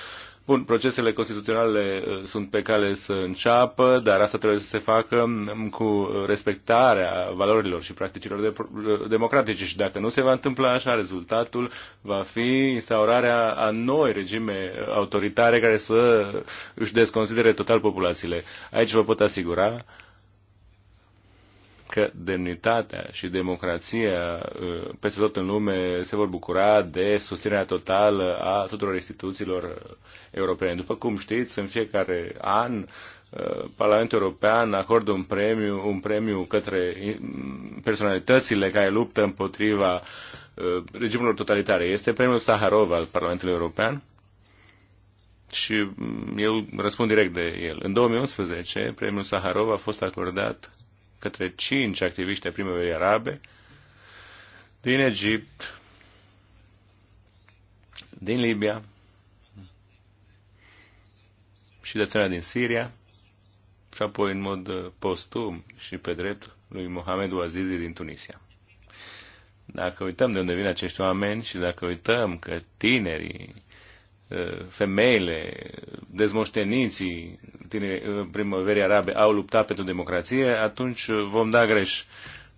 Bun, procesele constituționale uh, sunt pe cale să înceapă, dar asta trebuie să se facă mm, cu respectarea valorilor și practicilor de, uh, democratice și dacă nu se va întâmpla așa, rezultatul va fi instaurarea a noi regime autoritare care să își desconsidere total populațiile. Aici vă pot asigura că demnitatea și democrația uh, peste tot în lume se vor bucura de susținerea totală a tuturor instituțiilor uh, europene. După cum știți, în fiecare an uh, Parlamentul European acordă un premiu, un premiu către mm, personalitățile care luptă împotriva regimurilor totalitare. Este premiul Saharov al Parlamentului European și mm, eu răspund direct de el. În 2011, premiul Saharov a fost acordat către cinci activiști ai primăverii arabe din Egipt, din Libia și de țara din Siria și apoi în mod uh, postum și pe drept lui Mohamed Azizi din Tunisia. Dacă uităm de unde vin acești oameni și dacă uităm că tinerii femeile, dezmoșteniții primăverii arabe au luptat pentru democrație, atunci vom da greș.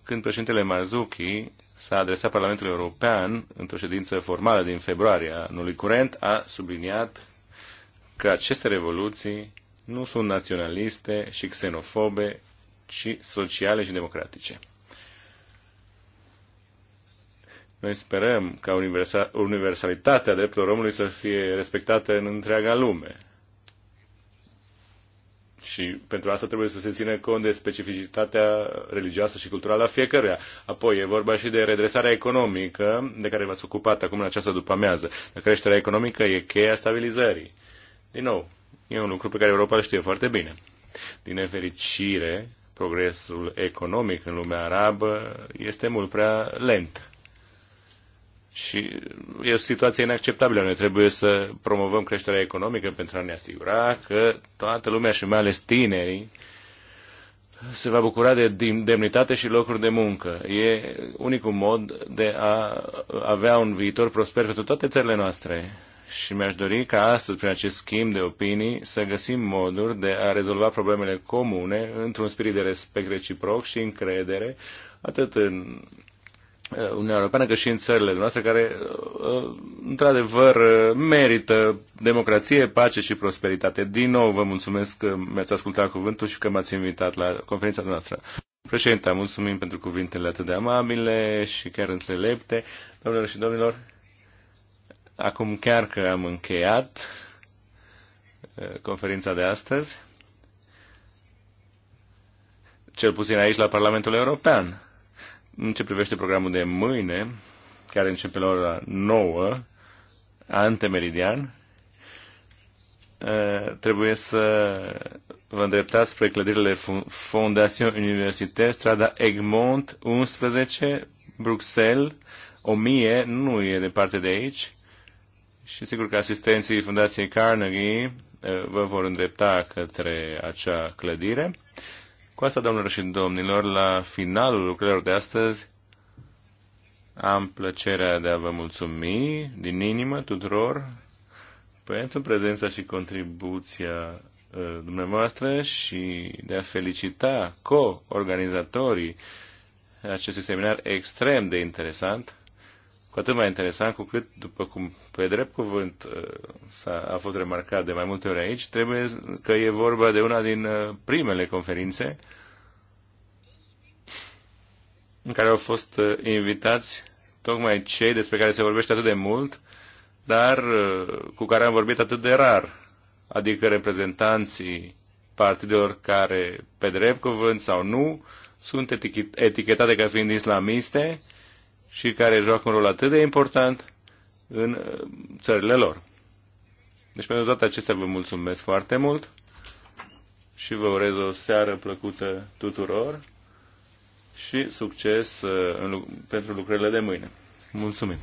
Când președintele Marzuki s-a adresat Parlamentului European într-o ședință formală din februarie a anului curent, a subliniat că aceste revoluții nu sunt naționaliste și xenofobe, ci sociale și democratice. Noi sperăm ca universalitatea drepturilor omului să fie respectată în întreaga lume. Și pentru asta trebuie să se țină cont de specificitatea religioasă și culturală a fiecăruia. Apoi e vorba și de redresarea economică, de care v-ați ocupat acum în această după-amiază. Creșterea economică e cheia stabilizării. Din nou, e un lucru pe care Europa îl știe foarte bine. Din nefericire, progresul economic în lumea arabă este mult prea lent. Și e o situație inacceptabilă. Noi trebuie să promovăm creșterea economică pentru a ne asigura că toată lumea și mai ales tinerii se va bucura de demnitate și locuri de muncă. E unicul mod de a avea un viitor prosper pentru toate țările noastre. Și mi-aș dori ca astăzi, prin acest schimb de opinii, să găsim moduri de a rezolva problemele comune într-un spirit de respect reciproc și încredere, atât în Uniunea Europeană, că și în țările noastre, care, uh, într-adevăr, merită democrație, pace și prosperitate. Din nou, vă mulțumesc că mi-ați ascultat cuvântul și că m-ați invitat la conferința noastră. Președinte, mulțumim pentru cuvintele atât de amabile și chiar înțelepte. Domnilor și domnilor, acum chiar că am încheiat uh, conferința de astăzi, cel puțin aici la Parlamentul European în ce privește programul de mâine, care începe la ora 9, antemeridian, eh, trebuie să vă îndreptați spre clădirile Fondation Université, strada Egmont 11, Bruxelles, 1000, nu e departe de aici. Și sigur că asistenții Fundației Carnegie eh, vă vor îndrepta către acea clădire. Cu asta, domnilor și domnilor, la finalul lucrărilor de astăzi, am plăcerea de a vă mulțumi din inimă tuturor pentru prezența și contribuția uh, dumneavoastră și de a felicita co-organizatorii acestui seminar extrem de interesant cu atât mai interesant cu cât, după cum pe drept cuvânt uh, a a fost remarcat de mai multe ori aici, trebuie că e vorba de una din uh, primele conferințe în care au fost uh, invitați tocmai cei despre care se vorbește atât de mult, dar cu care am vorbit atât de rar, adică reprezentanții partidelor care, pe drept cuvânt sau nu, sunt etichetate ca fiind islamiste, și care joacă un rol atât de important în uh, țările lor. Deci pentru toate acestea vă mulțumesc foarte mult și vă urez o seară plăcută tuturor și succes uh, pentru lucrările de mâine. Mulțumim!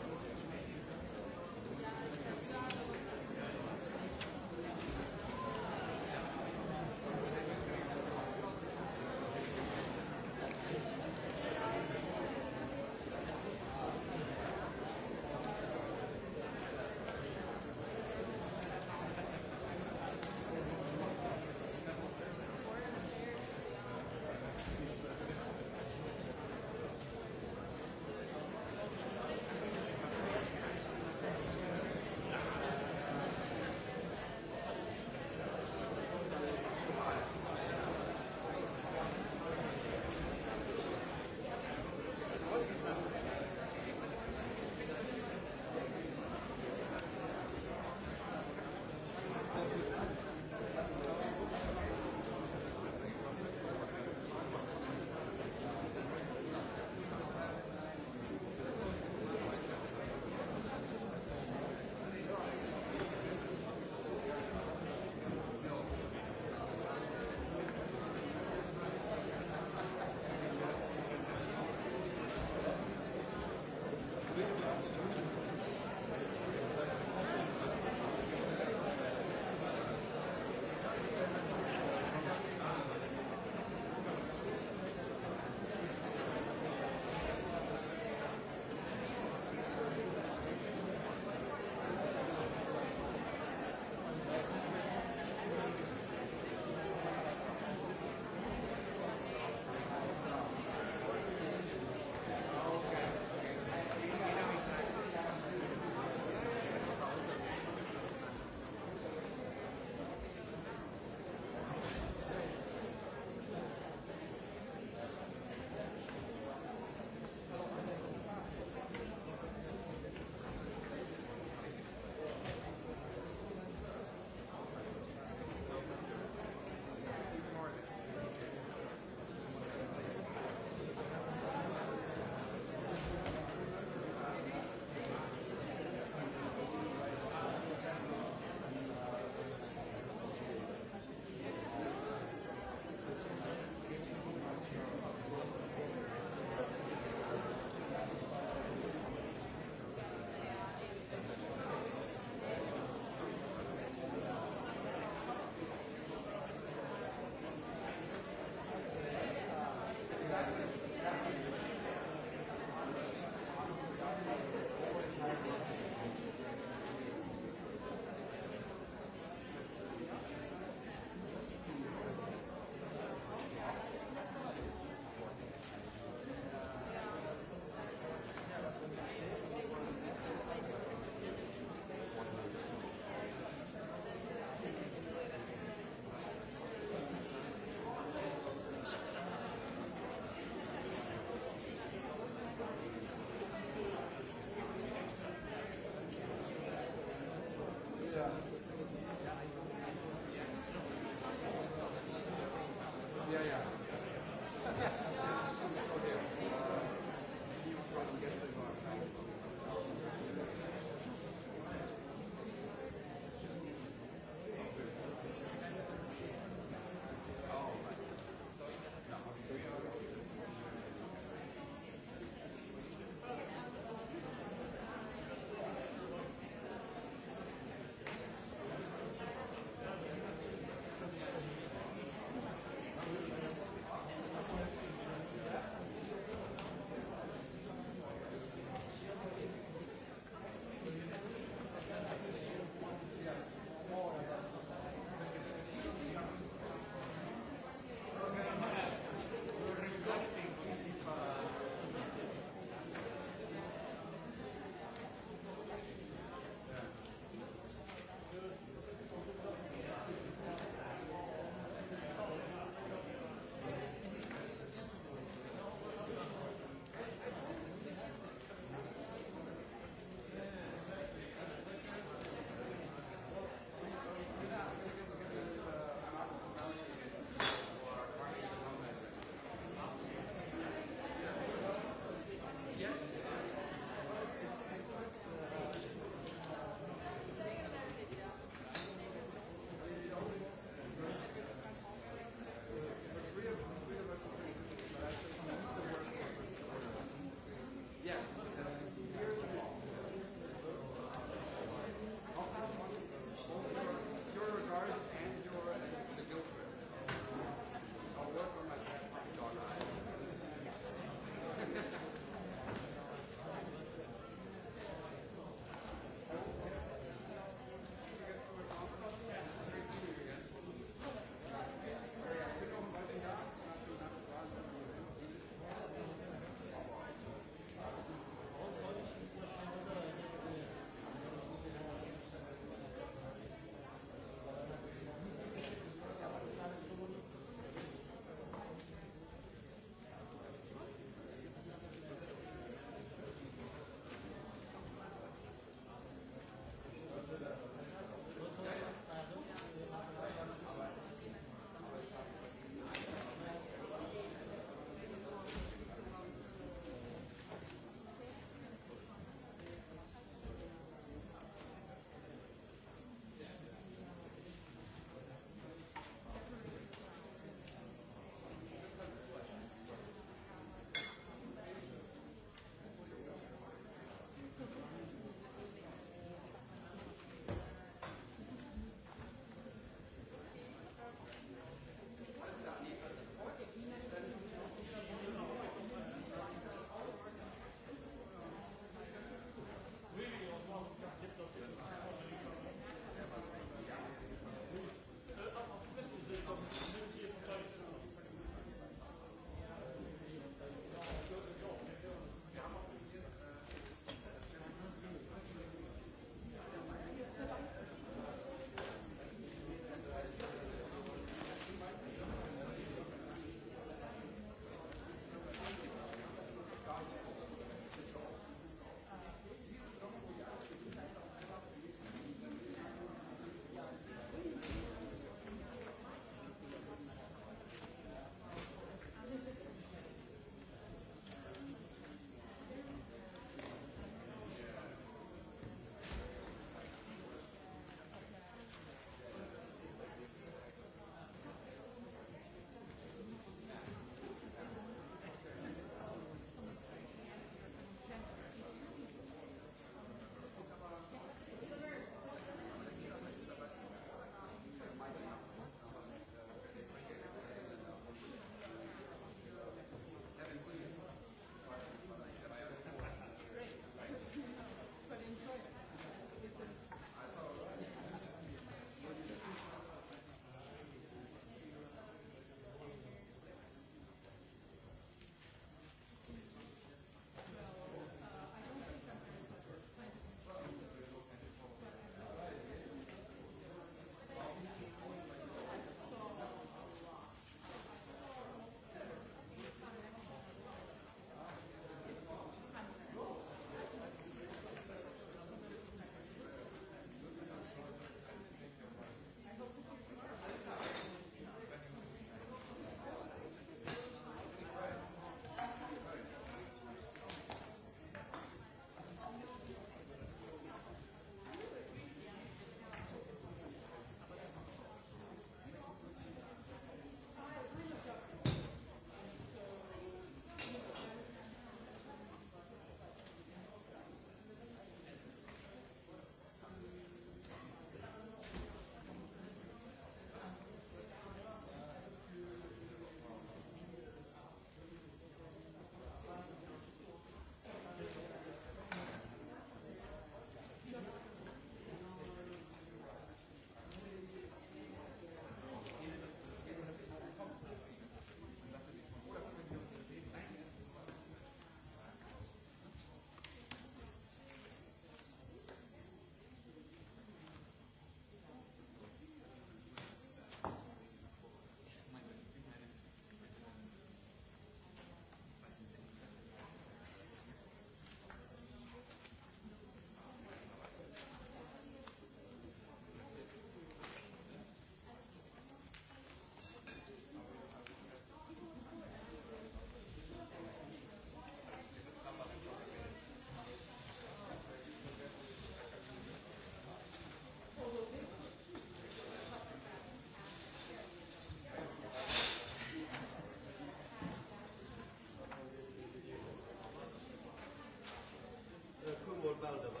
Valdova.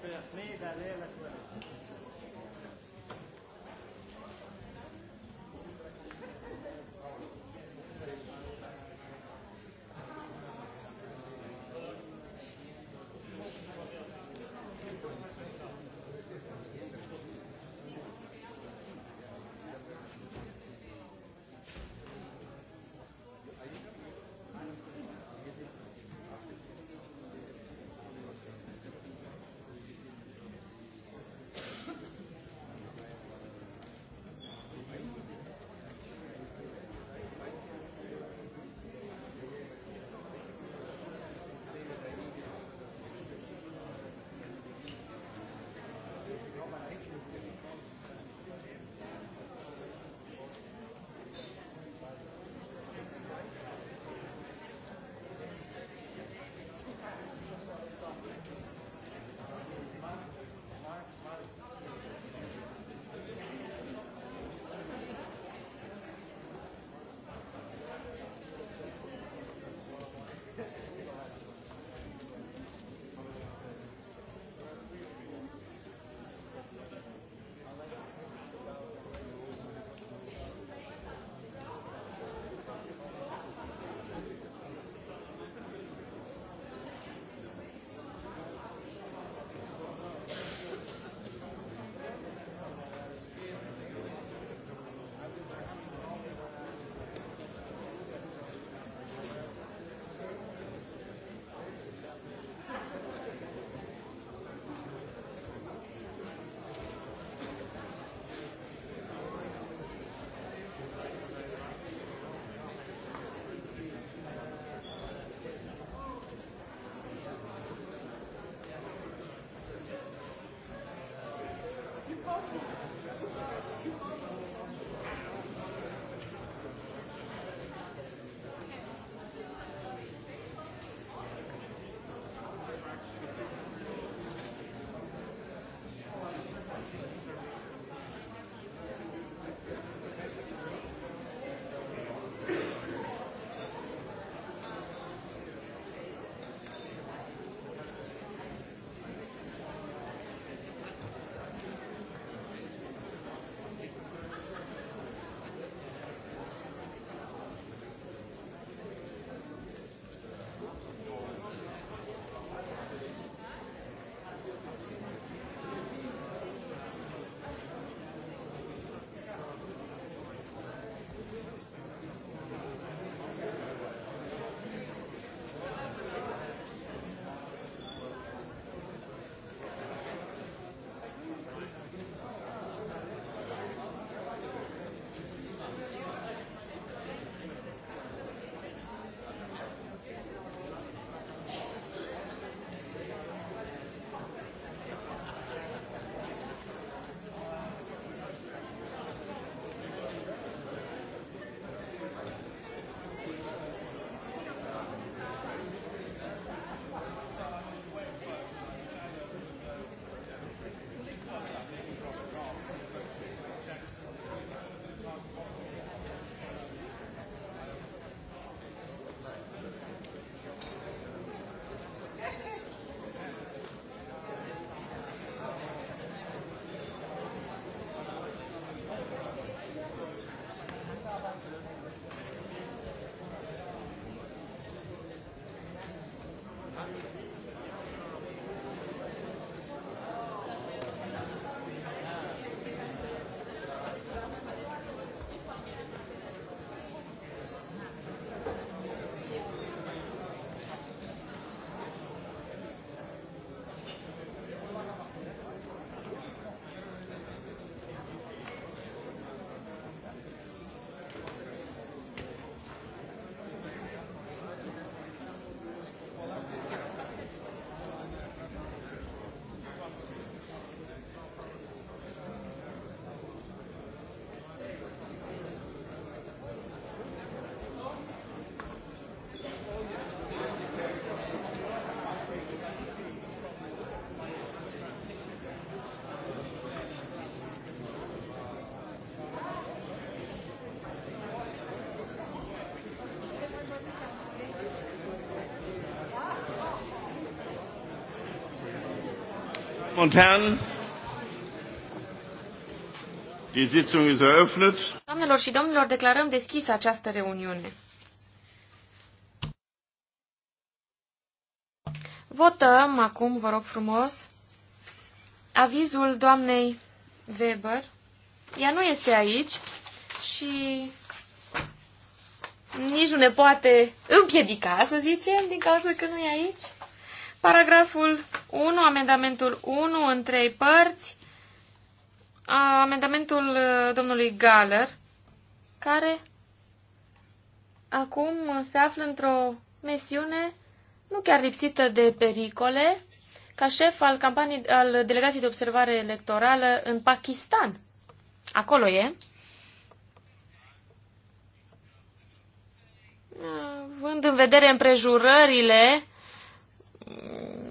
per me da lei Damen und Herren, die Sitzung ist eröffnet. Doamnelor și domnilor, declarăm deschisă această reuniune. Votăm acum, vă rog frumos, avizul doamnei Weber. Ea nu este aici și nici nu ne poate împiedica, să zicem, din cauza că nu e aici. Paragraful 1, amendamentul 1 în trei părți, amendamentul uh, domnului Galler, care acum se află într-o misiune nu chiar lipsită de pericole, ca șef al, campanii, al delegației de observare electorală în Pakistan. Acolo e. Având în vedere împrejurările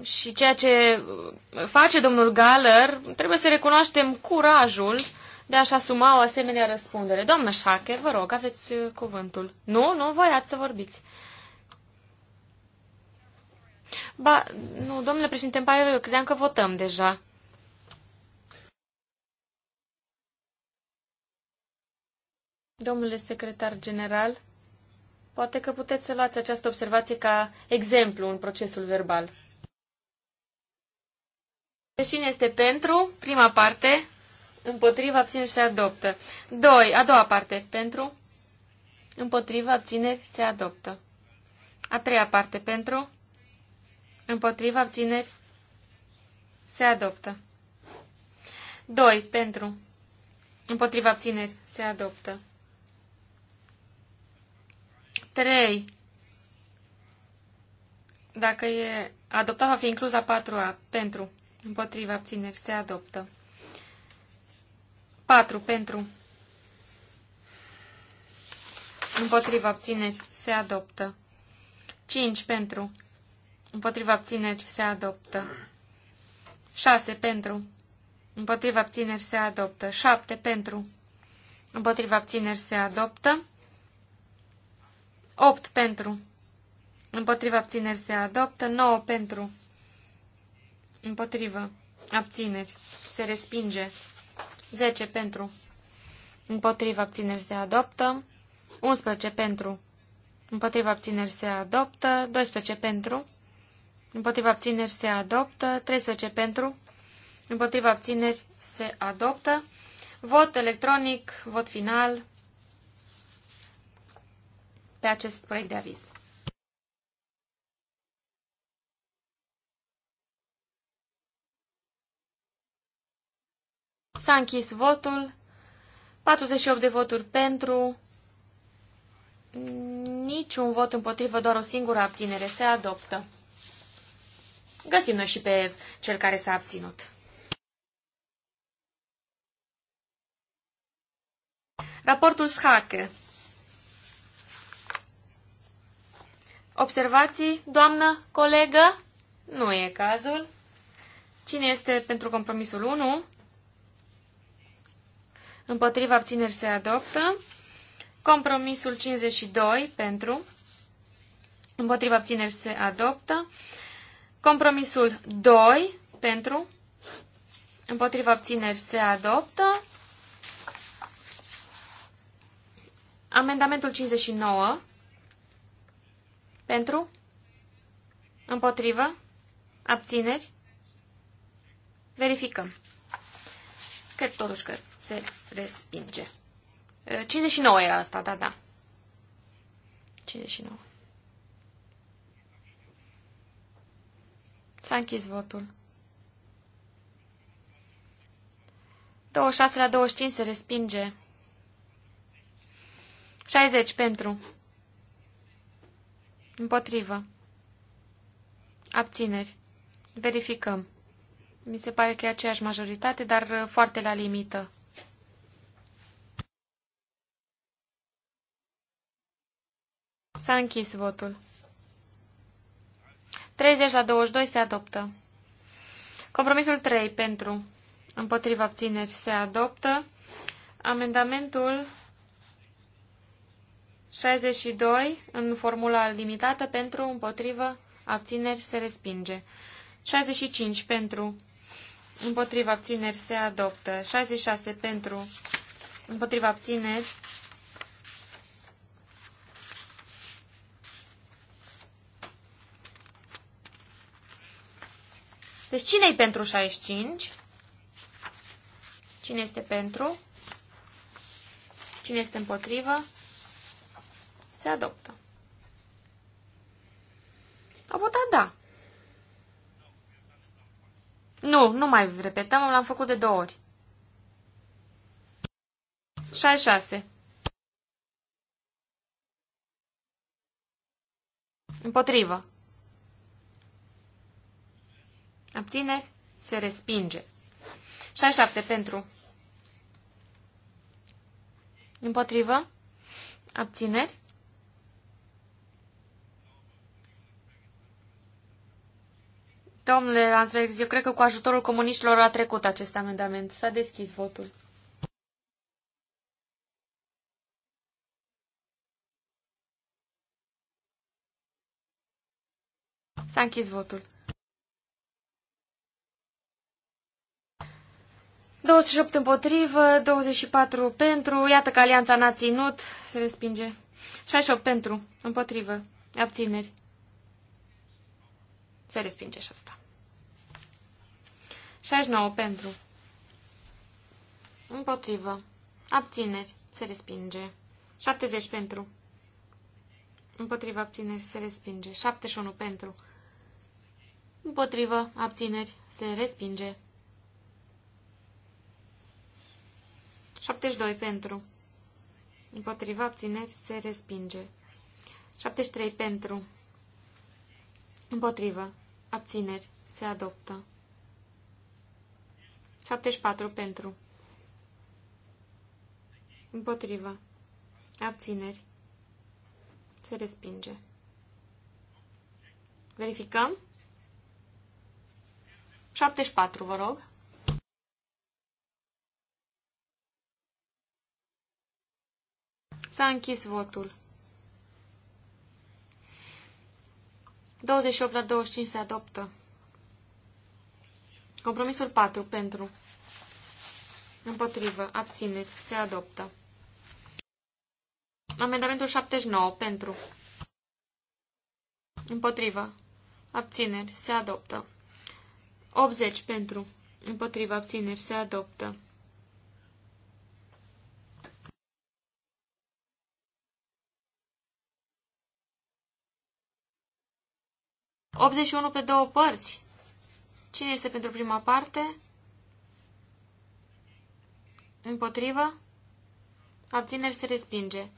și ceea ce uh, face domnul Galler, trebuie să recunoaștem curajul de a-și asuma o asemenea răspundere. Doamnă Șacher, vă rog, aveți uh, cuvântul. Nu, nu voiați să vorbiți. Ba, nu, domnule președinte, îmi pare rău, eu credeam că votăm deja. Domnule secretar general, poate că puteți să luați această observație ca exemplu în procesul verbal. Cine este pentru? Prima parte. Împotriva și se adoptă. Doi, A doua parte. Pentru? Împotriva abțineri se adoptă. A treia parte. Pentru? Împotriva abțineri se adoptă. Doi, Pentru? Împotriva abțineri se adoptă. 3. Dacă e adoptat, va fi inclus la 4A. Pentru. Împotriva abțineri se adoptă. 4 pentru. Împotriva abțineri se adoptă. 5 pentru. Împotriva abțineri se adoptă. 6 pentru. Împotriva abțineri se adoptă. 7 pentru. Împotriva abțineri se adoptă. 8 pentru. Împotriva abțineri se adoptă. 9 pentru. Împotrivă. Abțineri. Se respinge. 10 pentru. Împotrivă abțineri se adoptă. 11 pentru. Împotrivă abțineri se adoptă. 12 pentru. Împotrivă abțineri se adoptă. 13 pentru. Împotrivă abțineri se adoptă. Vot electronic, vot final pe acest proiect de aviz. S-a închis votul. 48 de voturi pentru, niciun vot împotrivă, doar o singură abținere. Se adoptă. Găsim noi și pe cel care s-a abținut. Raportul Schake. Observații, doamnă, colegă? Nu e cazul. Cine este pentru compromisul 1? împotriva abțineri se adoptă. Compromisul 52 pentru, împotriva abțineri se adoptă. Compromisul 2 pentru, împotriva abțineri se adoptă. Amendamentul 59 pentru, împotrivă, abțineri, verificăm. Cred totuși că se respinge. 59 era asta, da, da. 59. S-a închis votul. 26 la 25 se respinge. 60 pentru. Împotrivă. Abțineri. Verificăm. Mi se pare că e aceeași majoritate, dar foarte la limită. S-a închis votul. 30 la 22 se adoptă. Compromisul 3 pentru împotriva abțineri se adoptă. Amendamentul 62 în formula limitată pentru împotrivă abțineri se respinge. 65 pentru împotriva abțineri se adoptă. 66 pentru împotriva abțineri Deci cine e pentru 65? Cine este pentru? Cine este împotrivă? Se adoptă. A votat da. Nu, nu mai repetăm, l-am făcut de două ori. 66. Împotrivă. Abțineri? Se respinge. 67 pentru. Împotrivă? Abțineri? Domnule Lansberg, eu cred că cu ajutorul comuniștilor a trecut acest amendament. S-a deschis votul. S-a închis votul. 28 împotrivă, 24 pentru, iată că Alianța n-a ținut, se respinge. 68 pentru, împotrivă, abțineri. Se respinge și asta. 69 pentru, împotrivă, abțineri, se respinge. 70 pentru, împotrivă, abțineri, se respinge. 71 pentru, împotrivă, abțineri, se respinge. 72 pentru. Împotriva abțineri se respinge. 73 pentru. Împotrivă. Abțineri se adoptă. 74 pentru. Împotrivă. Abțineri. Se respinge. Verificăm? 74, vă rog. S-a închis votul. 28 la 25 se adoptă. Compromisul 4 pentru. Împotrivă. Abțineri. Se adoptă. Amendamentul 79 pentru. Împotrivă. Abțineri. Se adoptă. 80 pentru. Împotrivă. Abțineri. Se adoptă. 81 pe două părți. Cine este pentru prima parte? Împotrivă? Abțineri se respinge.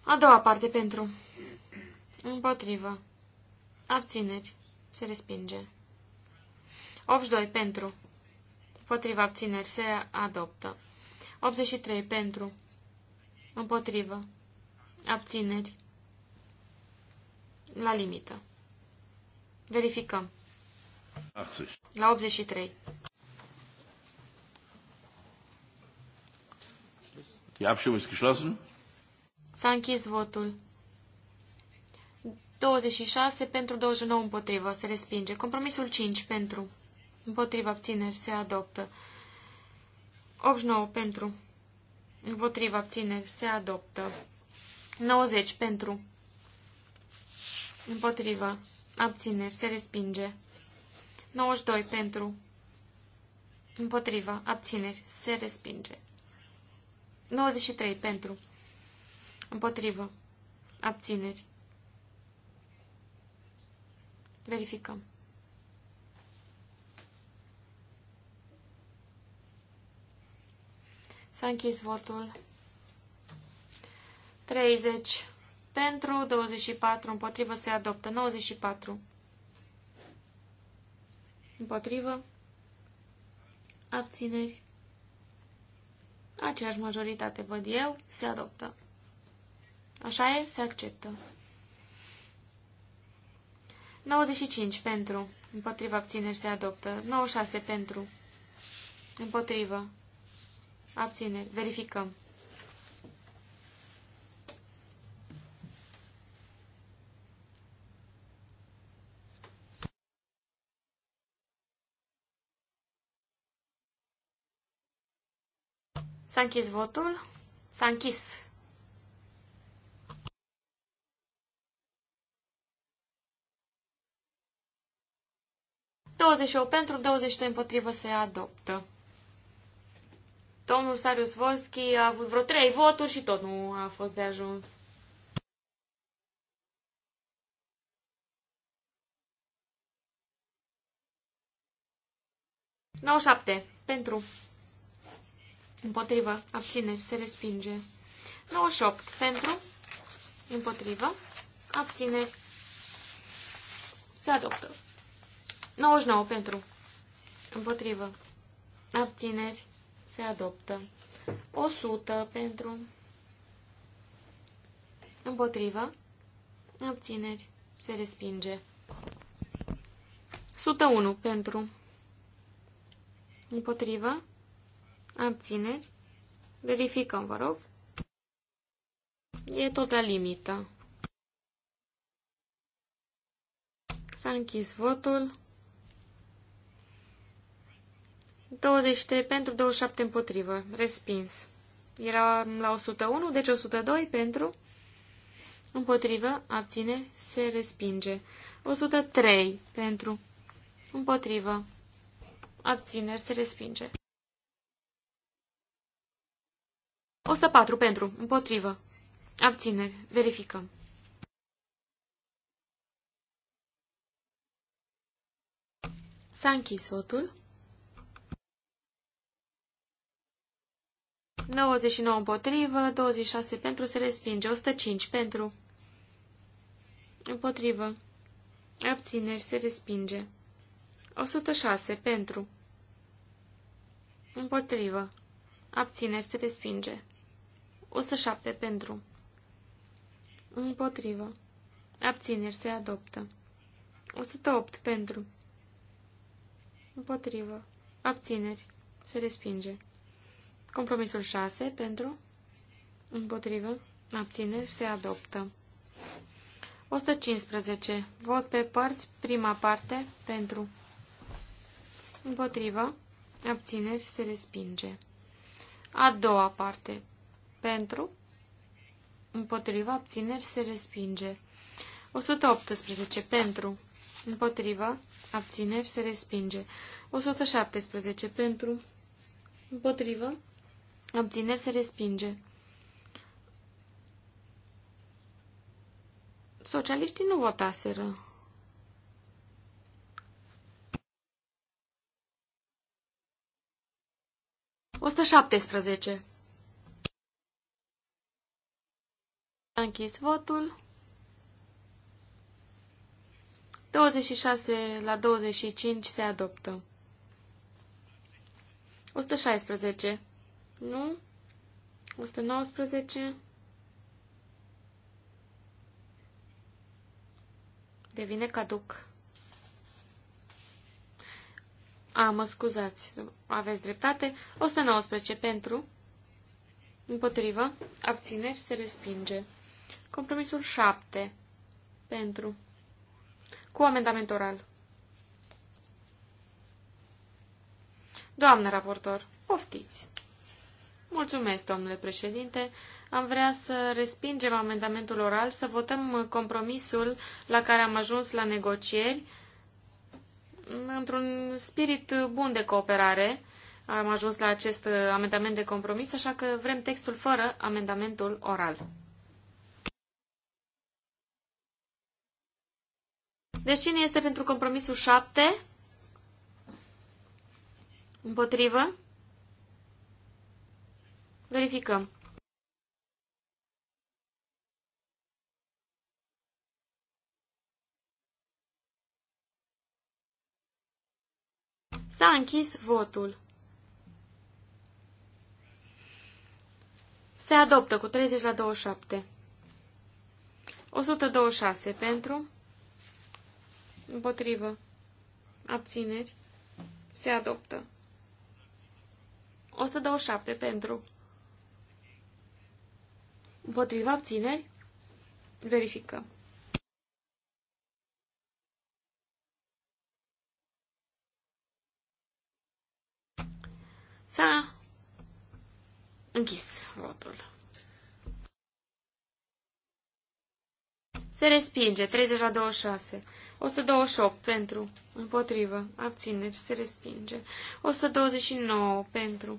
A doua parte pentru. Împotrivă. Abțineri. Se respinge. 82. Pentru. Împotrivă abțineri. Se adoptă. 83. Pentru. Împotrivă. Abțineri. La limită. Verificăm. 80. La 83. Die Abstimmung ist geschlossen. S-a închis votul. 26 pentru 29 împotrivă. Se respinge. Compromisul 5 pentru. Împotrivă abțineri. Se adoptă. 89 pentru. Împotrivă abțineri. Se adoptă. 90 pentru. Împotrivă abțineri, se respinge. 92 pentru, împotriva, abțineri, se respinge. 93 pentru, împotrivă, abțineri. Verificăm. S-a închis votul. 30 pentru, 24 împotrivă se adoptă, 94 împotrivă, abțineri, aceeași majoritate văd eu, se adoptă. Așa e, se acceptă. 95 pentru, împotrivă abțineri se adoptă, 96 pentru, împotrivă, abțineri, verificăm. S-a închis votul. S-a închis. pentru, 22 împotrivă se adoptă. Domnul Sarius Volski a avut vreo 3 voturi și tot nu a fost de ajuns. șapte pentru. Împotrivă. Abțineri. Se respinge. 98. Pentru. Împotrivă. Abțineri. Se adoptă. 99. Pentru. Împotrivă. Abțineri. Se adoptă. 100. Pentru. Împotrivă. Abțineri. Se respinge. 101. Pentru. Împotrivă abțineri, verificăm, vă rog. E tot la limită. S-a închis votul. 23 pentru, 27 împotrivă. Respins. Era la 101, deci 102 pentru. Împotrivă, abține, se respinge. 103 pentru. Împotrivă, abține, se respinge. 104 pentru, împotrivă. Abțineri. Verificăm. S-a închis votul. 99 împotrivă, 26 pentru, se respinge. 105 pentru. Împotrivă. Abțineri, se respinge. 106 pentru. Împotrivă. Abțineri, se respinge. 107 pentru. Împotrivă. Abțineri se adoptă. 108 pentru. Împotrivă. Abțineri se respinge. Compromisul 6 pentru. Împotrivă. Abțineri se adoptă. 115. Vot pe părți, prima parte, pentru. Împotrivă. Abțineri se respinge. A doua parte, pentru. Împotriva abțineri se respinge. 118. Pentru. Împotriva abțineri se respinge. 117. Pentru. Împotriva abțineri se respinge. Socialiștii nu votaseră. șaptesprezece închis votul. 26 la 25 se adoptă. 116. Nu? 119. Devine caduc. A, mă scuzați. Aveți dreptate. 119 pentru. Împotrivă. Abțineri se respinge. Compromisul 7. Pentru. Cu amendament oral. Doamnă raportor, poftiți! Mulțumesc, domnule președinte. Am vrea să respingem amendamentul oral, să votăm compromisul la care am ajuns la negocieri într-un spirit bun de cooperare. Am ajuns la acest amendament de compromis, așa că vrem textul fără amendamentul oral. Deci cine este pentru compromisul 7? Împotrivă? Verificăm. S-a închis votul. Se adoptă cu 30 la 27. 126 pentru, Împotrivă. Abțineri. Se adoptă. 127 pentru. Împotrivă abțineri. Verificăm. S-a închis votul. Se respinge. 30 la 26. 128 pentru, împotrivă, abțineri, se respinge. 129 pentru,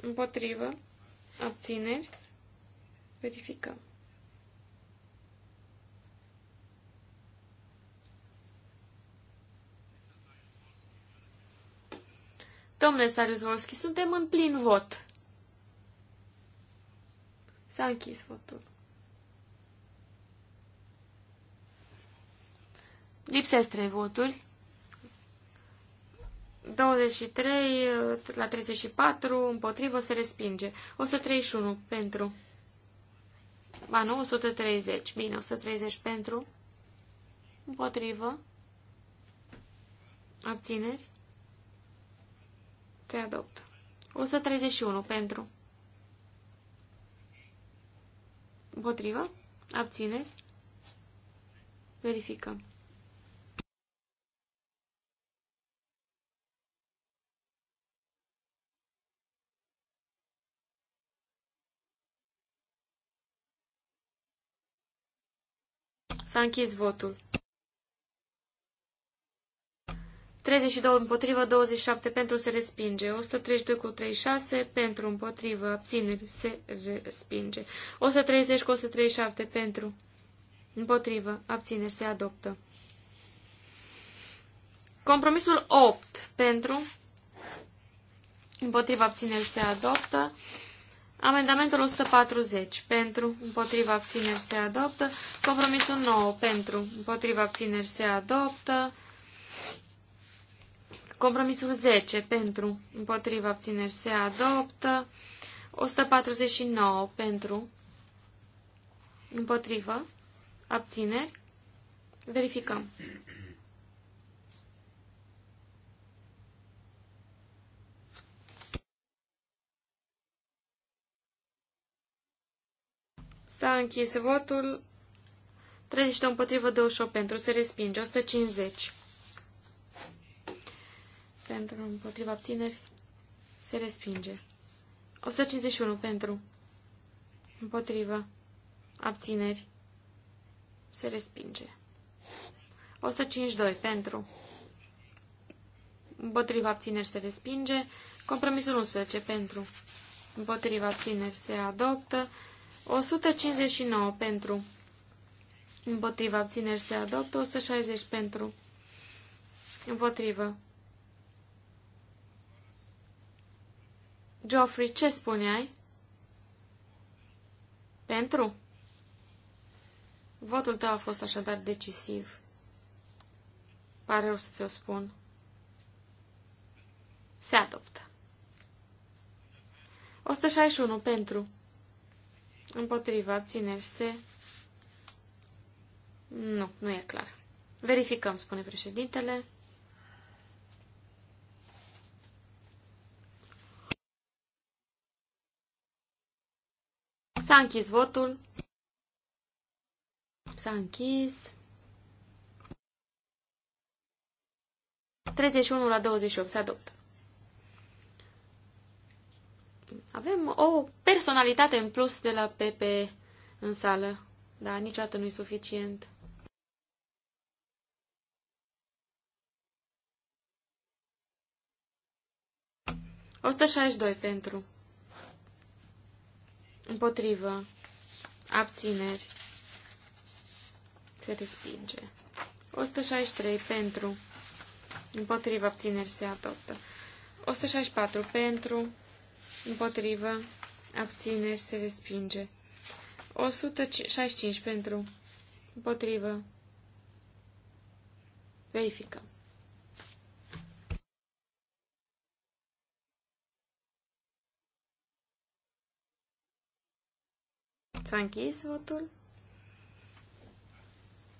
împotrivă, abțineri, verificăm. Domnule Sarius suntem în plin vot. S-a închis votul. Lipsesc trei voturi. 23 la 34 împotrivă se respinge. 131 pentru. Ba nu, 130. Bine, 130 pentru. Împotrivă. Abțineri. Te adopt. 131 pentru. Împotrivă. Abțineri. Verificăm. S-a închis votul. 32 împotrivă, 27 pentru se respinge. 132 cu 36 pentru împotrivă, abțineri se respinge. 130 cu 137 pentru împotrivă, abțineri se adoptă. Compromisul 8 pentru împotrivă, abțineri se adoptă. Amendamentul 140 pentru, împotriva abțineri se adoptă. Compromisul 9 pentru, împotriva abțineri se adoptă. Compromisul 10 pentru, împotriva abțineri se adoptă. 149 pentru, împotriva abțineri. Verificăm. S-a închis votul. 31 împotrivă, 28 pentru. Se respinge. 150. Pentru împotriva abțineri. Se respinge. 151 pentru. Împotrivă. Abțineri. Se respinge. 152 pentru. Împotriva abțineri se respinge. Compromisul 11 pentru. Împotriva abțineri se adoptă. 159 pentru. Împotriva abțineri se adoptă. 160 pentru. Împotrivă. Geoffrey, ce spuneai? Pentru? Votul tău a fost așadar decisiv. Pare rău să ți-o spun. Se adoptă. 161 pentru. Împotriva abțineri Nu, nu e clar. Verificăm, spune președintele. S-a închis votul. S-a închis. 31 la 28 se adoptă. Avem o personalitate în plus de la Pepe în sală, dar niciodată nu-i suficient. doi pentru. Împotrivă. Abțineri. Se respinge. 163 pentru. Împotrivă abțineri se adoptă. 164 pentru împotrivă, abțineri, se respinge. 165 pentru, împotrivă, verifică. S-a închis votul.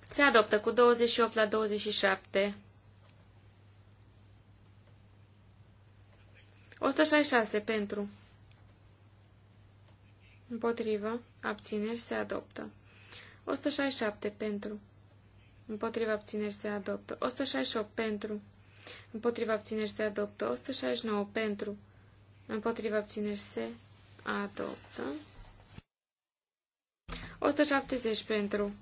Se adoptă cu 28 la 27. 166 pentru. Împotrivă. Abțineri se adoptă. 167 pentru. Împotrivă abțineri se adoptă. 168 pentru. Împotrivă abțineri se adoptă. 169 pentru. Împotrivă abțineri se adoptă. 170 pentru.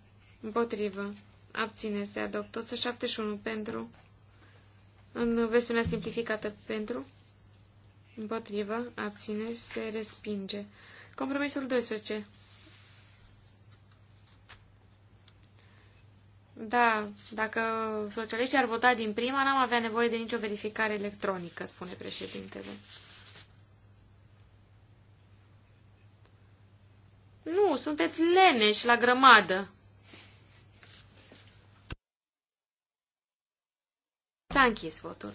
Împotrivă. Abțineri se adoptă. 171 pentru. În versiunea simplificată pentru împotrivă, abține, se respinge. Compromisul 12. Da, dacă socialiștii ar vota din prima, n-am avea nevoie de nicio verificare electronică, spune președintele. Nu, sunteți leneși la grămadă. S-a închis votul.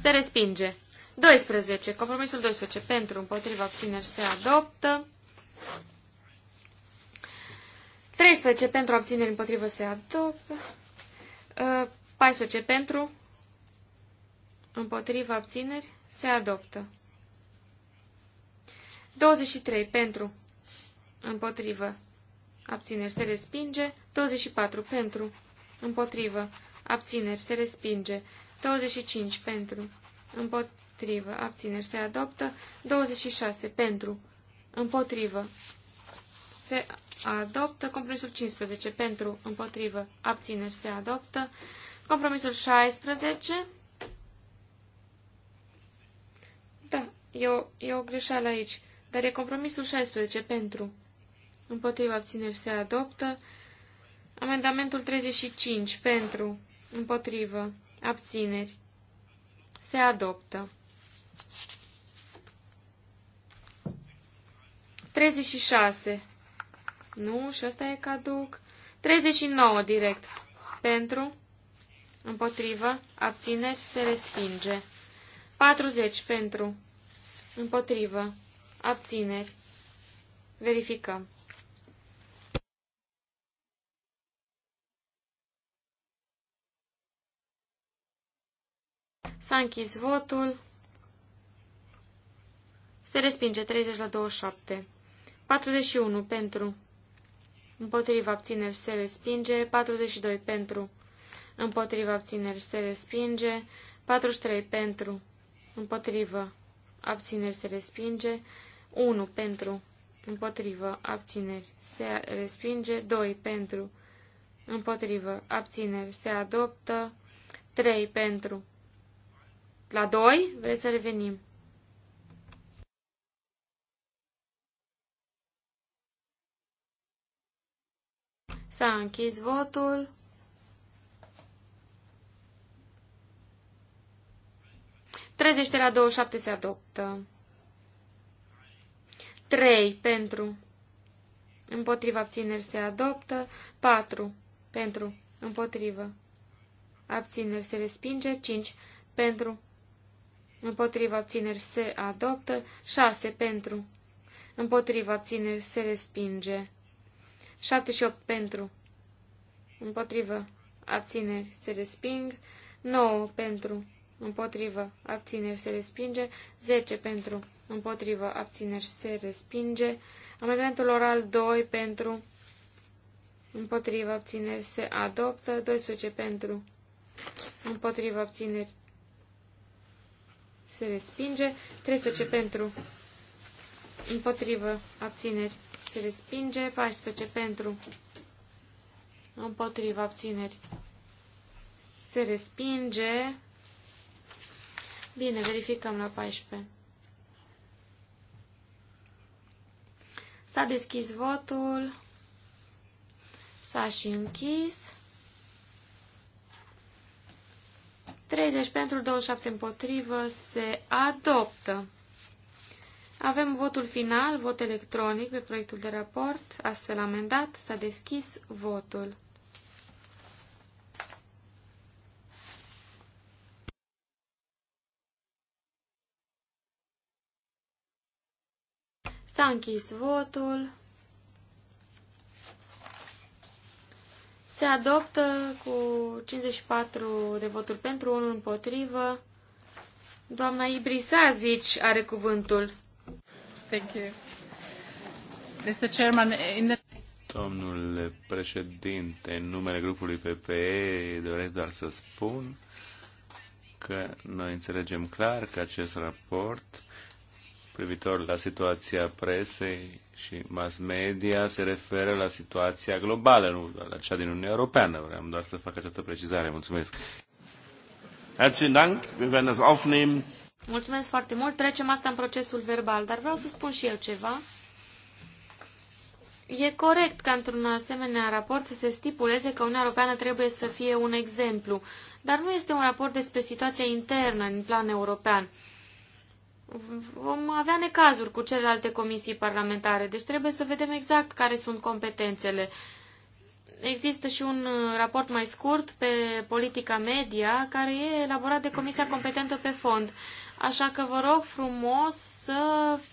Se respinge. 12. Compromisul 12. Pentru, împotriva, abțineri se adoptă. 13. Pentru, abțineri, împotriva, se adoptă. 14. Ă, Pentru, împotriva, abțineri se adoptă. 23. Pentru, împotriva, abțineri se respinge. 24. Pentru, împotriva, abțineri se respinge. 25 pentru, împotrivă, abțineri se adoptă, 26 pentru, împotrivă, se adoptă, compromisul 15 pentru, împotrivă, abțineri se adoptă, compromisul 16, da, e o, e o greșeală aici, dar e compromisul 16 pentru, împotrivă, abțineri se adoptă, amendamentul 35 pentru, împotrivă, abțineri, se adoptă. 36. Nu, și ăsta e caduc. 39 direct. Pentru, împotrivă, abțineri, se respinge. 40 pentru, împotrivă, abțineri. Verificăm. S-a închis votul. Se respinge 30 la 27. 41 pentru. Împotriva abțineri se respinge. 42 pentru. Împotriva abțineri se respinge. 43 pentru. împotriva Abțineri se respinge. 1 pentru. împotriva Abțineri se respinge. 2 pentru. împotriva Abțineri se adoptă. 3 pentru. La 2? Vreți să revenim? S-a închis votul. Trezește la 27 se adoptă. 3 pentru. Împotriva abțineri se adoptă. 4 pentru. Împotrivă. Abțineri se respinge. 5 pentru împotriva abțineri se adoptă, 6 pentru, împotriva abțineri se respinge, 78 pentru, împotriva abțineri se resping, 9 pentru, Împotriva abțineri se respinge, 10 pentru, Împotriva abțineri se respinge, amendamentul oral 2 pentru, Împotriva abțineri se adoptă, 12 pentru, Împotriva abțineri se respinge. 13 pentru, împotrivă, abțineri, se respinge. 14 pentru, împotrivă, abțineri, se respinge. Bine, verificăm la 14. S-a deschis votul, s-a și închis. 30 pentru, 27 împotrivă, se adoptă. Avem votul final, vot electronic pe proiectul de raport, astfel amendat, s-a deschis votul. S-a închis votul. Se adoptă cu 54 de voturi pentru, unul împotrivă. Doamna zici, are cuvântul. Thank you. Mr. Chairman, in the... Domnule președinte, în numele grupului PPE doresc doar să spun că noi înțelegem clar că acest raport privitor la situația presei și mass media se referă la situația globală, nu la cea din Uniunea Europeană. Vreau doar să fac această precizare. Mulțumesc. Herzlichen Dank. Wir werden das aufnehmen. Mulțumesc foarte mult. Trecem asta în procesul verbal, dar vreau să spun și eu ceva. E corect ca într-un asemenea raport să se stipuleze că Uniunea Europeană trebuie să fie un exemplu, dar nu este un raport despre situația internă în plan european vom avea necazuri cu celelalte comisii parlamentare, deci trebuie să vedem exact care sunt competențele. Există și un uh, raport mai scurt pe politica media, care e elaborat de Comisia Competentă pe Fond. Așa că vă rog frumos să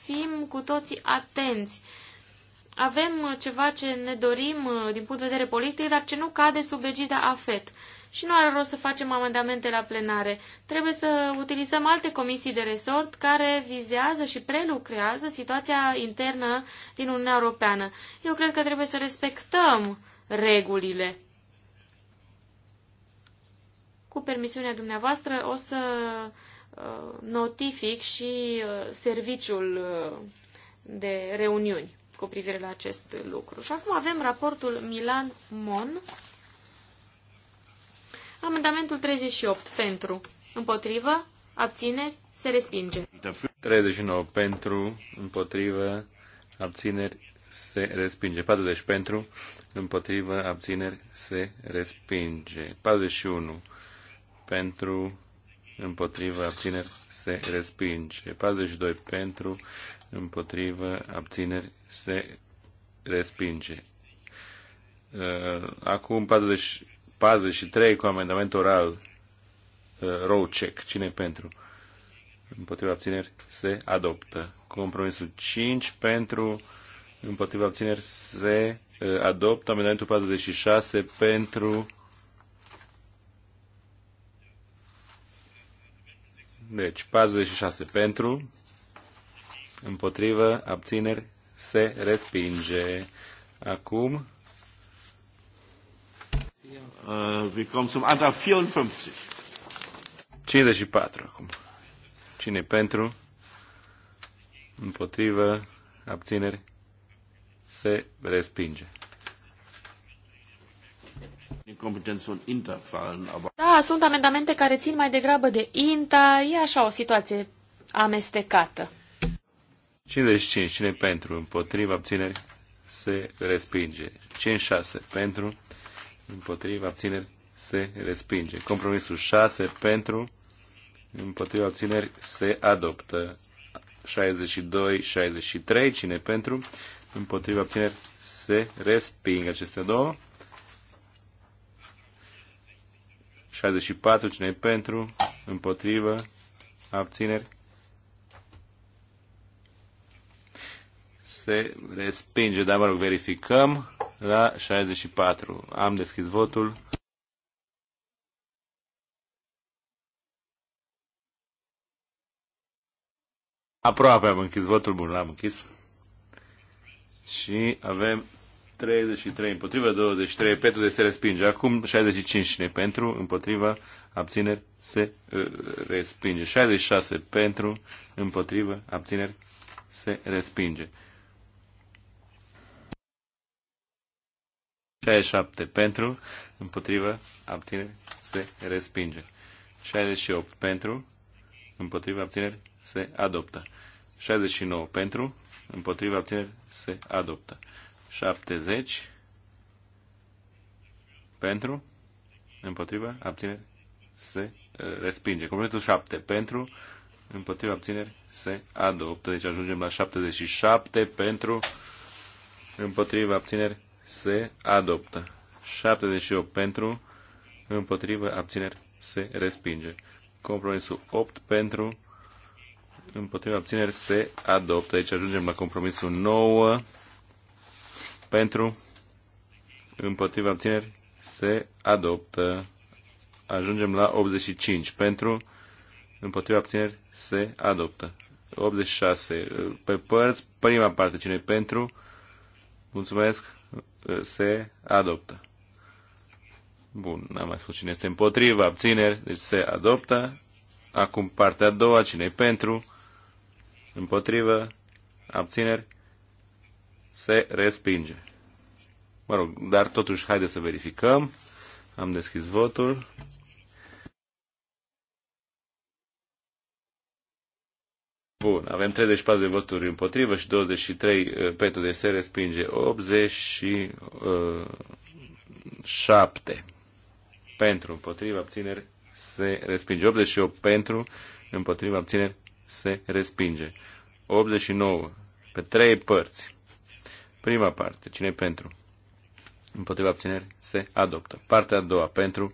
fim cu toții atenți. Avem uh, ceva ce ne dorim uh, din punct de vedere politic, dar ce nu cade sub egida AFET și nu are rost să facem amendamente la plenare. Trebuie să utilizăm alte comisii de resort care vizează și prelucrează situația internă din Uniunea Europeană. Eu cred că trebuie să respectăm regulile. Cu permisiunea dumneavoastră o să uh, notific și uh, serviciul uh, de reuniuni cu privire la acest lucru. Și acum avem raportul Milan Mon. Amendamentul 38 pentru, împotrivă, abțineri, se respinge. 39 pentru, împotrivă, abțineri, se respinge. 40 pentru, împotrivă, abțineri, se respinge. 41 pentru, împotrivă, abțineri, se respinge. 42 pentru, împotrivă, abțineri, se respinge. Uh, acum 40, 43 cu amendament oral. Uh, row check. Cine pentru? Împotriva abțineri se adoptă. Compromisul 5 pentru împotriva abțineri se uh, adoptă. Amendamentul 46 pentru Deci 46 pentru, împotrivă, abțineri, se respinge. Acum Äh, wir zum Antrag 54. 54 acum. Cine pentru? Împotrivă? Abțineri? Se respinge. Da, sunt amendamente care țin mai degrabă de INTA. E așa o situație amestecată. 55. Cine pentru? Împotriva abțineri? Se respinge. 56. Pentru? împotriva abțineri se respinge. Compromisul 6 pentru, împotriva abțineri se adoptă. 62, 63, cine pentru, împotriva abțineri se respinge. aceste două. 64, cine pentru, împotriva abțineri se respinge, dar mă rog, verificăm la 64. Am deschis votul. Aproape am închis votul, bun, l-am închis. Și avem 33 împotriva, 23 pentru de deci se respinge. Acum 65 cine pentru, împotriva, uh, abțineri, se respinge. 66 pentru, împotriva, abțineri, se respinge. 67 pentru, împotriva, abțineri, se respinge. 68 pentru, împotriva, abțineri, se adoptă. 69 pentru, împotriva, abțineri, se adoptă. 70 pentru, împotriva, abțineri, se eh, respinge. Completul 7 pentru, împotriva abțineri se adoptă. Deci ajungem la 77 pentru împotriva abțineri se adoptă. 78 pentru, împotrivă, abțineri, se respinge. Compromisul 8 pentru, împotrivă, abțineri, se adoptă. aici deci ajungem la compromisul 9 pentru, împotrivă, abțineri, se adoptă. Ajungem la 85 pentru, împotrivă, abțineri se adoptă. 86. Pe părți, prima parte, cine pentru? Mulțumesc se adoptă. Bun, n-am mai spus cine este împotriva, abțineri, deci se adoptă. Acum partea a doua, cine e pentru, împotrivă, abțineri, se respinge. Mă rog, dar totuși haideți să verificăm. Am deschis votul. Bun, avem 34 de voturi împotrivă și 23 uh, pentru de se respinge 87 uh, pentru împotriva abțineri se respinge 88 pentru împotriva abțineri se respinge 89 pe trei părți prima parte cine pentru împotriva abțineri se adoptă partea a doua pentru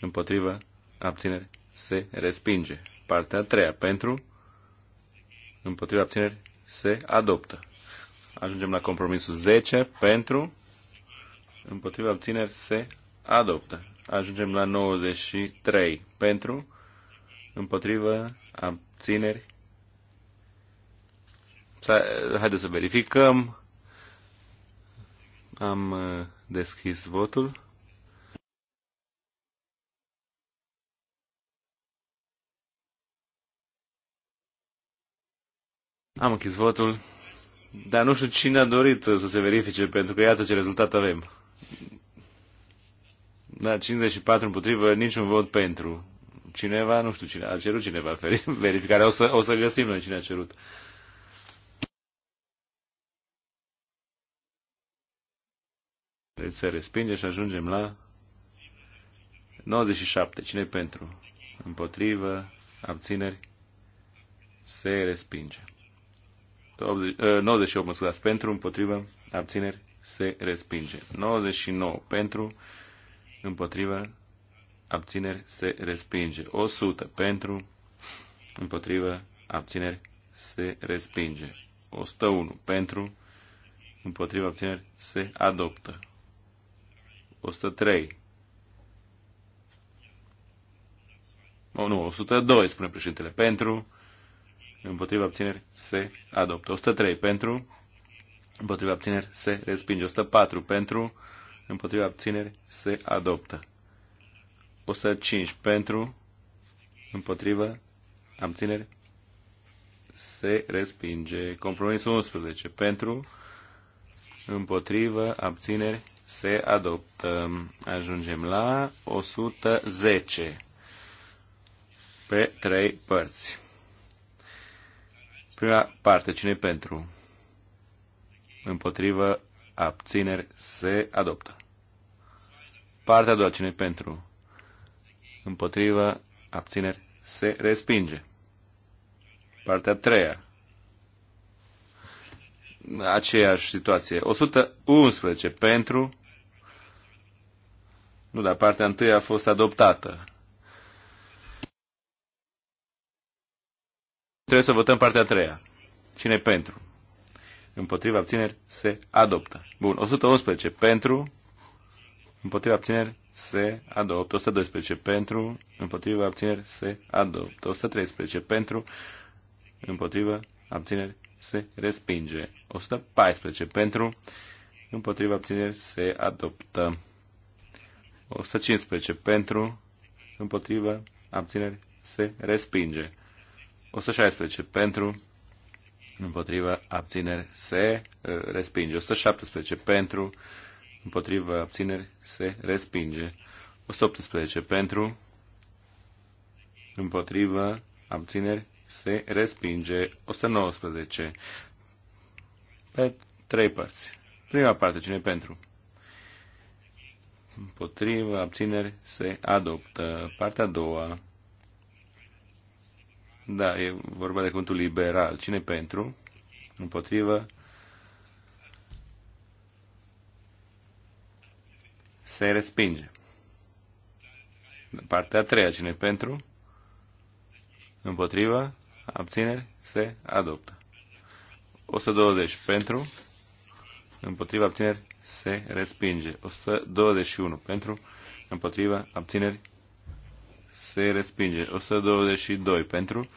împotriva abțineri se respinge partea a treia pentru împotriva abțineri, se adoptă. Ajungem la compromisul 10, pentru, împotriva abțineri, se adoptă. Ajungem la 93, pentru, împotriva abțineri. Haideți să verificăm. Am uh, deschis votul. Am închis votul, dar nu știu cine a dorit să se verifice, pentru că iată ce rezultat avem. Da, 54 împotrivă, niciun vot pentru. Cineva, nu știu cine, a cerut cineva (laughs) verificarea, o să, o să găsim noi cine a cerut. Deci se respinge și ajungem la 97. Cine pentru? Împotrivă, abțineri, se respinge. 98, eh, mă scuzați, pentru, împotrivă, abțineri, se respinge. 99 pentru, împotrivă, abțineri, se respinge. 100 pentru, împotrivă, abțineri, se respinge. 101 pentru, împotrivă, abțineri, se adoptă. 103. Oh, nu, 102, spune președintele, pentru, împotriva abțineri se adoptă. 103 pentru, împotriva abțineri se respinge. 104 pentru, împotriva abțineri se adoptă. 105 pentru, împotriva abțineri se respinge. Compromisul 11 pentru, împotriva abțineri se adoptă. Ajungem la 110 pe trei părți. Prima parte, cine pentru? Împotrivă, abțineri, se adoptă. Partea a doua, cine pentru? Împotrivă, abțineri, se respinge. Partea a treia. Aceeași situație. 111 pentru. Nu, dar partea întâi a fost adoptată. Trebuie să votăm partea a treia. cine pentru? Împotriva abțineri se adoptă. Bun, 111 pentru, împotriva abțineri se adoptă. 112 pentru, împotriva abțineri se adoptă. 113 pentru, împotriva abțineri se respinge. 114 pentru, împotriva abțineri se adoptă. 115 pentru, împotriva abțineri se respinge. 116 pentru, împotriva uh, abțineri se respinge. 117 pentru, împotriva abțineri se respinge. 118 pentru, împotriva abțineri se respinge. 119 pe trei părți. Prima parte, cine pentru? Împotriva abțineri se adoptă. Partea a doua da, e vorba de cuvântul liberal. Cine pentru? Împotrivă? Se respinge. Partea a treia, cine pentru? Împotrivă? Abțineri? Se adoptă. 120 pentru? Împotrivă abțineri? Se respinge. 121 pentru? Împotrivă abțineri? se respinge. 122 pentru,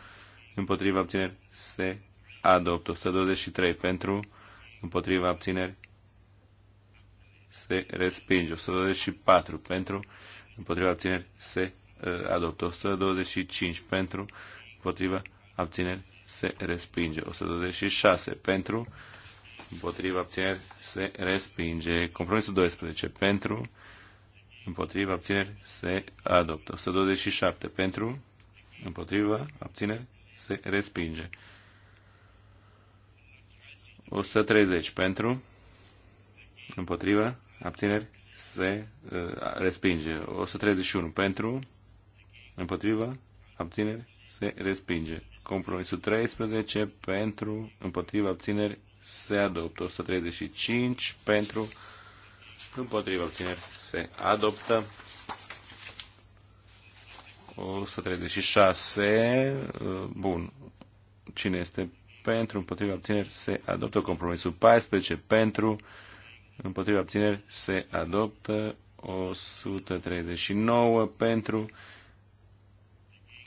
împotriva abțineri, se adoptă. 123 pentru, împotriva abțineri, se respinge. 124 pentru, împotriva abțineri, se uh, adoptă. 125 pentru, împotriva abțineri, se respinge. 126 pentru, împotriva abțineri, se respinge. Compromisul 12 pentru, împotriva, abțineri, se adoptă. 127 pentru, împotriva, abțineri, se respinge. 130 pentru, împotriva, abțineri, se uh, respinge. 131 pentru, împotriva, abțineri, se respinge. Compromisul 13 pentru, împotriva, abțineri, se adoptă. 135 pentru, împotriva obțineri se adoptă. 136, bun, cine este pentru, împotriva obțineri se adoptă compromisul 14, pentru, împotriva obțineri se adoptă 139, pentru,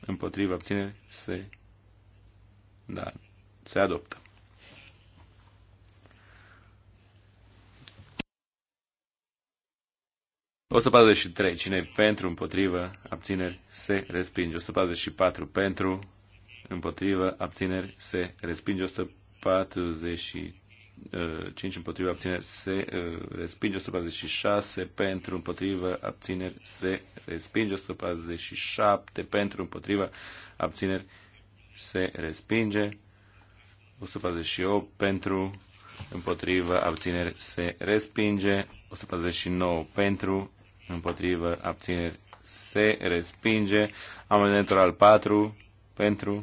împotriva obțineri se, da, se adoptă. 143. Cine pentru, împotrivă, abțineri, se respinge. 144. Pentru, împotrivă, abțineri, se respinge. 145. Împotrivă, abțineri, se uh, respinge. 146. Pentru, împotrivă, abțineri, se respinge. 147. Pentru, împotrivă, abțineri, se respinge. 148. Pentru, împotrivă, abțineri, se respinge. 149 pentru, împotrivă, abțineri, se respinge. Amendamentul al 4, pentru,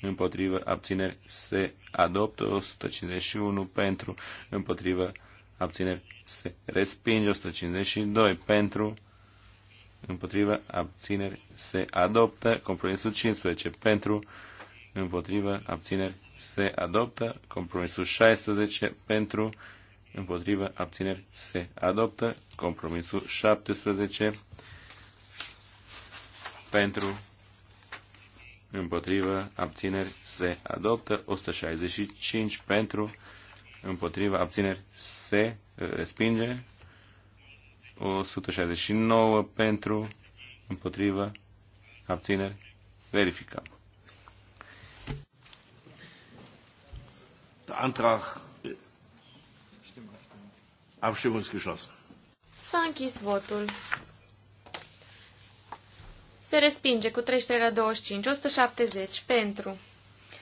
împotrivă, abțineri, se adoptă. 151, pentru, împotrivă, abțineri, se respinge. 152, pentru, împotrivă, abțineri, se adoptă. Compromisul 15, pentru, împotrivă, abțineri, se adoptă. Compromisul 16, pentru, împotrivă, împotriva, abțineri, se adoptă. Compromisul 17 pentru, împotriva, abțineri, se adoptă. 165 pentru, împotriva, abțineri, se uh, respinge. 169 pentru, împotriva, abțineri, verificăm. Antrag Abstimmungsgeschlossen. S-a închis votul. Se respinge cu 33 la 25, 170 pentru.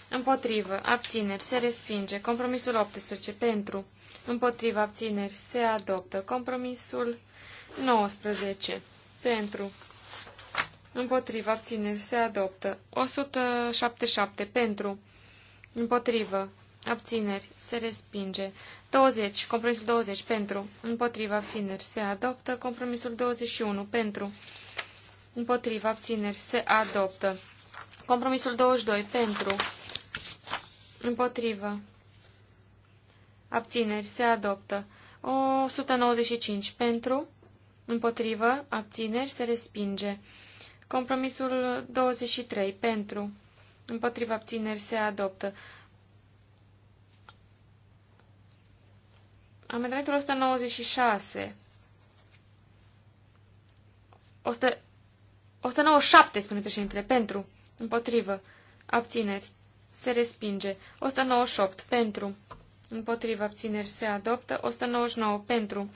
Împotrivă, abțineri, se respinge. Compromisul 18 pentru. Împotrivă, abțineri, se adoptă. Compromisul 19 pentru. Împotrivă, abțineri, se adoptă. 177 pentru. Împotrivă, abțineri, se respinge. 20. Compromisul 20. Pentru. Împotriva abțineri se adoptă. Compromisul 21. Pentru. Împotriva abțineri se adoptă. Compromisul 22. Pentru. împotriva Abțineri se adoptă. 195. Pentru. împotriva Abțineri se respinge. Compromisul 23. Pentru. Împotriva abțineri se adoptă. Amendamentul 196. 100, 197, spune președintele, pentru, împotrivă, abțineri, se respinge. 198, pentru, împotrivă, abțineri, se adoptă. 199, pentru,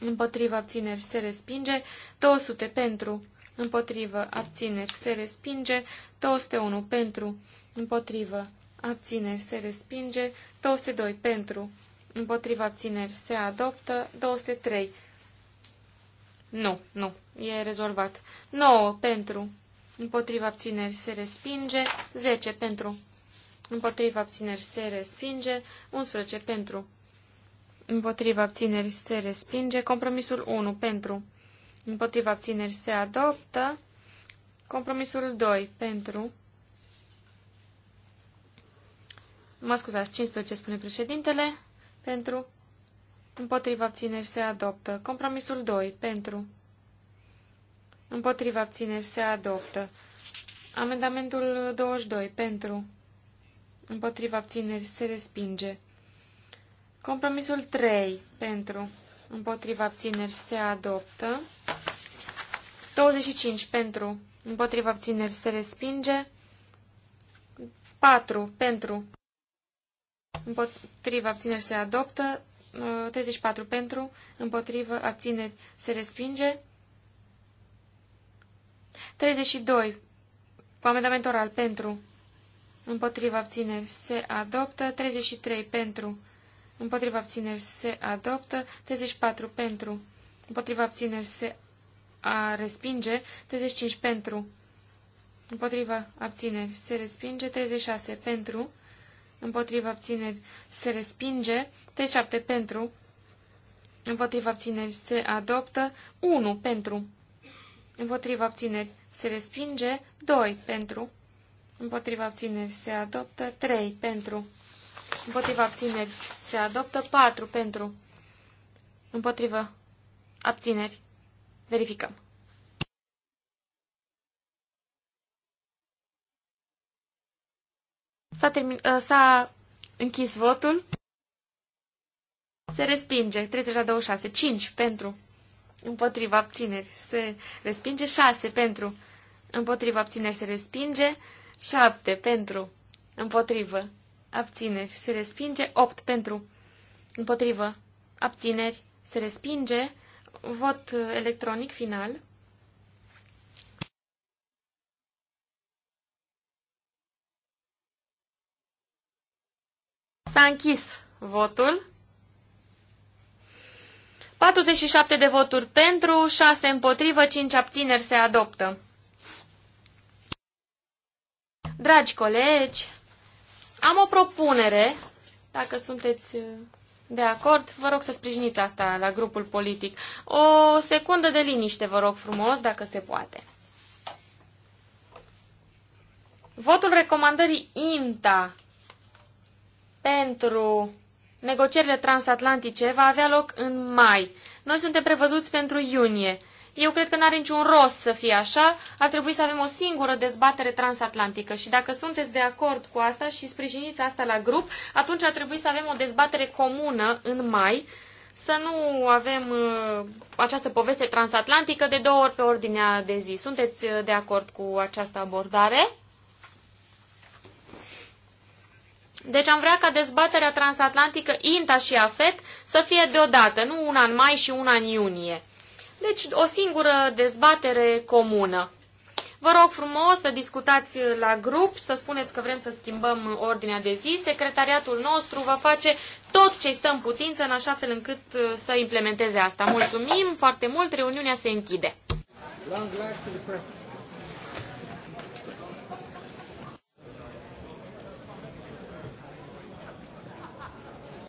împotrivă, abțineri, se respinge. 200, pentru, împotrivă, abțineri, se respinge. 201, pentru, împotrivă, abțineri, se respinge. 202, pentru, împotriva abțineri se adoptă, 203. Nu, nu, e rezolvat. 9 pentru, împotriva abțineri se respinge, 10 pentru, împotriva abțineri se respinge, 11 pentru, împotriva abțineri se respinge, compromisul 1 pentru, împotriva abțineri se adoptă, compromisul 2 pentru, mă scuzați, 15 spune președintele, pentru, împotriva abțineri se adoptă. Compromisul 2, pentru, împotriva abțineri se adoptă. Amendamentul 22, pentru, împotriva abțineri se respinge. Compromisul 3, pentru, împotriva abțineri se adoptă. 25, pentru, împotriva abțineri se respinge. 4. Pentru împotriva abțineri se adoptă, 34 uh, pentru, împotrivă abțineri se respinge, 32 cu amendament oral pentru, împotriva abțineri se adoptă, 33 pentru, împotriva abțineri se adoptă, 34 pentru, împotriva abțineri se a respinge, 35 pentru, împotriva abțineri se respinge, 36 pentru, împotriva abțineri se respinge, 37 pentru, împotriva abțineri se adoptă, 1 pentru, împotriva abțineri se respinge, 2 pentru, împotriva abțineri se adoptă, 3 pentru, împotriva abțineri se adoptă, 4 pentru, împotriva abțineri verificăm. S-a, termin... Uh, s-a închis votul. Se respinge. 30 la 26. 5 pentru. Împotriva abțineri. Se respinge. 6 pentru. Împotriva abțineri. Se respinge. 7 pentru. Împotrivă. Abțineri. Se respinge. 8 pentru. Împotrivă. Abțineri. Se respinge. Vot uh, electronic final. S-a închis votul. 47 de voturi pentru, 6 împotrivă, 5 abțineri se adoptă. Dragi colegi, am o propunere. Dacă sunteți uh, de acord, vă rog să sprijiniți asta la grupul politic. O secundă de liniște, vă rog frumos, dacă se poate. Votul recomandării INTA pentru negocierile transatlantice va avea loc în mai. Noi suntem prevăzuți pentru iunie. Eu cred că n-are niciun rost să fie așa, ar trebui să avem o singură dezbatere transatlantică și dacă sunteți de acord cu asta și sprijiniți asta la grup, atunci ar trebui să avem o dezbatere comună în mai, să nu avem uh, această poveste transatlantică de două ori pe ordinea de zi. Sunteți uh, de acord cu această abordare? Deci am vrea ca dezbaterea transatlantică INTA și AFET să fie deodată, nu una în mai și una în iunie. Deci o singură dezbatere comună. Vă rog frumos să discutați la grup, să spuneți că vrem să schimbăm ordinea de zi. Secretariatul nostru va face tot ce stă în putință în așa fel încât uh, să implementeze asta. Mulțumim foarte mult, reuniunea se închide.